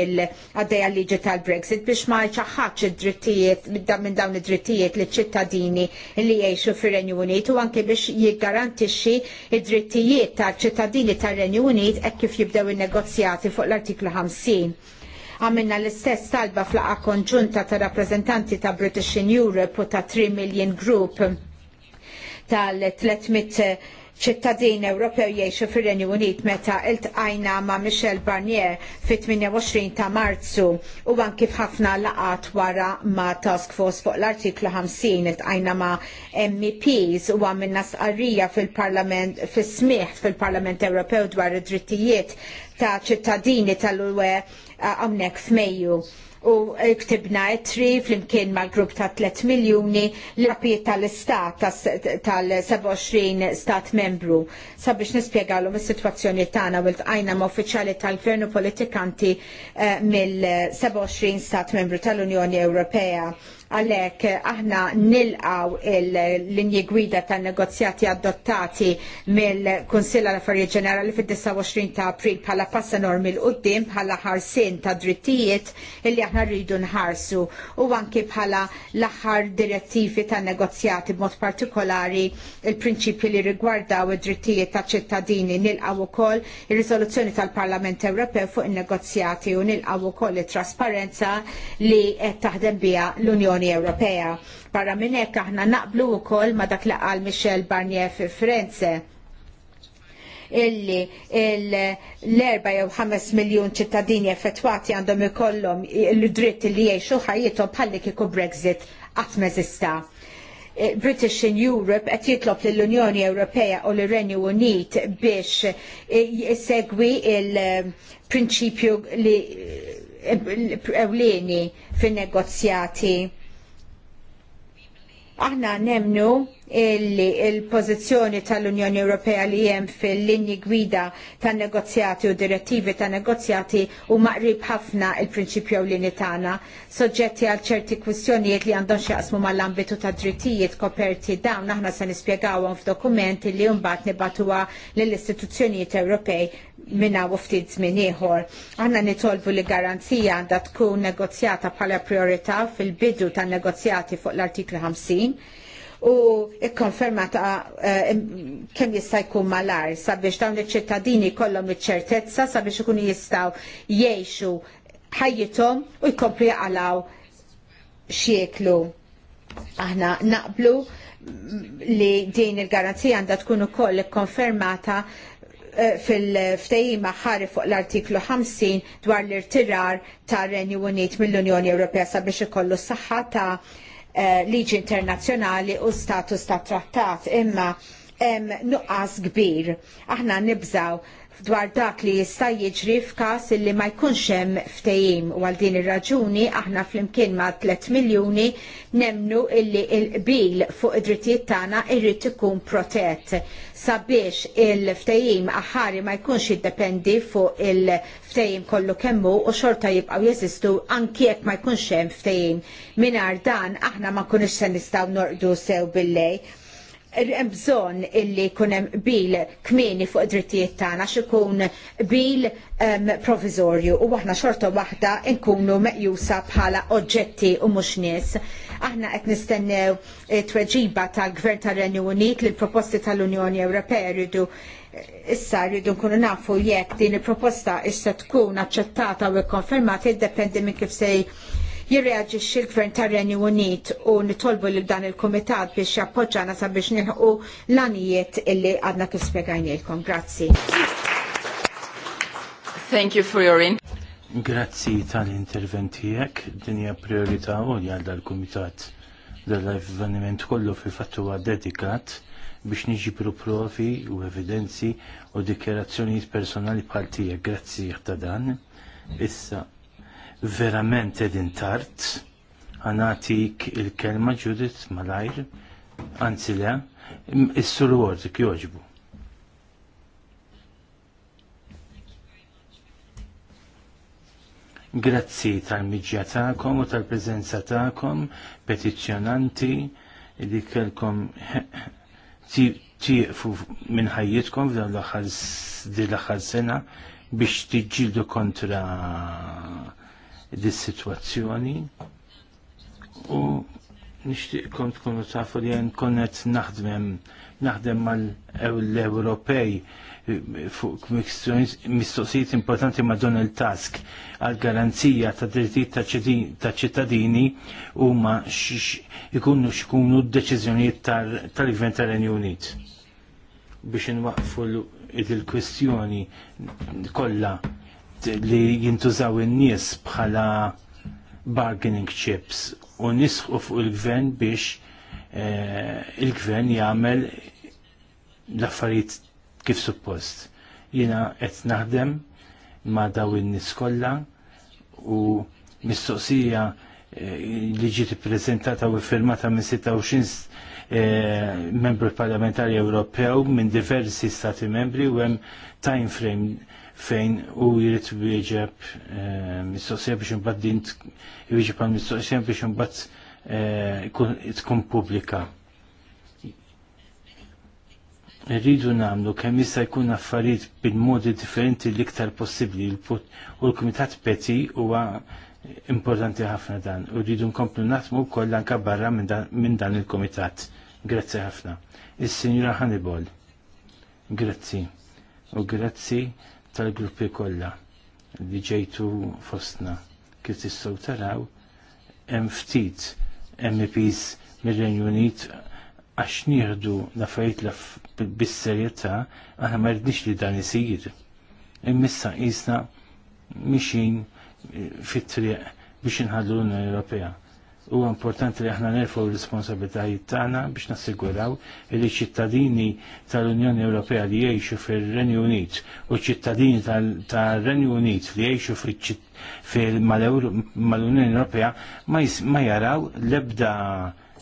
għaddej liġi tal-Brexit biex ma jċaħħax id-drittijiet minn dawn id-drittijiet li ċittadini li jgħixu fir-Renju Unit u anke biex jiggarantixxi id-drittijiet tal-ċittadini tar-Renju Unit hekk kif jibdew in-negozjati fuq l-artiklu 50 għamilna l-istess talba fl-aqa konġunta ta' rappresentanti ta' British in Europe u ta' 3 Million Group tal-300 ċittadin Ewropew jiexu fir-Renju Unit meta iltqajna ma' Michel Barnier fit-28 ta' Marzu u anki ħafna laqat wara ma' Task Force fuq l-artiklu 50 iltqajna ma' MEPs u minna sqarrija fil-Parlament fis-smieħ fil-Parlament Ewropew dwar id-drittijiet ta' ċittadini tal-UE għamnek f'Mejju u ktibna etri flimkien mal-grupp ta' 3 miljoni l-rapiet tal-istat tal-27 stat membru sabiex nispiegalhom is-sitwazzjoni tagħna u l ma' uffiċjali tal-gvern u politikanti eh, mill-27 stat membru tal-Unjoni Ewropea Għalek aħna nilqaw il-linji gwida ta' negozjati adottati mill-Kunsilla l-Affarijiet Ġenerali fid-29 ta' April bħala passa normi l-qoddim bħala ħarsin ta' drittijiet illi aħna rridu nħarsu u anki bħala l-aħħar direttivi ta' negozjati b'mod partikolari il-prinċipji li rigwardaw id-drittijiet ta' ċittadini nilqaw ukoll ir-riżoluzzjoni tal-Parlament Ewropew fuq in-negozjati u nilqaw ukoll it-trasparenza li qed taħdem biha l-Unjoni unjoni Ewropea. Barra minn hekk aħna naqblu wkoll ma dak li qal Michel Barnier fi Firenze illi l-4 jew 5 miljun ċittadini effettwati għandhom ikollhom l dritt li jgħixu ħajjithom bħalli kieku Brexit qatt meżista. E, British in Europe qed jitlob lill unjoni Ewropea u l-Renju Unit biex e, jissegwi il-prinċipju li e, ewlieni fin-negozjati Aħna nemnu illi il-pozizjoni tal-Unjoni Ewropea li hemm fil-linji gwida tan negozjati u direttivi ta' negozjati u maqrib ħafna il-prinċipju li tagħna, soġġetti għal ċerti kwistjonijiet li għandhom xaqsmu mal-ambitu ta' drittijiet koperti dawn aħna se nispjegawhom f'dokumenti li mbagħad nibatuha lill-istituzzjonijiet Ewropej minna u ftit żmien ieħor. Għandna nitolbu li garanzija għandha tkun negozjata bħala priorità fil-bidu tan negozjati fuq l-artiklu 50 u ikkonferma ta' eh, kemm jista' jkun malar sabiex dawn iċ-ċittadini kollhom iċ-ċertezza sabiex ikunu jistgħu jgħixu ħajjithom u jkompli għalaw xieklu. Aħna naqblu li din il-garanzija għandha tkun ukoll ikkonfermata Eh, fil-ftejim maħħari fuq l-artiklu 50 dwar l-irtirar ta' Renju Unit mill-Unjoni Ewropea sabiex ikollu s-saħħa ta' eh, liġi internazzjonali u status ta' trattat imma nuqqas kbir. Aħna nibżaw dwar dak li jista' jiġri f'każ illi ma jkunx hemm ftehim u għal din ir-raġuni aħna flimkien ma' 3 miljuni nemnu illi l-qbil fuq id-drittijiet tagħna irrid ikun protett sabiex il-ftehim aħari ma jkunx jiddependi fuq il-ftehim kollu kemmu u xorta jibqgħu jeżistu anki jekk ma jkunx hemm ftehim. Mingħajr dan aħna ma nkunux se nistgħu norqdu sew billej bżon illi kunem bil kmini fuq drittijiet tagħna x'ikun bil um, provizorju u aħna xorta waħda nkunu meqjusa bħala oġġetti u mhux nies. Aħna qed nistennew eh, tweġiba tal-Gvern tar-Renju Unit li l proposti tal-Unjoni Ewropea jridu eh, issa rridu nkunu nafu jekk din il-proposta issa tkun aċċettata u ikkonfermata jiddependi minn kif se jirreagġixxi l-Gvern tar-Renju Unit u nitolbu lil dan il-Kumitat biex jappoġġana biex nilħu l-anijiet illi għadna kif spjegajnilkom. Grazzi. Thank you for your in. Grazzi tal-interventijek, dinja priorità għolja għal l kumitat dal-avveniment kollu fil-fattu huwa dedikat biex niġibru provi u evidenzi u dikjerazzjoni personali bħal tiegħek. Grazzi ta' dan. Issa verament edin tart għanatik il-kelma Judith Malajr anzi le is-sur Wardik joġbu. Grazzi tal-miġja ta'kom u tal-prezenza ta'kom, petizjonanti li kelkom tiqfu minn ħajjitkom f'dan l-aħħar sena biex tiġġildu kontra dis-sitwazzjoni u kont tkunu tafu li jen konnet naħdmem naħdem mal-Ewropej eh, fuq mistoqsijiet importanti ma' il-task għal garanzija ta' drittijiet ta' ċittadini u ma' ikunu xkunu d-deċizjoniet tal-Gvern tal-Renju Unit biex nwaqfu il-kwestjoni kollha li jintużaw in-nies bħala bargaining chips u nisħu fuq il-gvern biex eh, il-gvern jagħmel l-affarijiet kif suppost. Jiena qed naħdem ma' daw in-nies kollha u mistoqsija eh, li ġiet ippreżentata u firmata minn 26 eh, membru parlamentari Ewropew minn diversi stati membri u hemm time frame fejn u jrid wieġeb eh, mistoqsija biex imbagħad din jwieġeb għal mistoqsija biex imbagħad eh, tkun pubblika. Rridu nagħmlu kemm jista' jkun affarijiet bil-modi differenti l-iktar possibbli u l-Kumitat Peti huwa importanti ħafna dan u rridu nkomplu naħdmu wkoll anke barra minn dan il-Kumitat. Grazzi ħafna. Is-Sinjura Hannibal. Grazzi. U grazzi tal-gruppi kollha li ġejtu fostna. Kif tistgħu taraw hemm ftit MPs mir-Renju Unit għax nieħdu nafajt affarijiet la bis-serjetà aħna ma rridniex li dan isir. Immissa qisna mixin fit-triq biex inħallu l-Unjoni Ewropea. U importanti li aħna nerfu l-responsabilitajiet tagħna biex nassiguraw li ċittadini tal-Unjoni Ewropea li jgħixu fir-Renju Unit u ċittadini tal-Renju Unit li jgħixu mal-Unjoni Ewropea ma jaraw l-ebda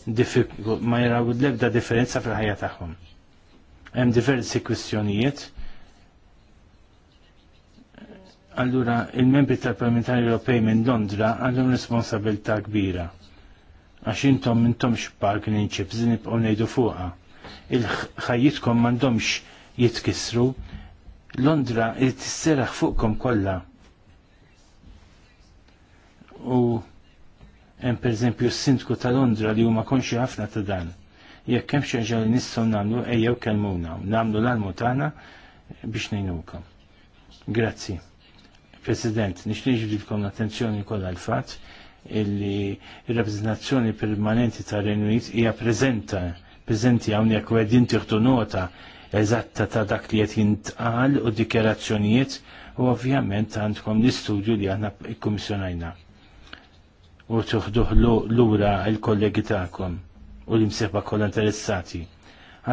ma jaraw l-ebda differenza fil-ħajja tagħhom. Hemm diversi kwistjonijiet Allura, il-membri tal-Parlamentari Ewropej minn Londra għandhom responsabilità kbira għax intom intomx bargaining ninċib nibqgħu ngħidu fuqha. Il-ħajjitkom m'għandhomx jitkissru, Londra tisseraħ fuqkom kollha. U hemm pereżempju s-sindku ta' Londra li huma konxi ħafna ta' dan. Jekk hemm xi li nistgħu nagħmlu ejjew kelmuna, nagħmlu l-almu tagħna biex ngħinukom. Grazzi. President, nix dilkom l-attenzjoni kollha l-fatt illi il-reprezentazzjoni permanenti tal-Renwit hija preżenta, preżenti hawnhekk u qegħdin tieħdu nota eżatta ta' dak li qed jintqal u dikjerazzjonijiet u ovvjament għandkom l-istudju li aħna kkummissjonajna. U tuħduh lura l-kollegi tagħkom u l-imsieħba kollha interessati.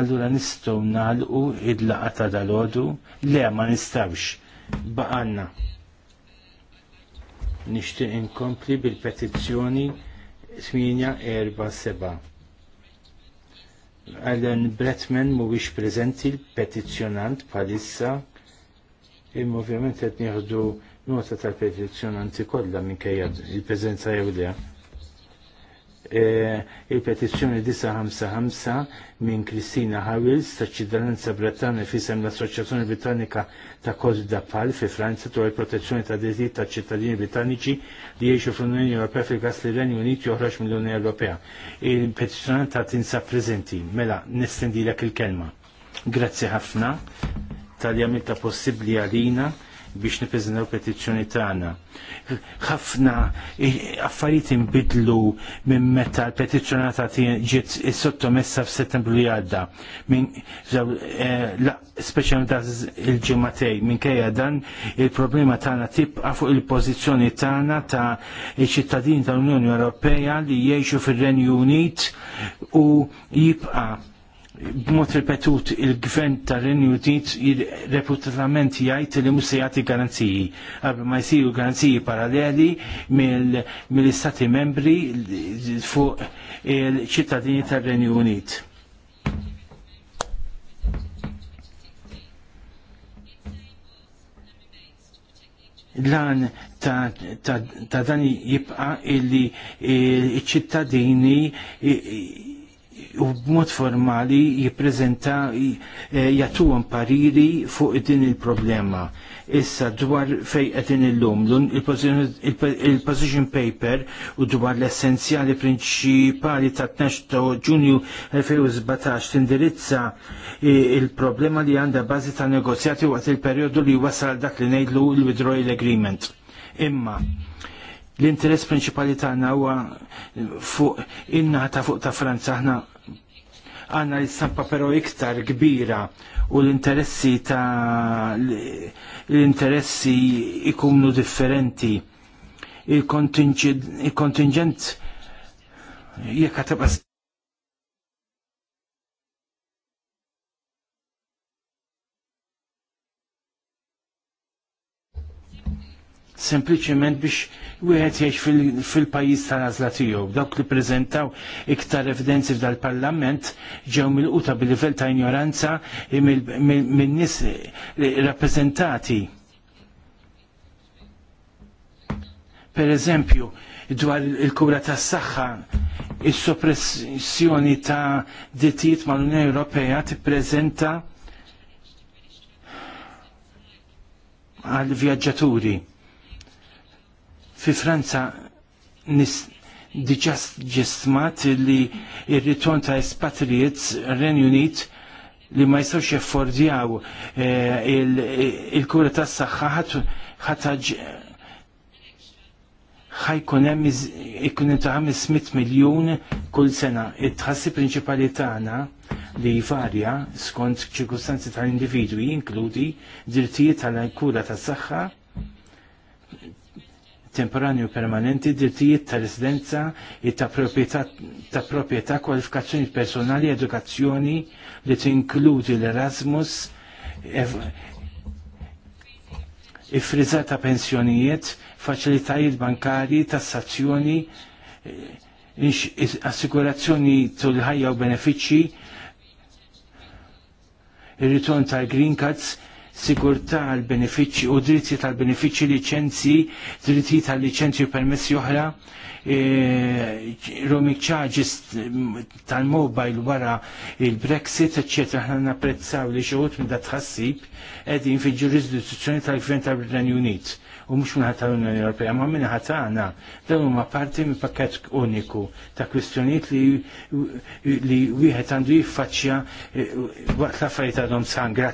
Allura nistgħu nagħlqu id laqgħa ta' dalodu le ma nistawx baqanna. Nixtieq inkompli bil-petizzjoni 847. Allen Bretman mhuwiex preżenti l-petizzjonant bħalissa imma ovvjament qed nieħdu nota tal-petizzjonanti kollha minkejja il-preżenza jew le. E, il-petizzjoni 955 minn Kristina Hawils ta' ċittadinanza Britannika fisem l-Assoċjazzjoni Britannika ta' Côte d'Appal fi Franza dwar il-protezzjoni ta' diritti ta' ċittadini Britanniċi li jgħixu fl-Unjoni Ewropea fil-gas li Renju Unit joħroġ mill-Unjoni Ewropea. Il-petizzjoni ta' tinsa prezenti. Mela, nestendilek il-kelma. Grazzi ħafna tal ta' possibli għalina biex nipreżentaw petizzjoni tagħna. Ħafna affarijiet inbidlu minn meta l-petizzjonata ġiet sottomessa f'Settembru li għadda. Eh, speċjalment da il-ġimgħatej minkejja dan il-problema tagħna tibqa' fuq il-pożizzjoni tagħna ta' ċittadini tal-Unjoni Ewropea li jgħixu fir-Renju Unit u jibqa' b'mod ripetut il-gvern tar-Renju Unit reputatament jgħid li mhux se jagħti garanziji qabel ma jsiru garanziji paralleli mill-istati membri fuq il-ċittadini tar-Renju Unit. Lan ta', ta, ta dan jibqa' illi il-ċittadini u b'mod formali jipprezenta eh, jagħtuhom pariri fuq din il-problema. Issa dwar fej il illum il-position paper u dwar l-essenzjali prinċipali ta' 12 Ġunju 2017 tindirizza eh, il-problema li għandha bażi ta' negozjati waqt il-perjodu li wasal dak li nejdlu l-withdrawal agreement. Imma l-interess prinċipali tagħna huwa fuq in ta' fuq ta' Franza aħna għanna l pero iktar kbira u l-interessi ta' l-interessi ikunu differenti. Il-kontingent jekk tabas. sempliciment biex wieħed jgħix fil-pajjiż tal-għażla tiegħu. Dawk li preżentaw iktar evidenzi f'dal-Parlament ġew milquta bil-livell ta' ignoranza e minn nies eh, rappreżentati. Per eżempju, dwar il-kura tas saħħa il-soppressjoni ta' dittijiet mal-Unjoni Ewropea tippreżenta għal vjaġġaturi Fi Franza nis diġa ġestmat li il ritorn ta' espatriet Renjunit li ma jistawx jeffordjaw eh, il-kura tas saħħa ħataġ ħajkun hemm ikun ta' 500 miljun kull sena. il tħassi prinċipali tagħna li varja skont ċirkustanzi tal-individwi jinkludi drittijiet tal-kura tas saħħa temporanju permanenti, drittijiet ta' residenza, e ta' proprjetà ta' kwalifikazzjoni personali, edukazzjoni li tinkludi l-Erasmus, ifriza ta' pensjonijiet, faċilitajiet bankari, tassazzjoni, eh, assigurazzjoni tul ħajja u benefiċċji, ir-ritorn tal green cards, sigurtà għal-benefiċċji u dritti tal-benefiċċji liċenzji, dritti tal liċenzju u permessi oħra, e, roaming charges tal-mobile wara il-Brexit, ecc. ħna napprezzaw li xoħut minn dat tħassib edin fi ġurisdizzjoni tal-Gvern tal-Britannju Unit u mux minn ħata l-Unjoni Ewropea, ma minn ħata għana. Dan huma parti minn pakket uniku ta' kwistjonijiet li wieħed għandu jiffaċċja e, waqt l-affarijiet għadhom sangra.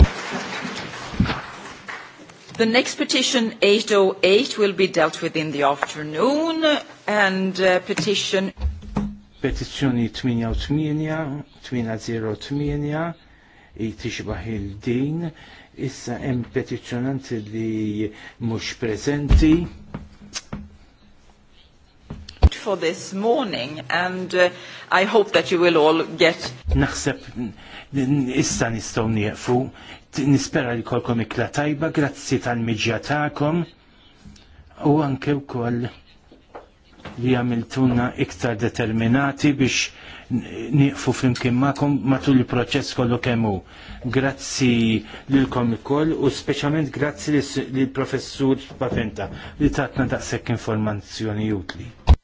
The next petition, 808, will be dealt with in the afternoon, and uh, petition... Petizzjoni 88, 808, tixbaħ il-din, issa hemm petizzjonanti li mhux preżenti. For this morning, and uh, I hope that you will all get. Naħseb issa nistgħu nieqfu nispera li kolkom ikla tajba, grazzi tal-mijġa ta'kom u anke wkoll li għamiltuna iktar determinati biex niqfu flimkien ma'kom matul il-proċess kollu kemmu. Grazzi lilkom ikoll u speċjalment grazzi lill professur Paventa li tatna daqshekk informazzjoni utli.